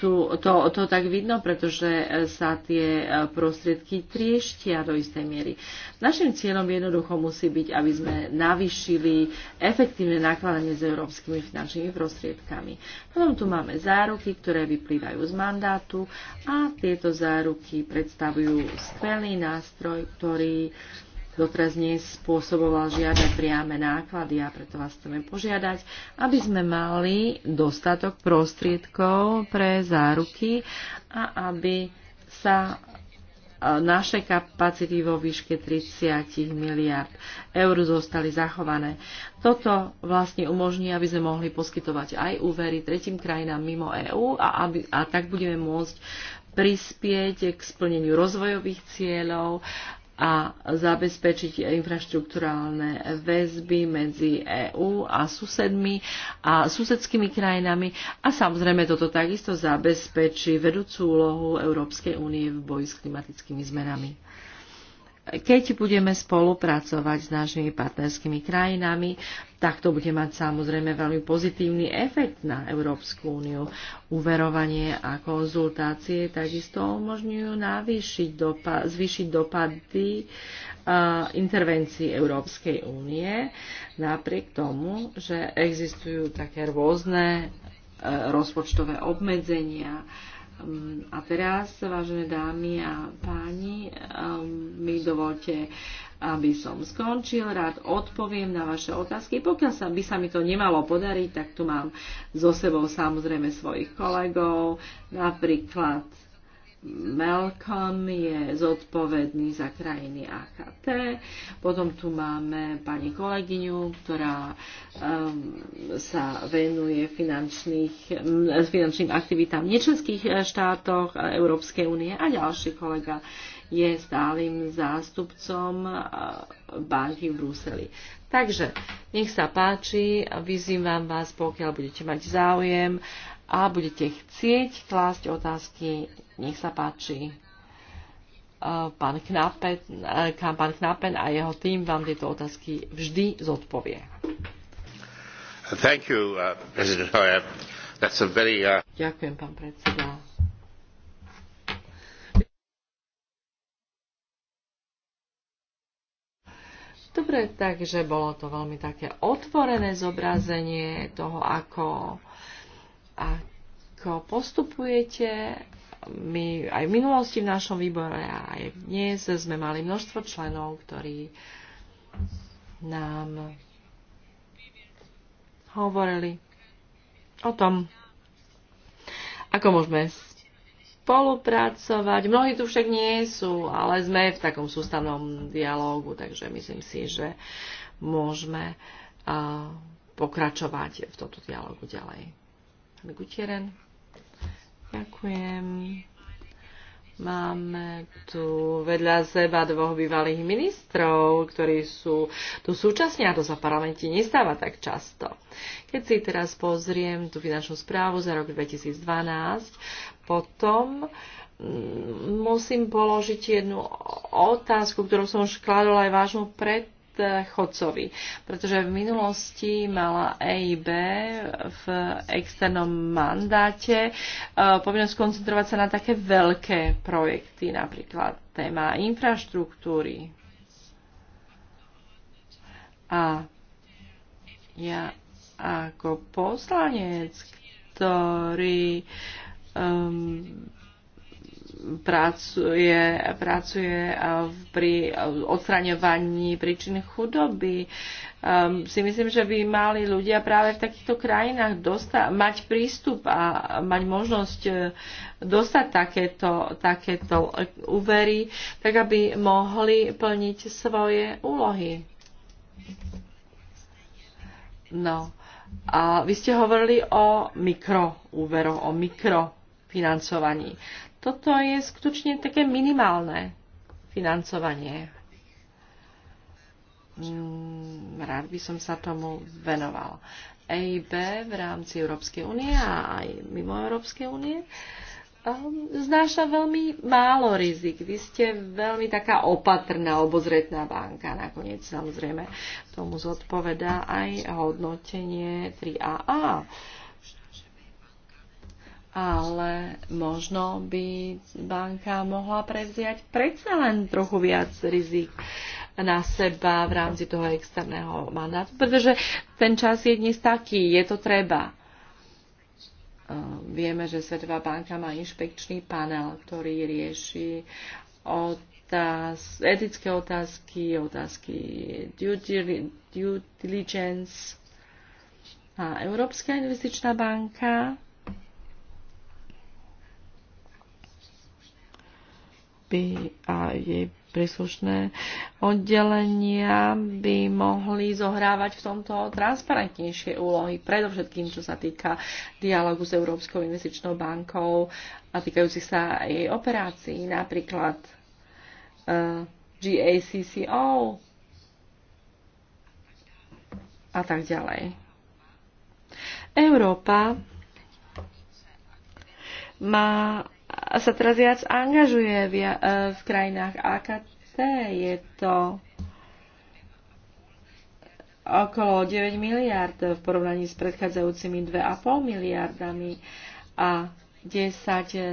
tu, to, to tak vidno, pretože e, sa tie e, prostriedky trieštia do istej miery. Našim cieľom jednoducho musí byť, aby sme navýšili efektívne nakladanie s európskymi finančnými prostriedkami. Potom tu máme záruky, ktoré vyplývajú z mandátu a tieto záruky predstavujú skvelý nástroj, ktorý doteraz nespôsoboval žiadne priame náklady a preto vás chceme požiadať, aby sme mali dostatok prostriedkov pre záruky a aby sa e, naše kapacity vo výške 30 miliard eur zostali zachované. Toto vlastne umožní, aby sme mohli poskytovať aj úvery tretím krajinám mimo EÚ a, aby, a tak budeme môcť prispieť k splneniu rozvojových cieľov a zabezpečiť infraštruktúrálne väzby medzi EÚ a susedmi a susedskými krajinami a samozrejme toto takisto zabezpečí vedúcu úlohu Európskej únie v boji s klimatickými zmenami keď budeme spolupracovať s našimi partnerskými krajinami, tak to bude mať samozrejme veľmi pozitívny efekt na Európsku úniu. Uverovanie a konzultácie takisto umožňujú navýšiť dopa- zvýšiť dopady uh, intervencií Európskej únie, napriek tomu, že existujú také rôzne uh, rozpočtové obmedzenia, uh, Ehm, a teraz, vážené dámy a páni, ehm, mi dovolte, aby som skončil. Rád odpoviem na vaše otázky. Pokiaľ sa, by sa mi to nemalo podariť, tak tu mám so sebou samozrejme svojich kolegov, napríklad Malcolm je zodpovedný za krajiny AKT. Potom tu máme pani kolegyňu, ktorá um, sa venuje finančných, finančným aktivitám v nečlenských e, štátoch e, Európskej únie a ďalší kolega je stálym zástupcom e, banky v Bruseli. Takže nech sa páči, vyzývam vás, pokiaľ budete mať záujem a budete chcieť klásť otázky nech sa páči. E, pán Knapen, e, pán Knapen a jeho tým vám tieto otázky vždy zodpovie. Thank you, uh, President Hoyer. That's a very, uh... Ďakujem, pán predseda. Dobre, takže bolo to veľmi také otvorené zobrazenie toho, ako, ako postupujete my aj v minulosti v našom výbore a aj dnes sme mali množstvo členov, ktorí nám hovorili o tom, ako môžeme spolupracovať. Mnohí tu však nie sú, ale sme v takom sústavnom dialógu, takže myslím si, že môžeme pokračovať v tomto dialogu ďalej. Pán Gutieren. Ďakujem. Máme tu vedľa seba dvoch bývalých ministrov, ktorí sú tu súčasne a to sa v parlamente nestáva tak často. Keď si teraz pozriem tú finančnú správu za rok 2012, potom mm, musím položiť jednu otázku, ktorú som už kladol aj vášmu pred chodcovi. pretože v minulosti mala EIB v externom mandáte e, povinnosť koncentrovať sa na také veľké projekty, napríklad téma infraštruktúry. A ja ako poslanec, ktorý um, pracuje, pracuje eh, pri odstraňovaní príčin chudoby. Um, si myslím, že by mali ľudia práve v takýchto krajinách dosta- mať prístup a mať možnosť eh, dostať takéto, takéto úvery, tak aby mohli plniť svoje úlohy. No. A vy ste hovorili o mikroúveroch, o mikrofinancovaní. Toto je skutočne také minimálne financovanie. Mm, rád by som sa tomu venoval. EIB v rámci Európskej únie a aj mimo Európskej únie um, znáša veľmi málo rizik. Vy ste veľmi taká opatrná, obozretná banka. Nakoniec samozrejme tomu zodpoveda aj hodnotenie 3AA ale možno by banka mohla prevziať predsa len trochu viac rizik na seba v rámci toho externého mandátu, pretože ten čas je dnes taký, je to treba. Ehm, vieme, že Svetová banka má inšpekčný panel, ktorý rieši otáz, etické otázky, otázky due diligence. A Európska investičná banka by a jej príslušné oddelenia by mohli zohrávať v tomto transparentnejšie úlohy, predovšetkým čo sa týka dialogu s Európskou investičnou bankou a týkajúcich sa jej operácií, napríklad uh, e, GACCO a tak ďalej. Európa má sa teraz viac angažuje v, e, v krajinách AKT. Je to okolo 9 miliard v porovnaní s predchádzajúcimi 2,5 miliardami a 10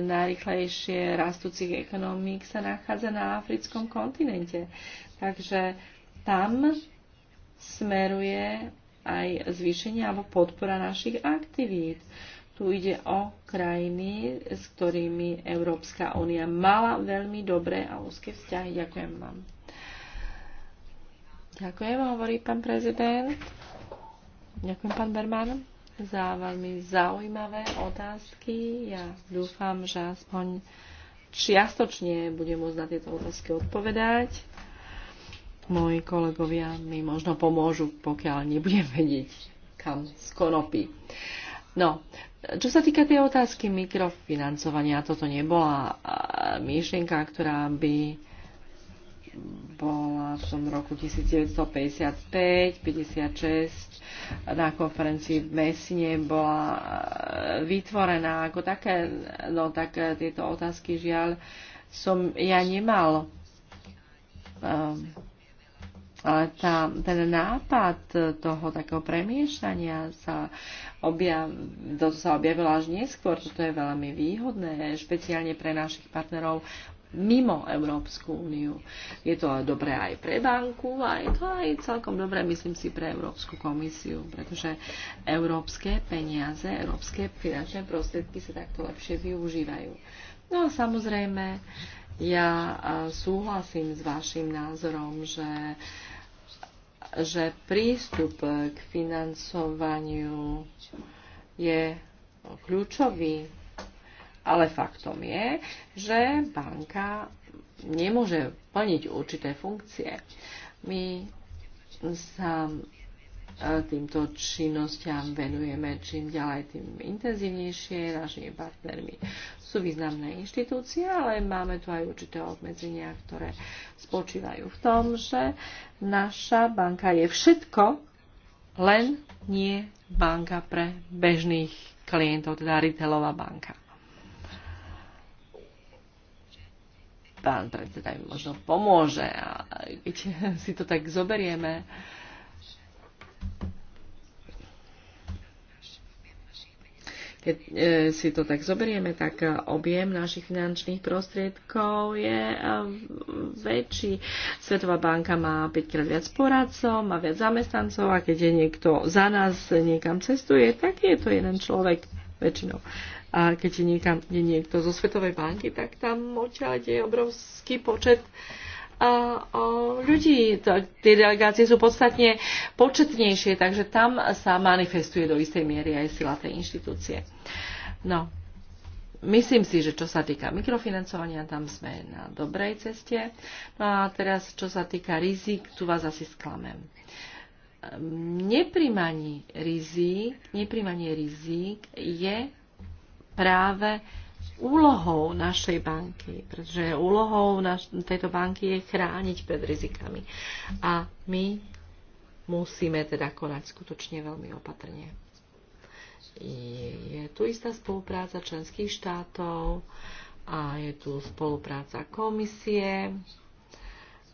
najrychlejšie rastúcich ekonomík sa nachádza na africkom kontinente. Takže tam smeruje aj zvýšenie alebo podpora našich aktivít. Uh, tu ide o krajiny, s ktorými Európska únia mala veľmi dobré a úzke vzťahy. Ďakujem vám. Ďakujem, hovorí pán prezident. Ďakujem, pán Berman, za veľmi zaujímavé otázky. Ja dúfam, že aspoň čiastočne budem môcť na tieto otázky odpovedať. Moji kolegovia mi možno pomôžu, pokiaľ nebudem vedieť, kam z No, čo sa týka tej otázky mikrofinancovania, toto nebola myšlienka, ktorá by bola v tom roku 1955-56 na konferencii v Mesine bola vytvorená ako také, no tak e, tieto otázky žiaľ som ja nemal. Um, ale tá, ten nápad toho takého premiešania sa objav, to sa objavilo až neskôr, čo to je veľmi výhodné, špeciálne pre našich partnerov mimo Európsku úniu. Je to dobré aj pre banku a je to aj celkom dobré, myslím si, pre Európsku komisiu, pretože európske peniaze, európske finančné prostriedky sa takto lepšie využívajú. No a samozrejme, ja súhlasím s vašim názorom, že že prístup k financovaniu je kľúčový, ale faktom je, že banka nemôže plniť určité funkcie. My sa týmto činnostiam venujeme čím ďalej, tým intenzívnejšie. Našimi partnermi sú významné inštitúcie, ale máme tu aj určité obmedzenia, ktoré spočívajú v tom, že naša banka je všetko, len nie banka pre bežných klientov, teda retailová banka. Pán predseda im možno pomôže, keď si to tak zoberieme. Uh, Keď e, si to tak zoberieme, tak e, objem našich finančných prostriedkov je e, väčší. Svetová banka má 5 krát viac poradcov, má viac zamestnancov a keď je niekto za nás niekam cestuje, tak je to jeden človek väčšinou. A keď je, niekam, je niekto zo Svetovej banky, tak tam odtiaľ je obrovský počet ľudí. Tie delegácie sú podstatne početnejšie, takže tam sa manifestuje do istej miery aj sila tej inštitúcie. No, myslím si, že čo sa týka mikrofinancovania, tam sme na dobrej ceste. No a teraz, čo sa týka rizik, tu vás asi sklamem. Neprimanie rizik, neprimanie rizik je práve úlohou našej banky, pretože úlohou naš- tejto banky je chrániť pred rizikami. A my musíme teda konať skutočne veľmi opatrne. Je tu istá spolupráca členských štátov a je tu spolupráca komisie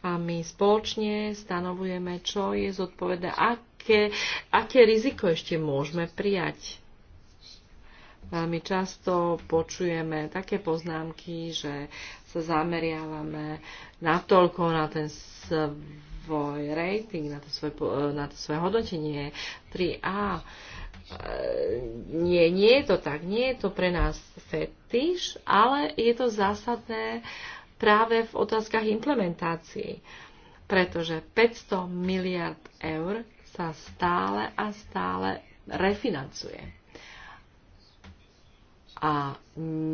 a my spoločne stanovujeme, čo je zodpovedné, aké, aké riziko ešte môžeme prijať Veľmi často počujeme také poznámky, že sa zameriavame natoľko na ten svoj rating, na to svoje, na to svoje hodnotenie 3A. E, nie, nie je to tak. Nie je to pre nás fetiš, ale je to zásadné práve v otázkach implementácií. Pretože 500 miliard eur sa stále a stále refinancuje a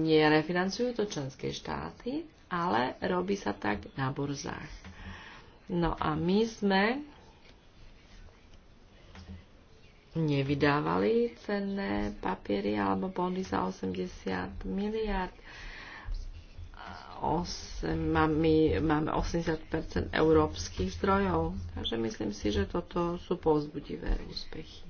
nerefinancujú to členské štáty, ale robí sa tak na burzách. No a my sme nevydávali cenné papiery alebo bondy za 80 miliard. 8, máme, máme 80 európskych zdrojov. Takže myslím si, že toto sú povzbudivé úspechy.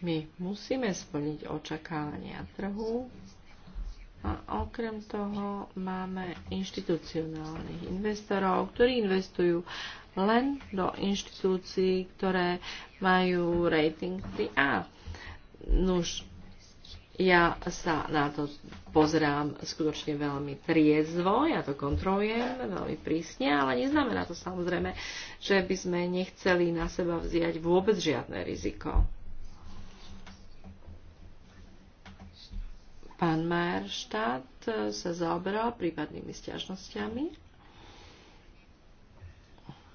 My musíme splniť očakávania trhu a okrem toho máme inštitucionálnych investorov, ktorí investujú len do inštitúcií, ktoré majú rating 3A. Nuž, ja sa na to pozerám skutočne veľmi triezvo, ja to kontrolujem veľmi prísne, ale neznamená to samozrejme, že by sme nechceli na seba vziať vôbec žiadne riziko. Pán Majerštát sa zaoberal prípadnými stiažnosťami.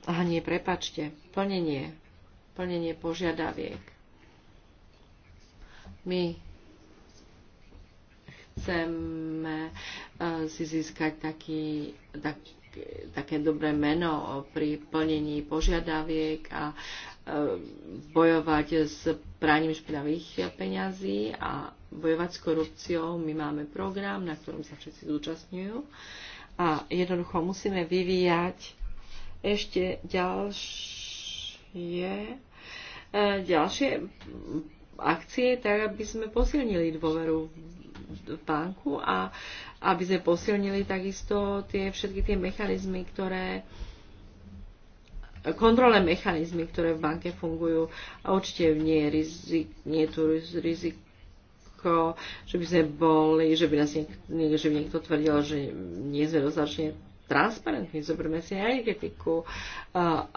Aha, nie, prepačte. Plnenie. Plnenie požiadaviek. My chceme eh, si získať taký, tak, také dobré meno pri plnení požiadaviek a eh, bojovať s praním špinavých peňazí a bojovať s korupciou. My máme program, na ktorom sa všetci zúčastňujú a jednoducho musíme vyvíjať ešte ďalšie, e, ďalšie akcie, tak aby sme posilnili dôveru v banku a aby sme posilnili takisto tie, všetky tie mechanizmy, ktoré kontrolné mechanizmy, ktoré v banke fungujú. A určite nie je, rizik, nie je tu rizik, Rusko, že by sme boli, že by, nás niekto, že by niekto tvrdil, že nie sme dostatočne transparentní. Zoberme si energetiku,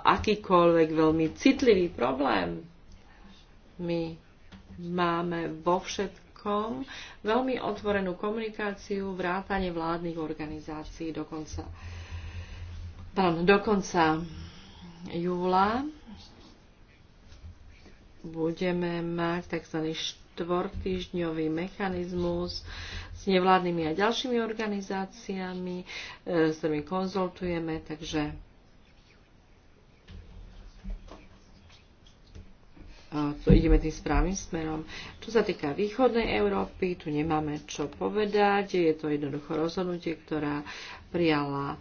akýkoľvek veľmi citlivý problém. My máme vo všetkom veľmi otvorenú komunikáciu, vrátanie vládnych organizácií dokonca. Pardon, dokonca júla budeme mať tzv štvortýždňový mechanizmus s nevládnymi a ďalšími organizáciami, e, s ktorými konzultujeme, takže e, to ideme tým správnym smerom. Čo sa týka východnej Európy, tu nemáme čo povedať. Je to jednoducho rozhodnutie, ktorá prijala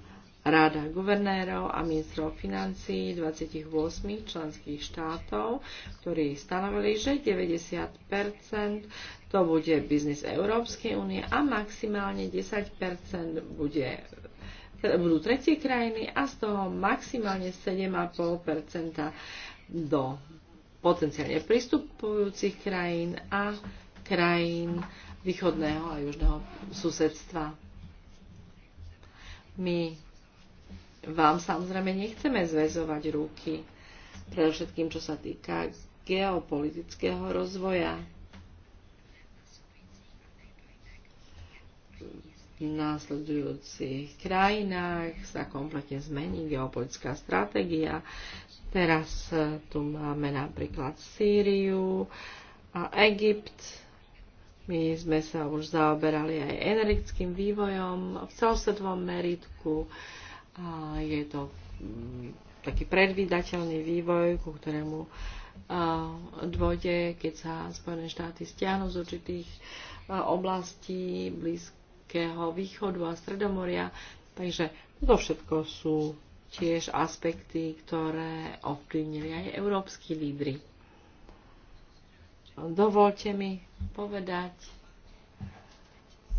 Rada guvernérov a ministrov financí 28 členských štátov, ktorí stanovili, že 90 to bude biznis Európskej únie a maximálne 10 bude budú tretie krajiny a z toho maximálne 7,5 do potenciálne pristupujúcich krajín a krajín východného a južného susedstva. My vám samozrejme nechceme zväzovať ruky, pre všetkým, čo sa týka geopolitického rozvoja. V následujúcich krajinách sa kompletne zmení geopolitická stratégia. Teraz e, tu máme napríklad Sýriu a Egypt. My sme sa už zaoberali aj energetickým vývojom v celosvetovom meritku. Uh, a je to mm, taký predvídateľný vývoj, ku ktorému dôjde, keď sa Spojené štáty stiahnu z určitých oblastí Blízkeho východu a Stredomoria. Takže toto všetko sú tiež aspekty, ktoré ovplyvnili aj európsky lídry. Dovolte mi povedať,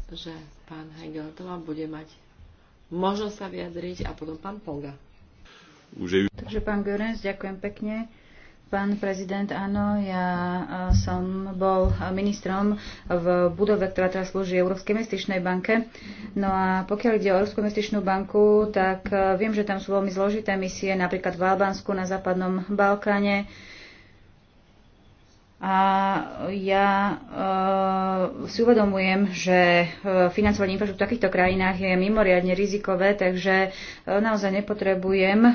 že pán Hegel to vám bude mať možno sa vyjadriť a potom pán Ponga. Už je... Takže pán Görens, ďakujem pekne. Pán prezident, áno, ja som bol ministrom v budove, ktorá teraz slúži Európskej investičnej banke. No a pokiaľ ide o Európsku investičnú banku, tak e, viem, že tam sú veľmi zložité misie, napríklad v Albánsku, na Západnom Balkáne a ja e, si uvedomujem, že e, financovanie infraštruktúry v takýchto krajinách je mimoriadne rizikové, takže e, naozaj nepotrebujem, e,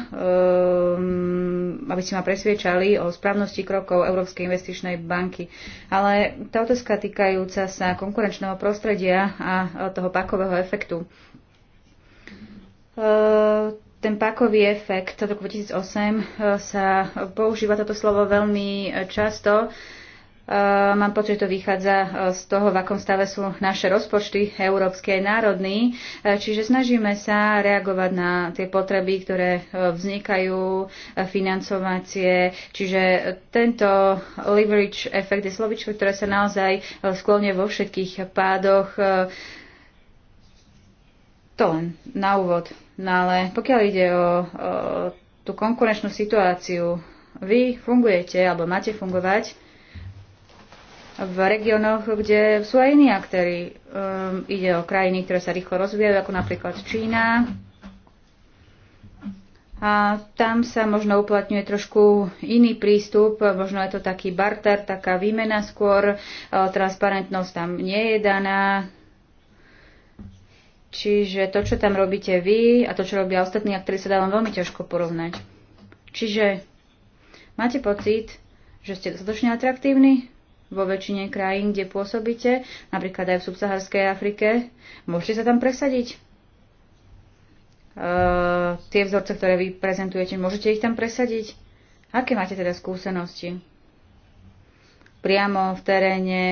aby ste ma presviečali o správnosti krokov Európskej investičnej banky. Ale tá otázka týkajúca sa konkurenčného prostredia a e, toho pakového efektu. E, ten pakový efekt od roku 2008 e, sa používa toto slovo veľmi e, často. E, mám pocit, že to vychádza z toho, v akom stave sú naše rozpočty, európske a národní. Čiže snažíme sa reagovať na tie potreby, ktoré vznikajú, financovacie. Čiže tento leverage efekt je slovičko, ktoré sa naozaj sklonie vo všetkých pádoch. To len na úvod. No ale pokiaľ ide o, o tú konkurenčnú situáciu, vy fungujete alebo máte fungovať v regiónoch, kde sú aj iní aktéry. Um, ide o krajiny, ktoré sa rýchlo rozvíjajú, ako napríklad Čína. A tam sa možno uplatňuje trošku iný prístup, možno je to taký barter, taká výmena skôr, e, transparentnosť tam nie je daná, Čiže to, čo tam robíte vy a to, čo robia ostatní aktéry, sa dá vám veľmi ťažko porovnať. Čiže máte pocit, že ste dostatočne atraktívni vo väčšine krajín, kde pôsobíte, napríklad aj v subsaharskej Afrike, môžete sa tam presadiť? Uh, tie vzorce, ktoré vy prezentujete, môžete ich tam presadiť? Aké máte teda skúsenosti? Priamo v teréne,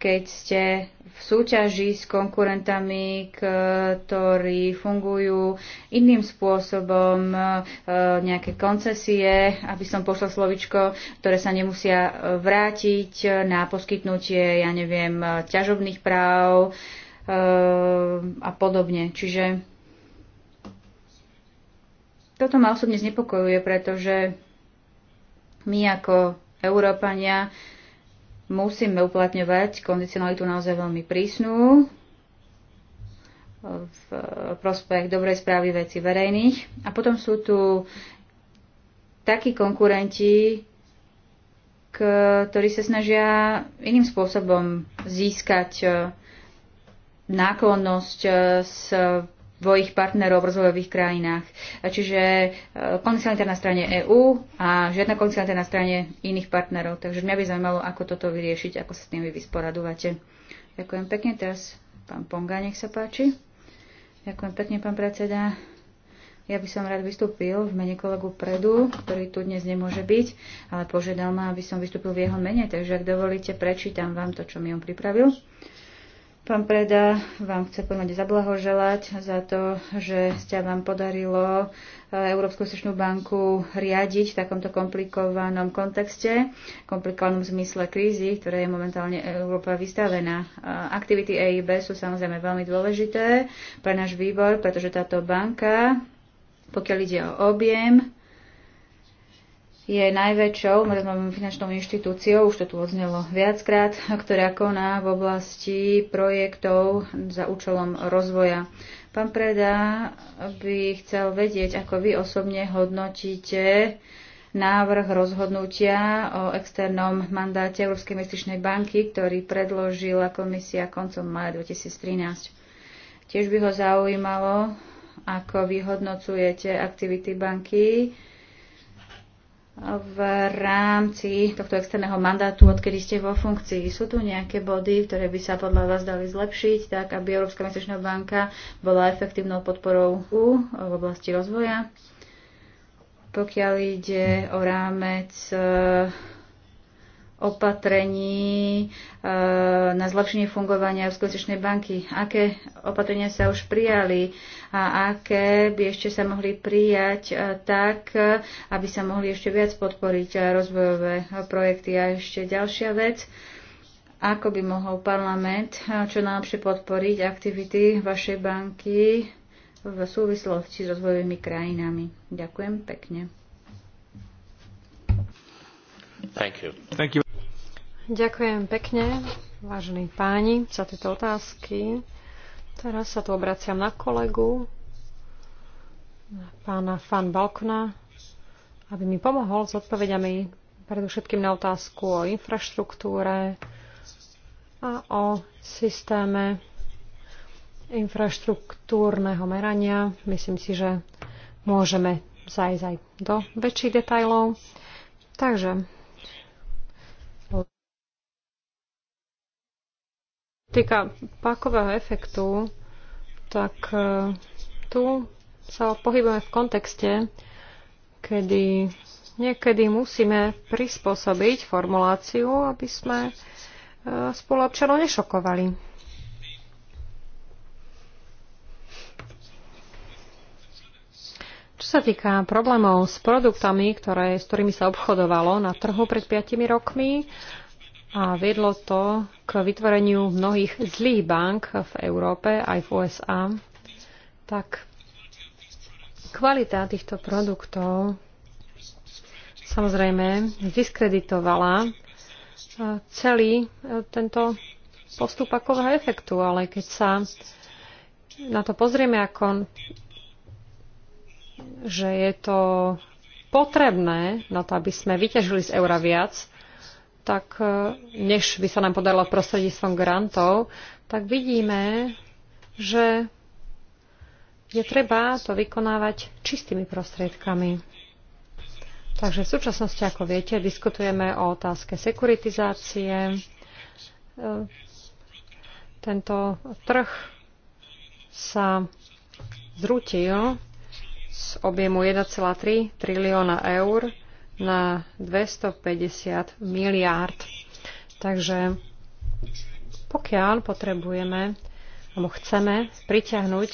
keď ste v súťaži s konkurentami, ktorí fungujú iným spôsobom, e, nejaké koncesie, aby som pošla slovičko, ktoré sa nemusia e, vrátiť na poskytnutie, ja neviem, e, ťažobných práv a podobne. Čiže toto ma osobne znepokojuje, pretože my ako Európania musíme uplatňovať kondicionalitu naozaj veľmi prísnu v prospech dobrej správy veci verejných. A potom sú tu takí konkurenti, ktorí sa snažia iným spôsobom získať eh, náklonnosť eh, svojich partnerov v rozvojových krajinách. Čiže e, koncentrá na strane EÚ a žiadna koncentrá na strane iných partnerov. Takže mňa by zaujímalo, ako toto vyriešiť, ako sa s tým vy vysporadujete. Ďakujem pekne. Teraz pán Ponga, nech sa páči. Ďakujem pekne, pán predseda. Ja by som rád vystúpil v mene kolegu Predu, ktorý tu dnes nemôže byť, ale požiadal ma, aby som vystúpil v jeho mene, takže ak dovolíte, prečítam vám to, čo mi on pripravil. Uh, Pán Preda, vám chce plne zablahoželať za to, že ste vám podarilo e, Európsku sečnú banku riadiť v takomto komplikovanom kontexte, komplikovanom zmysle krízy, ktoré je momentálne Európa vystavená. Aktivity EIB sú samozrejme veľmi dôležité pre náš výbor, pretože táto banka, pokiaľ ide o objem, je najväčšou finančnou inštitúciou, už to tu odznelo viackrát, ktorá koná v oblasti projektov za účelom rozvoja. Pán Preda by chcel vedieť, ako vy osobne hodnotíte návrh rozhodnutia o externom mandáte Európskej investičnej banky, ktorý predložila komisia koncom maja 2013. Tiež by ho zaujímalo, ako vyhodnocujete aktivity banky v rámci tohto externého mandátu, odkedy ste vo funkcii. Sú tu nejaké body, ktoré by sa podľa vás dali zlepšiť, tak aby Európska mesečná banka bola efektívnou podporou EU v oblasti rozvoja? Pokiaľ ide o rámec opatrení e, na zlepšenie fungovania Európskej banky. Aké opatrenia sa už prijali a aké by ešte sa mohli prijať e, tak, aby sa mohli ešte viac podporiť e, rozvojové projekty. A ešte ďalšia vec, ako by mohol parlament čo najlepšie podporiť aktivity vašej banky v súvislosti s rozvojovými krajinami. Ďakujem pekne. Thank you. Thank you. Ďakujem pekne, vážení páni, za tieto otázky. Teraz sa tu obraciam na kolegu, na pána Fan Balkna, aby mi pomohol s odpovediami predovšetkým na otázku o infraštruktúre a o systéme infraštruktúrneho merania. Myslím si, že môžeme zajsť aj do väčších detajlov. Takže týka pákového efektu, tak e, tu sa pohybujeme v kontexte, kedy niekedy musíme prispôsobiť formuláciu, aby sme e, spoluobčanov nešokovali. Čo sa týka problémov s produktami, ktoré, s ktorými sa obchodovalo na trhu pred 5 rokmi, a viedlo to k vytvoreniu mnohých zlých bank v Európe aj v USA, tak kvalita týchto produktov samozrejme diskreditovala e, celý e, tento postup akového efektu, ale keď sa na to pozrieme ako že je to potrebné na to, aby sme vyťažili z eura viac, tak e, než by sa nám podarilo prostredníctvom grantov, tak vidíme, že je treba to vykonávať čistými prostriedkami. Takže v súčasnosti, ako viete, diskutujeme o otázke sekuritizácie. E, tento trh sa zrútil z objemu 1,3 trilióna eur na 250 miliárd. Takže pokiaľ potrebujeme alebo chceme priťahnuť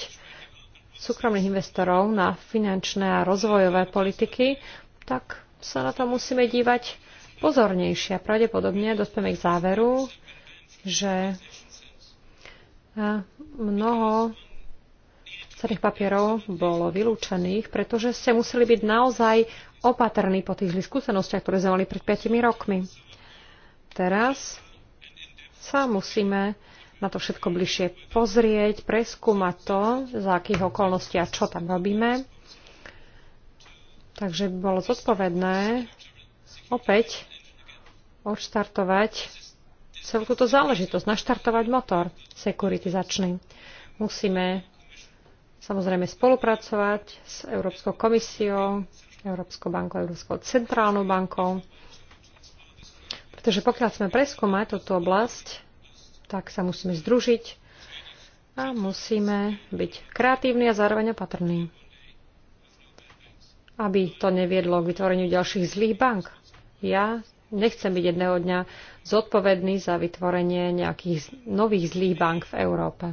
súkromných investorov na finančné a rozvojové politiky, tak sa na to musíme dívať pozornejšie. pravdepodobne dospieme k záveru, že mnoho cenných papierov bolo vylúčených, pretože ste museli byť naozaj opatrní po tých zlých skúsenostiach, ktoré sme mali pred 5 rokmi. Teraz sa musíme na to všetko bližšie pozrieť, preskúmať to, za akých okolností a čo tam robíme. Takže by bolo zodpovedné opäť odštartovať celú túto záležitosť, naštartovať motor sekuritizačný. Musíme samozrejme spolupracovať s Európskou komisiou, Európskou bankou, Európskou centrálnou bankou, pretože pokiaľ chceme preskúmať túto oblasť, tak sa musíme združiť a musíme byť kreatívni a zároveň opatrní, aby to neviedlo k vytvoreniu ďalších zlých bank. Ja nechcem byť jedného dňa zodpovedný za vytvorenie nejakých nových zlých bank v Európe.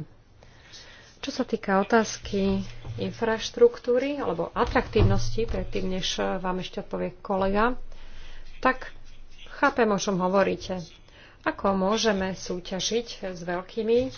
Čo sa týka otázky infraštruktúry alebo atraktívnosti, predtým než vám ešte odpovie kolega, tak chápem, o čom hovoríte. Ako môžeme súťažiť s veľkými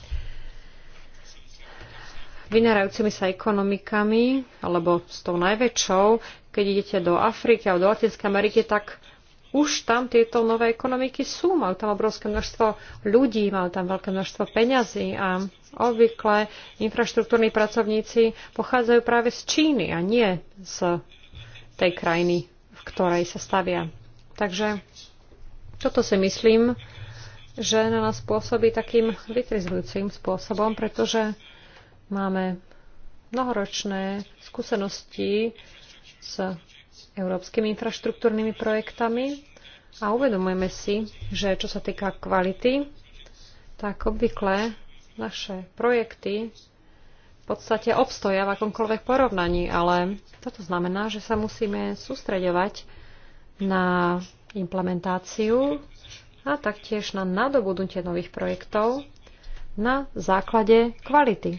vynárajúcimi sa ekonomikami, alebo s tou najväčšou, keď idete do Afriky alebo do Latinskej Ameriky, tak už tam tieto nové ekonomiky sú. Majú tam obrovské množstvo ľudí, majú tam veľké množstvo peňazí a obvykle infraštruktúrni pracovníci pochádzajú práve z Číny a nie z tej krajiny, v ktorej sa stavia. Takže toto si myslím, že na nás pôsobí takým vytrizujúcim spôsobom, pretože máme mnohoročné skúsenosti s európskymi infraštruktúrnymi projektami a uvedomujeme si, že čo sa týka kvality, tak obvykle naše projekty v podstate obstoja v akomkoľvek porovnaní, ale toto znamená, že sa musíme sústreďovať na implementáciu a taktiež na nadobudnutie nových projektov na základe kvality.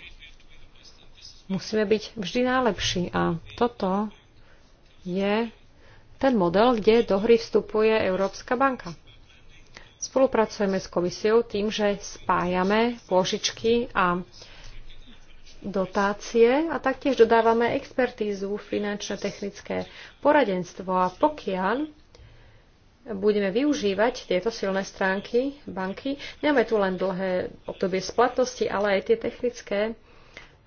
Musíme byť vždy najlepší a toto je ten model, kde do hry vstupuje Európska banka. Spolupracujeme s komisiou tým, že spájame pôžičky a dotácie a taktiež dodávame expertízu, finančné, technické poradenstvo a pokiaľ budeme využívať tieto silné stránky banky, nemáme tu len dlhé obdobie splatnosti, ale aj tie technické,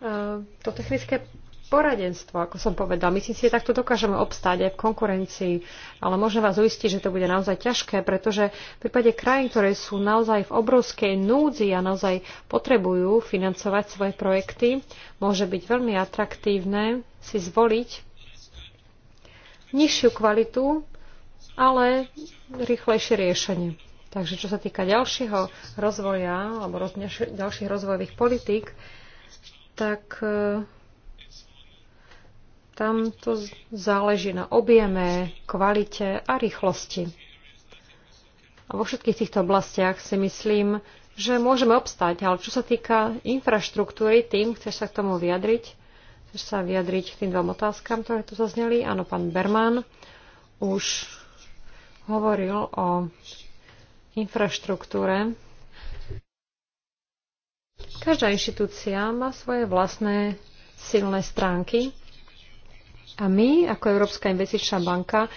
eh, to technické poradenstvo, ako som povedal. My si takto dokážeme obstáť aj v konkurencii, ale môžem vás uistiť, že to bude naozaj ťažké, pretože v prípade krajín, ktoré sú naozaj v obrovskej núdzi a naozaj potrebujú financovať svoje projekty, môže byť veľmi atraktívne si zvoliť nižšiu kvalitu, ale rýchlejšie riešenie. Takže čo sa týka ďalšieho rozvoja alebo roz, ďalších rozvojových politík, tak e, tam to záleží na objeme, kvalite a rýchlosti. A vo všetkých týchto oblastiach si myslím, že môžeme obstať, ale čo sa týka infraštruktúry, tým chceš sa k tomu vyjadriť? Chceš sa vyjadriť k tým dvom otázkam, ktoré tu zazneli? Áno, pán Berman už hovoril o infraštruktúre. Každá inštitúcia má svoje vlastné silné stránky a my, ako Európska investičná banka,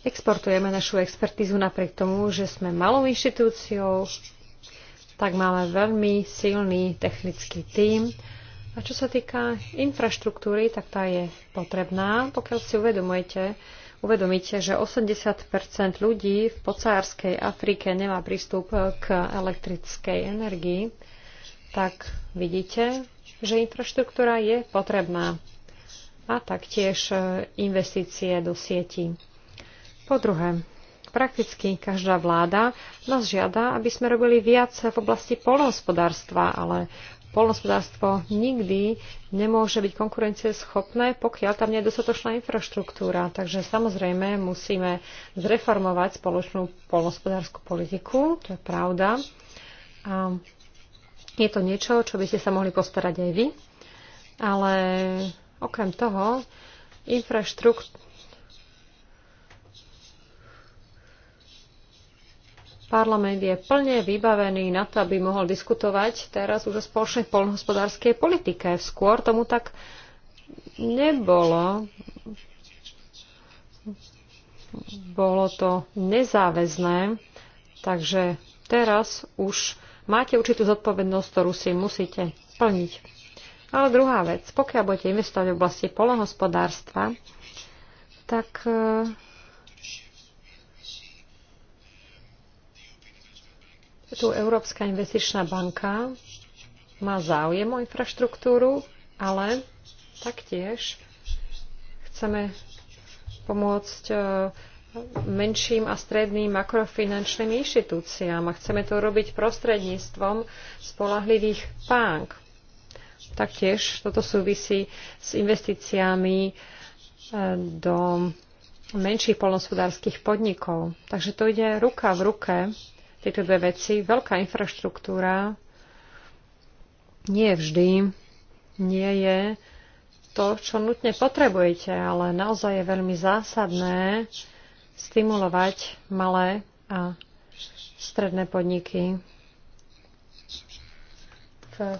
exportujeme našu expertizu napriek tomu, že sme malou inštitúciou, tak máme veľmi silný technický tím. A čo sa týka infraštruktúry, tak tá je potrebná. Pokiaľ si uvedomujete, uvedomíte, že 80 ľudí v pocárskej Afrike nemá prístup k elektrickej energii, tak vidíte, že infraštruktúra je potrebná a taktiež e, investície do sietí. Po druhé, prakticky každá vláda nás žiada, aby sme robili viac v oblasti polnohospodárstva, ale polnohospodárstvo nikdy nemôže byť konkurencieschopné, pokiaľ tam nie je dostatočná infraštruktúra. Takže samozrejme musíme zreformovať spoločnú polnohospodárskú politiku, to je pravda. A je to niečo, čo by ste sa mohli postarať aj vy, ale Okrem toho, infraštruktúra Parlament je plne vybavený na to, aby mohol diskutovať teraz už o spoločnej polnohospodárskej politike. Skôr tomu tak nebolo. Bolo to nezáväzné, takže teraz už máte určitú zodpovednosť, ktorú si musíte plniť. Ale druhá vec, pokiaľ budete investovať v oblasti polohospodárstva, tak e, tu Európska investičná banka má záujem o infraštruktúru, ale taktiež chceme pomôcť e, menším a stredným makrofinančným inštitúciám a chceme to robiť prostredníctvom spolahlivých bank. Taktiež toto súvisí s investíciami e, do menších polnospodárských podnikov. Takže to ide ruka v ruke, tieto dve veci. Veľká infraštruktúra nie vždy nie je to, čo nutne potrebujete, ale naozaj je veľmi zásadné stimulovať malé a stredné podniky v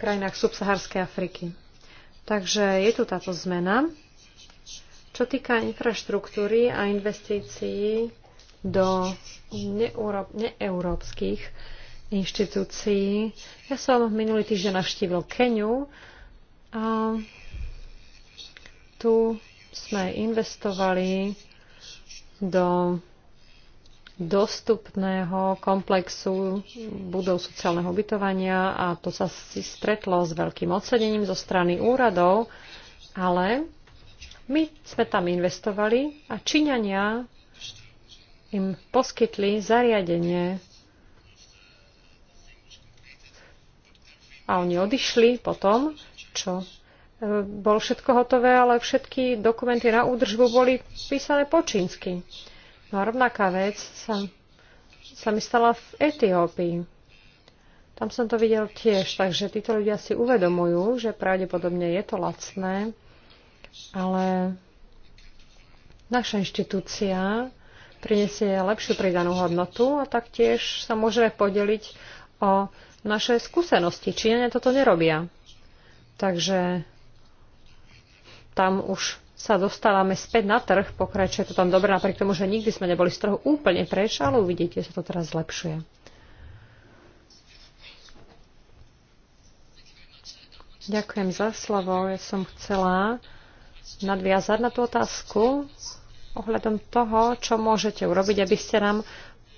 krajinách subsaharskej Afriky. Takže je tu táto zmena. Čo týka infraštruktúry a investícií do neeurópskych inštitúcií, ja som minulý týždeň navštívil Keniu a tu sme investovali do dostupného komplexu budov sociálneho ubytovania a to sa si stretlo s veľkým ocenením zo strany úradov, ale my sme tam investovali a Číňania im poskytli zariadenie a oni odišli potom, čo e, bolo všetko hotové, ale všetky dokumenty na údržbu boli písané po čínsky. No a rovnaká vec sa, sa mi stala v Etiópii. Tam som to videl tiež, takže títo ľudia si uvedomujú, že pravdepodobne je to lacné, ale naša inštitúcia prinesie lepšiu pridanú hodnotu a taktiež sa môžeme podeliť o naše skúsenosti. Číňania toto nerobia. Takže tam už sa dostávame späť na trh, pokračuje to tam dobre, napriek tomu, že nikdy sme neboli z trhu úplne preč, ale uvidíte, sa to teraz zlepšuje. Ďakujem za slovo. Ja som chcela nadviazať na tú otázku ohľadom toho, čo môžete urobiť, aby ste nám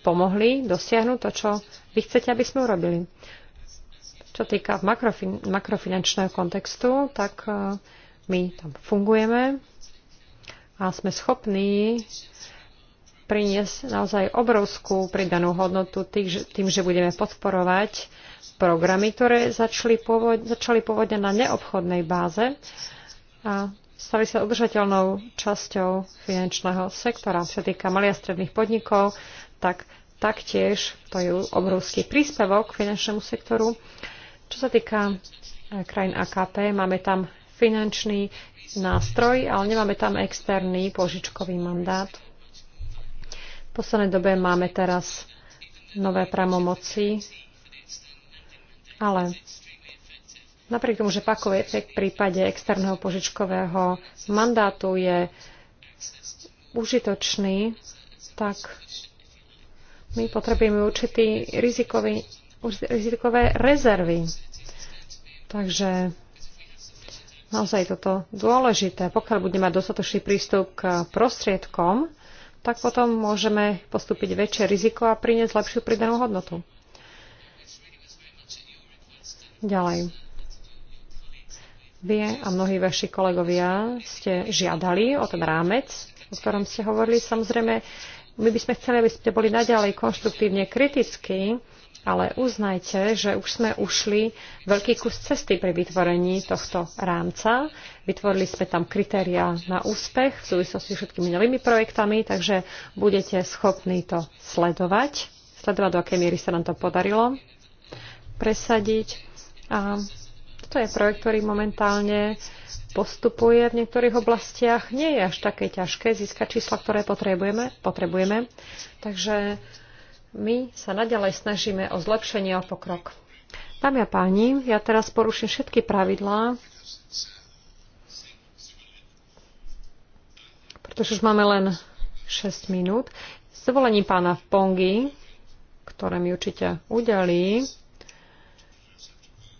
pomohli dosiahnuť to, čo vy chcete, aby sme urobili. Čo týka makrofin- makrofinančného kontextu, tak eh, my tam fungujeme a sme schopní priniesť naozaj obrovskú pridanú hodnotu tým, že budeme podporovať programy, ktoré začali pôvodne, začali pôvodne na neobchodnej báze a stali sa udržateľnou časťou finančného sektora. Čo sa týka malých a stredných podnikov, tak taktiež to je obrovský príspevok k finančnému sektoru. Čo sa týka eh, krajín AKP, máme tam finančný nástroj, ale nemáme tam externý požičkový mandát. V poslednej dobe máme teraz nové pramomoci, ale napriek tomu, že pakový efekt v prípade externého požičkového mandátu je užitočný, tak my potrebujeme určitý rizikový, rizikové rezervy. Takže naozaj toto dôležité. Pokiaľ budeme mať dostatočný prístup k prostriedkom, tak potom môžeme postúpiť väčšie riziko a priniesť lepšiu pridanú hodnotu. Ďalej. Vy a mnohí vaši kolegovia ste žiadali o ten rámec, o ktorom ste hovorili. Samozrejme, my by sme chceli, aby ste boli naďalej konštruktívne kritickí ale uznajte, že už sme ušli veľký kus cesty pri vytvorení tohto rámca. Vytvorili sme tam kritéria na úspech v súvislosti s všetkými novými projektami, takže budete schopní to sledovať, sledovať, do akej miery sa nám to podarilo presadiť. A toto je projekt, ktorý momentálne postupuje v niektorých oblastiach. Nie je až také ťažké získať čísla, ktoré potrebujeme. potrebujeme. Takže my sa naďalej snažíme o zlepšenie a pokrok. Dámy a páni, ja teraz poruším všetky pravidlá, pretože už máme len 6 minút. S dovolením pána Pongy, ktoré mi určite udelí,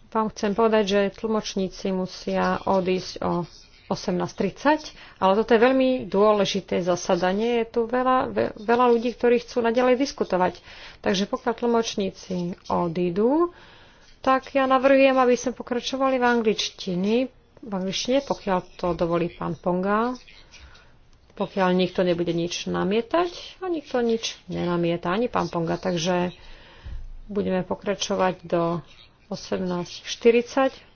vám chcem povedať, že tlmočníci musia odísť o 18.30, ale toto je veľmi dôležité zasadanie. Je tu veľa, veľa ľudí, ktorí chcú naďalej diskutovať. Takže pokiaľ tlmočníci odídu, tak ja navrhujem, aby sme pokračovali v angličtine, v angličtine pokiaľ to dovolí pán Ponga, pokiaľ nikto nebude nič namietať a nikto nič nenamieta, ani pán Ponga. Takže budeme pokračovať do 18.40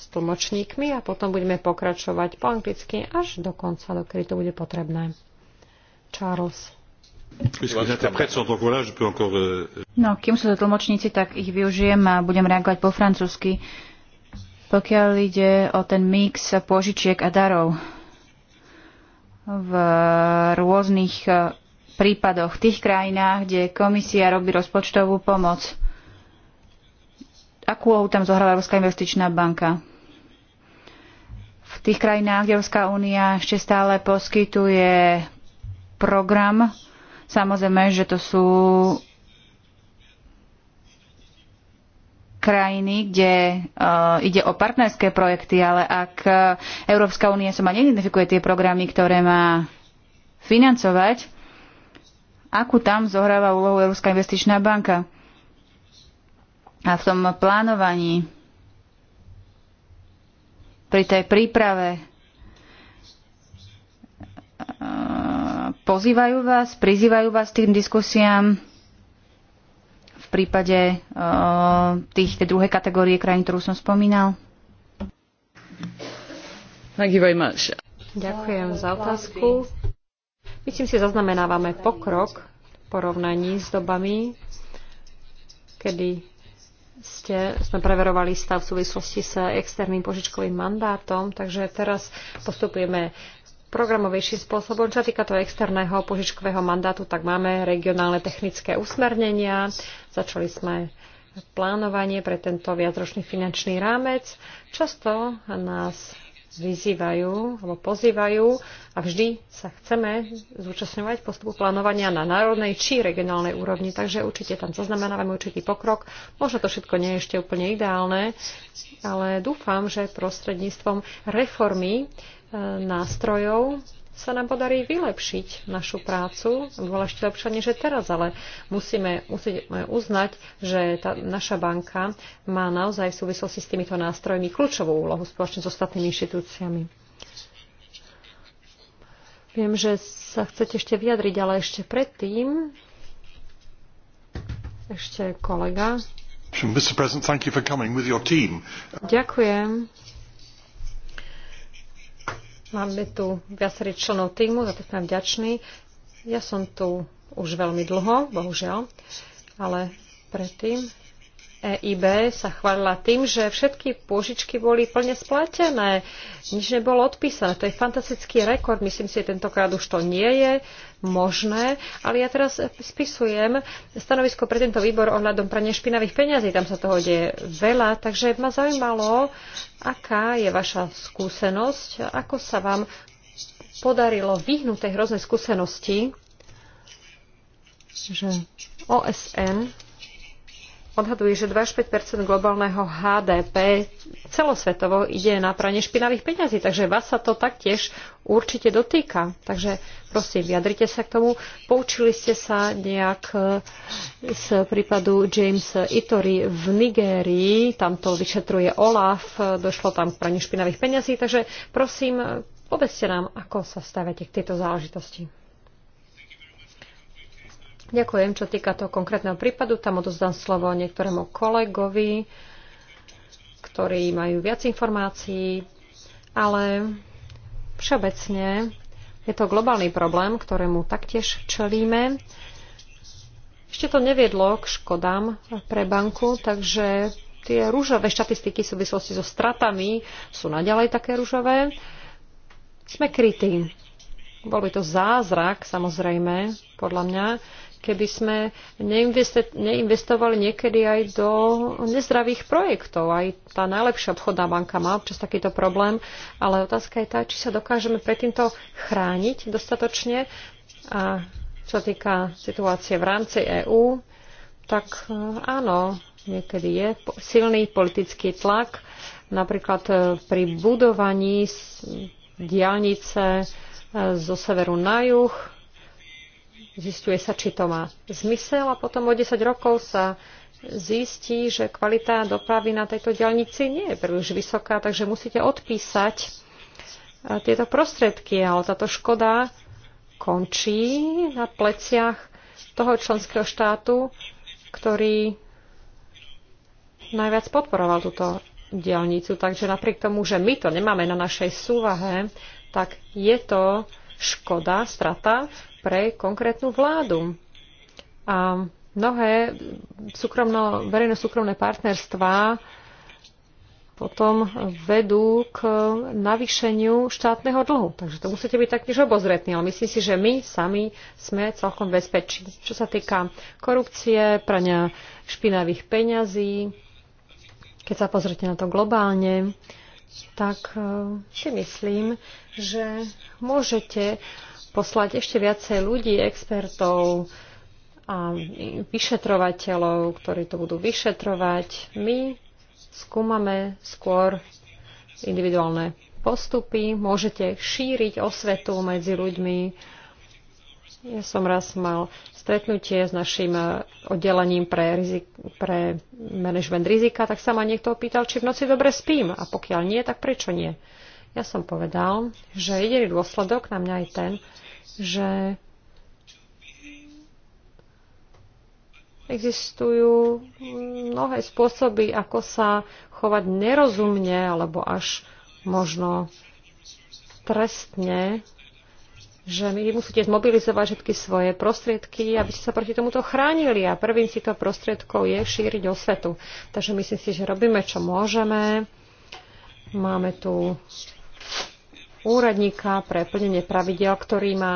s tlmočníkmi a potom budeme pokračovať po anglicky až do konca, dokedy to bude potrebné. Charles. Euh, no, kým sú to tlmočníci, tak ich využijem a budem reagovať po francúzsky. Pokiaľ ide o ten mix požičiek a darov v rôznych e, prípadoch, v tých krajinách, kde komisia robí rozpočtovú pomoc, akú úlohu tam zohrala Európska investičná banka? v tých krajinách, kde Európska únia ešte stále poskytuje program. Samozrejme, že to sú krajiny, kde uh, ide o partnerské projekty, ale ak uh, Európska únia sa ma neidentifikuje tie programy, ktoré má financovať, akú tam zohráva úlohu Európska investičná banka? A v tom plánovaní pri tej príprave pozývajú vás, prizývajú vás tým diskusiám v prípade uh, tých, tej druhej kategórie krajín, ktorú som spomínal? Thank you very much. Ďakujem za otázku. Myslím si, zaznamenávame pokrok v porovnaní s dobami, kedy ste, sme preverovali stav v súvislosti s externým požičkovým mandátom, takže teraz postupujeme programovejším spôsobom. Čo týka toho externého požičkového mandátu, tak máme regionálne technické usmernenia. Začali sme plánovanie pre tento viacročný finančný rámec. Často nás vyzývajú alebo pozývajú a vždy sa chceme zúčastňovať postupu plánovania na národnej či regionálnej úrovni, takže určite tam zaznamenávame určitý pokrok. Možno to všetko nie je ešte úplne ideálne, ale dúfam, že prostredníctvom reformy e, nástrojov sa nám podarí vylepšiť našu prácu. Bola ešte lepšia než teraz, ale musíme, musíme uznať, že tá naša banka má naozaj v súvislosti s týmito nástrojmi kľúčovú úlohu spoločne s ostatnými inštitúciami. Viem, že sa chcete ešte vyjadriť, ale ešte predtým ešte kolega. Ďakujem Máme tu viacerých členov týmu, za to som vďačný. Ja som tu už veľmi dlho, bohužiaľ, ale predtým EIB sa chválila tým, že všetky pôžičky boli plne splatené, nič nebolo odpísané. To je fantastický rekord, myslím si, že tentokrát už to nie je možné. Ale ja teraz spisujem stanovisko pre tento výbor ohľadom prania špinavých peňazí. Tam sa toho deje veľa, takže ma zaujímalo, aká je vaša skúsenosť, ako sa vám podarilo vyhnúť tej hroznej skúsenosti, že OSN odhaduje, že 25 globálneho HDP celosvetovo ide na pranie špinavých peňazí, takže vás sa to taktiež určite dotýka. Takže prosím, vyjadrite sa k tomu. Poučili ste sa nejak e, z prípadu James Itory v Nigérii, tam to vyšetruje OLAF, došlo tam k praniu špinavých peňazí, takže prosím, povedzte nám, ako sa stavete k tejto záležitosti. Ďakujem, čo týka toho konkrétneho prípadu. Tam odozdám slovo niektorému kolegovi, ktorí majú viac informácií, ale všeobecne je to globálny problém, ktorému taktiež čelíme. Ešte to neviedlo k škodám pre banku, takže tie rúžové štatistiky v súvislosti so stratami sú naďalej také rúžové. Sme krytí. Bol by to zázrak, samozrejme, podľa mňa, keby sme neinvestovali niekedy aj do nezdravých projektov. Aj tá najlepšia obchodná banka má občas takýto problém, ale otázka je tá, či sa dokážeme pred týmto chrániť dostatočne. A čo sa týka situácie v rámci EÚ, tak eh, áno, niekedy je silný politický tlak, napríklad eh, pri budovaní diálnice eh, zo severu na juh, zistuje sa, či to má zmysel a potom o 10 rokov sa zistí, že kvalita dopravy na tejto diaľnici nie je príliš vysoká, takže musíte odpísať e, tieto prostriedky, ale táto škoda končí na pleciach toho členského štátu, ktorý najviac podporoval túto diaľnicu. Takže napriek tomu, že my to nemáme na našej súvahe, tak je to škoda, strata, pre konkrétnu vládu. A mnohé súkromno, verejno-súkromné partnerstvá potom vedú k navýšeniu štátneho dlhu. Takže to musíte byť taktiež obozretní, ale myslím si, že my sami sme celkom bezpečí. Čo sa týka korupcie, prania špinavých peňazí, keď sa pozrite na to globálne, tak eh, si myslím, že môžete poslať ešte viacej ľudí, expertov a vyšetrovateľov, ktorí to budú vyšetrovať. My skúmame skôr individuálne postupy, môžete šíriť osvetu medzi ľuďmi. Ja som raz mal stretnutie s našim eh, oddelením pre, rizik, pre management rizika, tak sa ma niekto opýtal, či v noci dobre spím. A pokiaľ nie, tak prečo nie? Ja som povedal, že jediný dôsledok na mňa je ten, že existujú mnohé spôsoby, ako sa chovať nerozumne alebo až možno trestne, že my musíte zmobilizovať všetky svoje prostriedky, aby ste sa proti tomuto chránili. A prvým si to prostriedkov je šíriť osvetu. Takže myslím si, že robíme, čo môžeme. Máme tu úradníka pre plnenie pravidel, ktorý má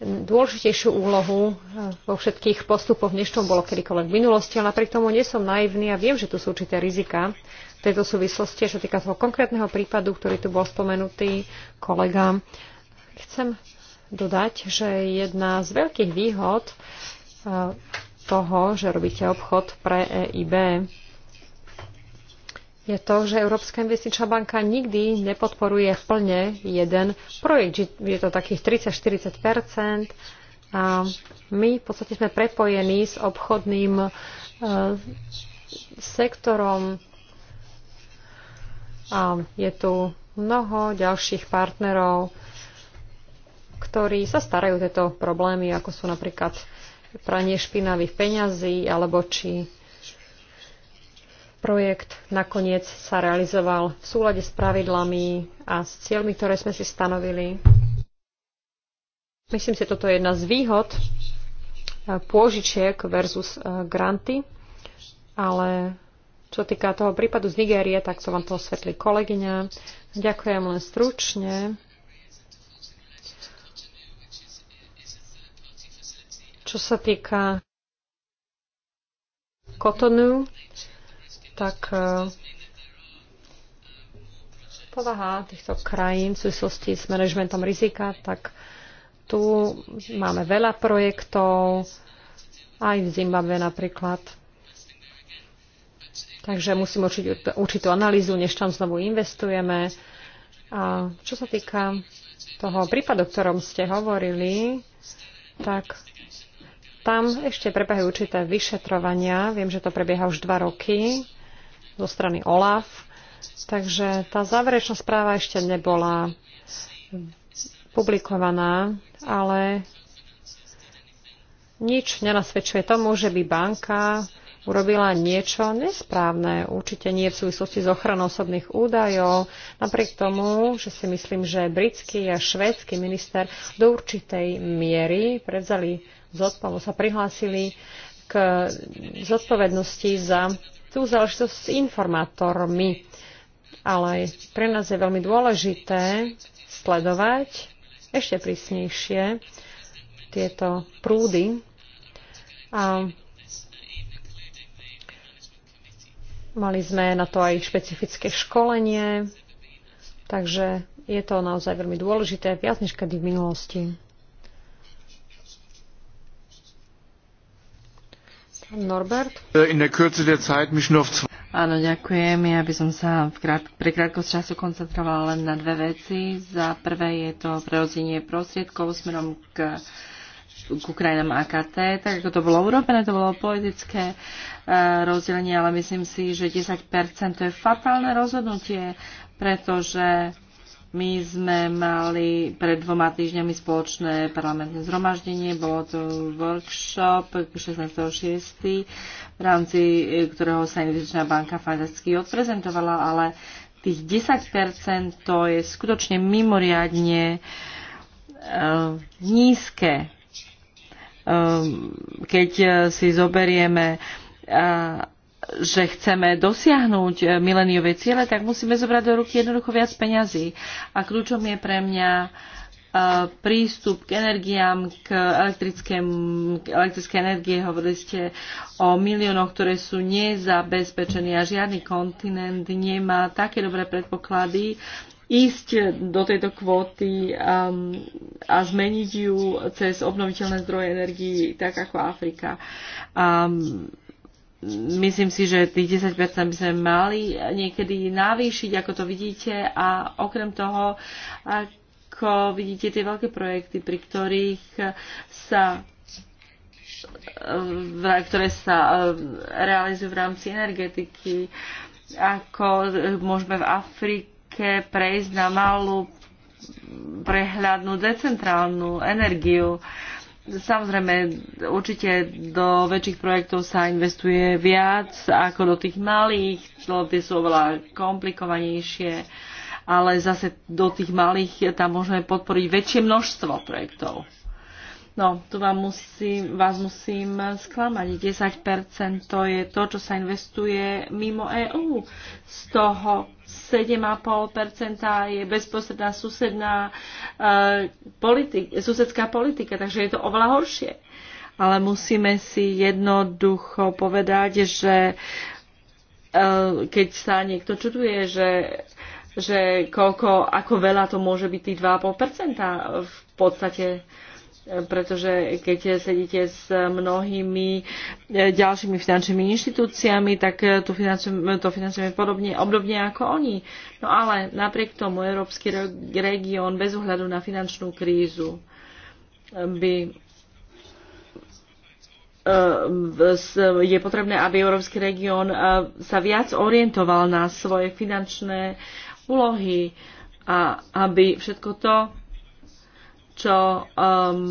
dôležitejšiu úlohu eh, vo všetkých postupoch, než to bolo kedykoľvek v minulosti, ale napriek tomu nie som naivný a viem, že tu sú určité rizika v tejto súvislosti, čo týka toho konkrétneho prípadu, ktorý tu bol spomenutý kolega. Chcem dodať, že jedna z veľkých výhod eh, toho, že robíte obchod pre EIB, je to, že Európska investičná banka nikdy nepodporuje plne jeden projekt. Je to takých 30-40 a my v podstate sme prepojení s obchodným uh, sektorom a je tu mnoho ďalších partnerov, ktorí sa starajú o tieto problémy, ako sú napríklad pranie špinavých peňazí alebo či Projekt nakoniec sa realizoval v súlade s pravidlami a s cieľmi, ktoré sme si stanovili. Myslím si, toto je jedna z výhod e, pôžičiek versus e, granty, ale čo týka toho prípadu z Nigérie, tak to vám to osvetlí kolegyňa. Ďakujem len stručne. Čo sa týka Kotonu, tak e, povaha týchto krajín v súvislosti s manažmentom rizika, tak tu máme veľa projektov, aj v Zimbabve napríklad. Takže musím určiť určitú analýzu, než tam znovu investujeme. A čo sa týka toho prípadu, o ktorom ste hovorili, tak tam ešte prebehajú určité vyšetrovania. Viem, že to prebieha už dva roky zo strany OLAF. Takže tá záverečná správa ešte nebola publikovaná, ale nič nenasvedčuje tomu, že by banka urobila niečo nesprávne. Určite nie v súvislosti s ochranou osobných údajov. Napriek tomu, že si myslím, že britský a švédsky minister do určitej miery prevzali zodpovednosť sa prihlásili k zodpovednosti za tú záležitosť s informátormi. Ale pre nás je veľmi dôležité sledovať ešte prísnejšie tieto prúdy a mali sme na to aj špecifické školenie, takže je to naozaj veľmi dôležité, viac než kedy v minulosti. Norbert. Áno, ďakujem. Ja by som sa v krát, pre krátkosť času koncentrovala len na dve veci. Za prvé je to prerozdenie prostriedkov smerom k k Ukrajinám AKT, tak ako to bolo urobené, to bolo politické eh, rozdelenie, ale myslím si, že 10% to je fatálne rozhodnutie, pretože my sme mali pred dvoma týždňami spoločné parlamentné zhromaždenie, bolo to workshop 16.6., v rámci e, ktorého sa Investičná banka fantasticky odprezentovala, ale tých 10% to je skutočne mimoriadne uh, nízke. Um, keď si zoberieme uh, že chceme dosiahnuť eh, mileniové ciele, tak musíme zobrať do ruky jednoducho viac peňazí. A kľúčom je pre mňa eh, prístup k energiám, k, k elektrickej energie. Hovorili ste o miliónoch, ktoré sú nezabezpečené a žiadny kontinent nemá také dobré predpoklady ísť do tejto kvóty a, ehm, a zmeniť ju cez obnoviteľné zdroje energii, tak ako Afrika. A ehm, myslím si, že tých 10% by sme mali niekedy navýšiť, ako to vidíte. A okrem toho, ako vidíte tie veľké projekty, pri ktorých sa ktoré sa eh, realizujú v rámci energetiky, ako môžeme v Afrike prejsť na malú prehľadnú decentrálnu energiu. Uh, Samozrejme, určite do väčších projektov sa investuje viac ako do tých malých, lebo tie sú oveľa komplikovanejšie, ale zase do tých malých tam môžeme podporiť väčšie množstvo projektov. No, tu vám musím, vás musím sklamať. 10% to je to, čo sa investuje mimo EÚ. Z toho 7,5 je bezprostredná susedná, eh, politik, susedská politika, takže je to oveľa horšie. Ale musíme si jednoducho povedať, že eh, keď sa niekto čuduje, že že koľko, ako veľa to môže byť tých 2,5%. V podstate pretože keď sedíte s mnohými e, ďalšími finančnými inštitúciami, tak e, to financujeme, to financujeme podobne, obdobne ako oni. No ale napriek tomu Európsky región bez ohľadu na finančnú krízu by e, je potrebné, aby Európsky región sa viac orientoval na svoje finančné úlohy a aby všetko to čo um,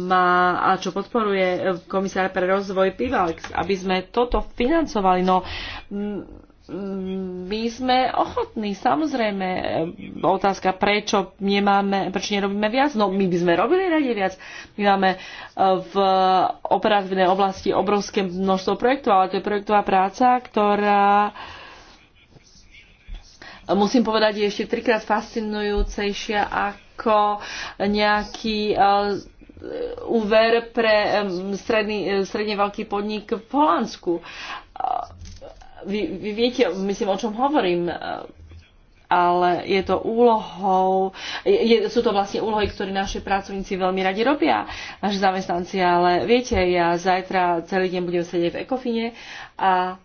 má a čo podporuje komisár pre rozvoj PIVAX, aby sme toto financovali. No, mm, mm, my sme ochotní, samozrejme, um, otázka, prečo nemáme, prečo nerobíme viac, no my by sme robili radi viac. My máme uh, v operatívnej oblasti obrovské množstvo projektov, ale to je projektová práca, ktorá musím povedať, je ešte trikrát fascinujúcejšia ako ako nejaký eh, úver pre eh, stredný, eh, stredne veľký podnik v Holandsku. Vy, vy viete, myslím, o čom hovorím ale je to úlohou, je, sú to vlastne úlohy, ktoré naši pracovníci veľmi radi robia, naši zamestnanci, ale viete, ja zajtra celý deň budem sedieť v Ekofine a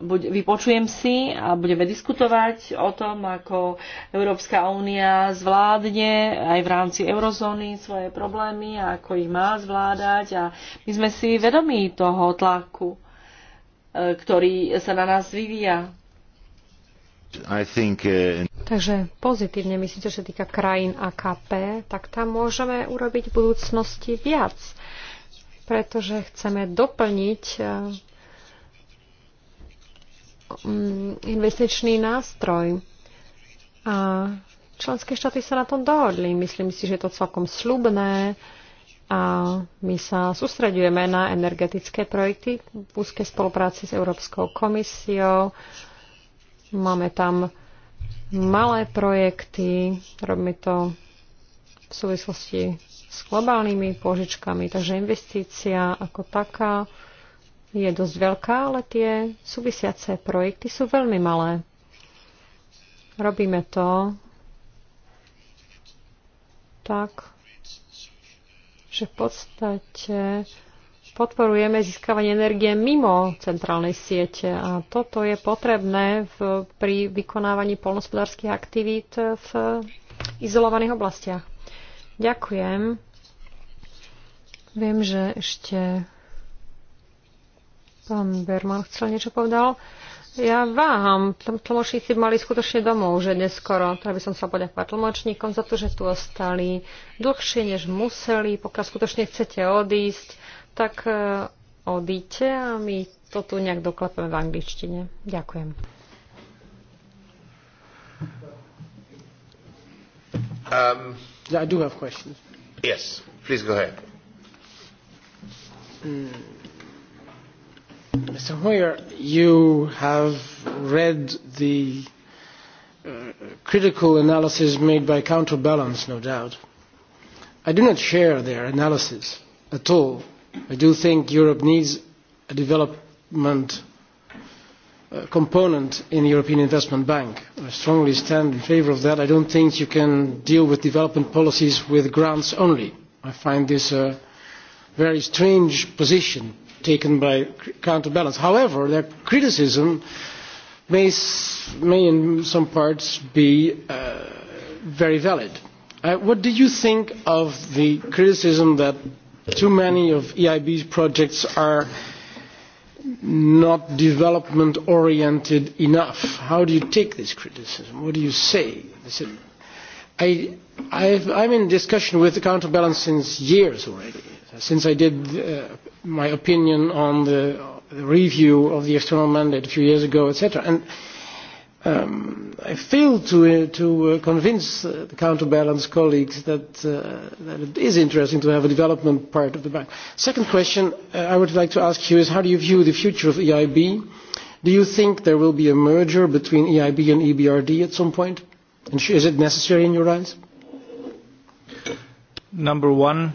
buď, vypočujem si a budeme diskutovať o tom, ako Európska únia zvládne aj v rámci eurozóny svoje problémy a ako ich má zvládať. A my sme si vedomí toho tlaku, e, ktorý sa na nás vyvíja. I think, uh... Takže pozitívne myslíte, že týka krajín AKP, tak tam môžeme urobiť v budúcnosti viac, pretože chceme doplniť e, Mm, investičný nástroj. A členské štáty sa na tom dohodli. Myslím si, že je to celkom slubné a my sa sústredujeme na energetické projekty v úzkej spolupráci s Európskou komisiou. Máme tam malé projekty, robíme to v súvislosti s globálnymi požičkami, takže investícia ako taká je dosť veľká, ale tie súvisiace projekty sú veľmi malé. Robíme to tak, že v podstate podporujeme získavanie energie mimo centrálnej siete a toto je potrebné v, pri vykonávaní polnospodárských aktivít v izolovaných oblastiach. Ďakujem. Viem, že ešte Pán Berman chcel niečo povedal. Ja váham. Tlmočníci mali skutočne domov, že neskoro. Teda by som sa poďakovať tlmočníkom za to, že tu ostali dlhšie, než museli. Pokiaľ skutočne chcete odísť, tak e, odíte a my to tu nejak doklepeme v angličtine. Ďakujem. Um, yeah, I do have questions. Yes, please go ahead. Mm. Mr. Hoyer, you have read the uh, critical analysis made by Counterbalance, no doubt. I do not share their analysis at all. I do think Europe needs a development uh, component in the European Investment Bank. I strongly stand in favour of that. I don't think you can deal with development policies with grants only. I find this a very strange position taken by counterbalance. However, their criticism may, may in some parts be uh, very valid. Uh, what do you think of the criticism that too many of EIB's projects are not development oriented enough? How do you take this criticism? What do you say? I, I've, I'm in discussion with the counterbalance since years already since I did uh, my opinion on the, the review of the external mandate a few years ago, etc. And um, I failed to, uh, to uh, convince uh, the counterbalance colleagues that, uh, that it is interesting to have a development part of the bank. Second question uh, I would like to ask you is how do you view the future of EIB? Do you think there will be a merger between EIB and EBRD at some point? And is it necessary in your eyes? Number one,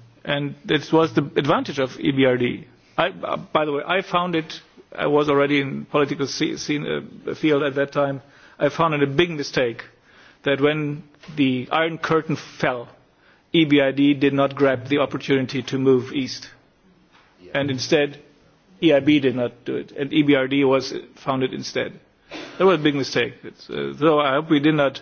and this was the advantage of EBRD. I, uh, by the way, I found it. I was already in political scene, uh, field at that time. I found it a big mistake that when the Iron Curtain fell, EBRD did not grab the opportunity to move east, and instead, EIB did not do it, and EBRD was founded instead. That was a big mistake. It's, uh, so I hope we did not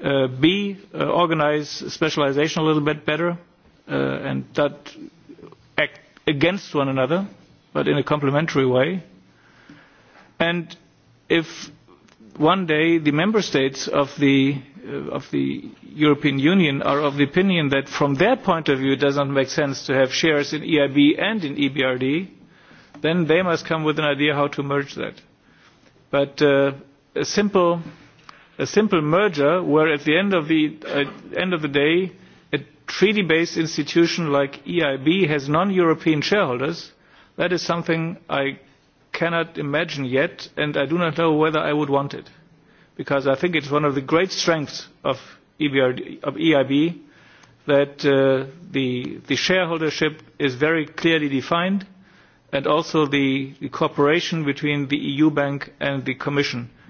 Uh, b uh, organise specialisation a little bit better uh, and that act against one another but in a complementary way and if one day the member states of the uh, of the European Union are of the opinion that from their point of view it does not make sense to have shares in EIB and in EBRD, then they must come with an idea how to merge that. But uh, a simple a simple merger where at the end of the, uh, end of the day a treaty based institution like the eib has non european shareholders that is something i cannot imagine yet and i do not know whether i would want it because i think it is one of the great strengths of the eib e that uh, the, the shareholdership is very clearly defined and also the, the cooperation between the eu bank and the commission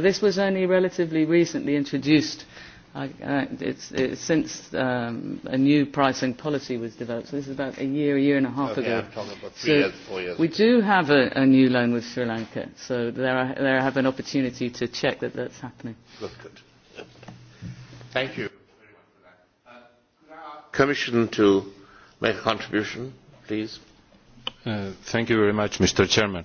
this was only relatively recently introduced I, uh, it's, it's since um, a new pricing policy was developed. So this is about a year, a year and a half okay, ago. about three so years, four years. We do have a, a new loan with Sri Lanka, so there, are, there I have an opportunity to check that that's happening. That's good. Thank you. Commission to make a contribution, please. Uh, thank you very much, Mr. Chairman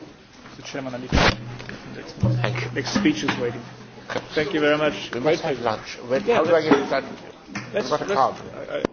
Mr. chairman and next, Thank you. next speech is waiting. Thank you very much. We must have lunch. Where, yeah, how do I get that? Let's, a card.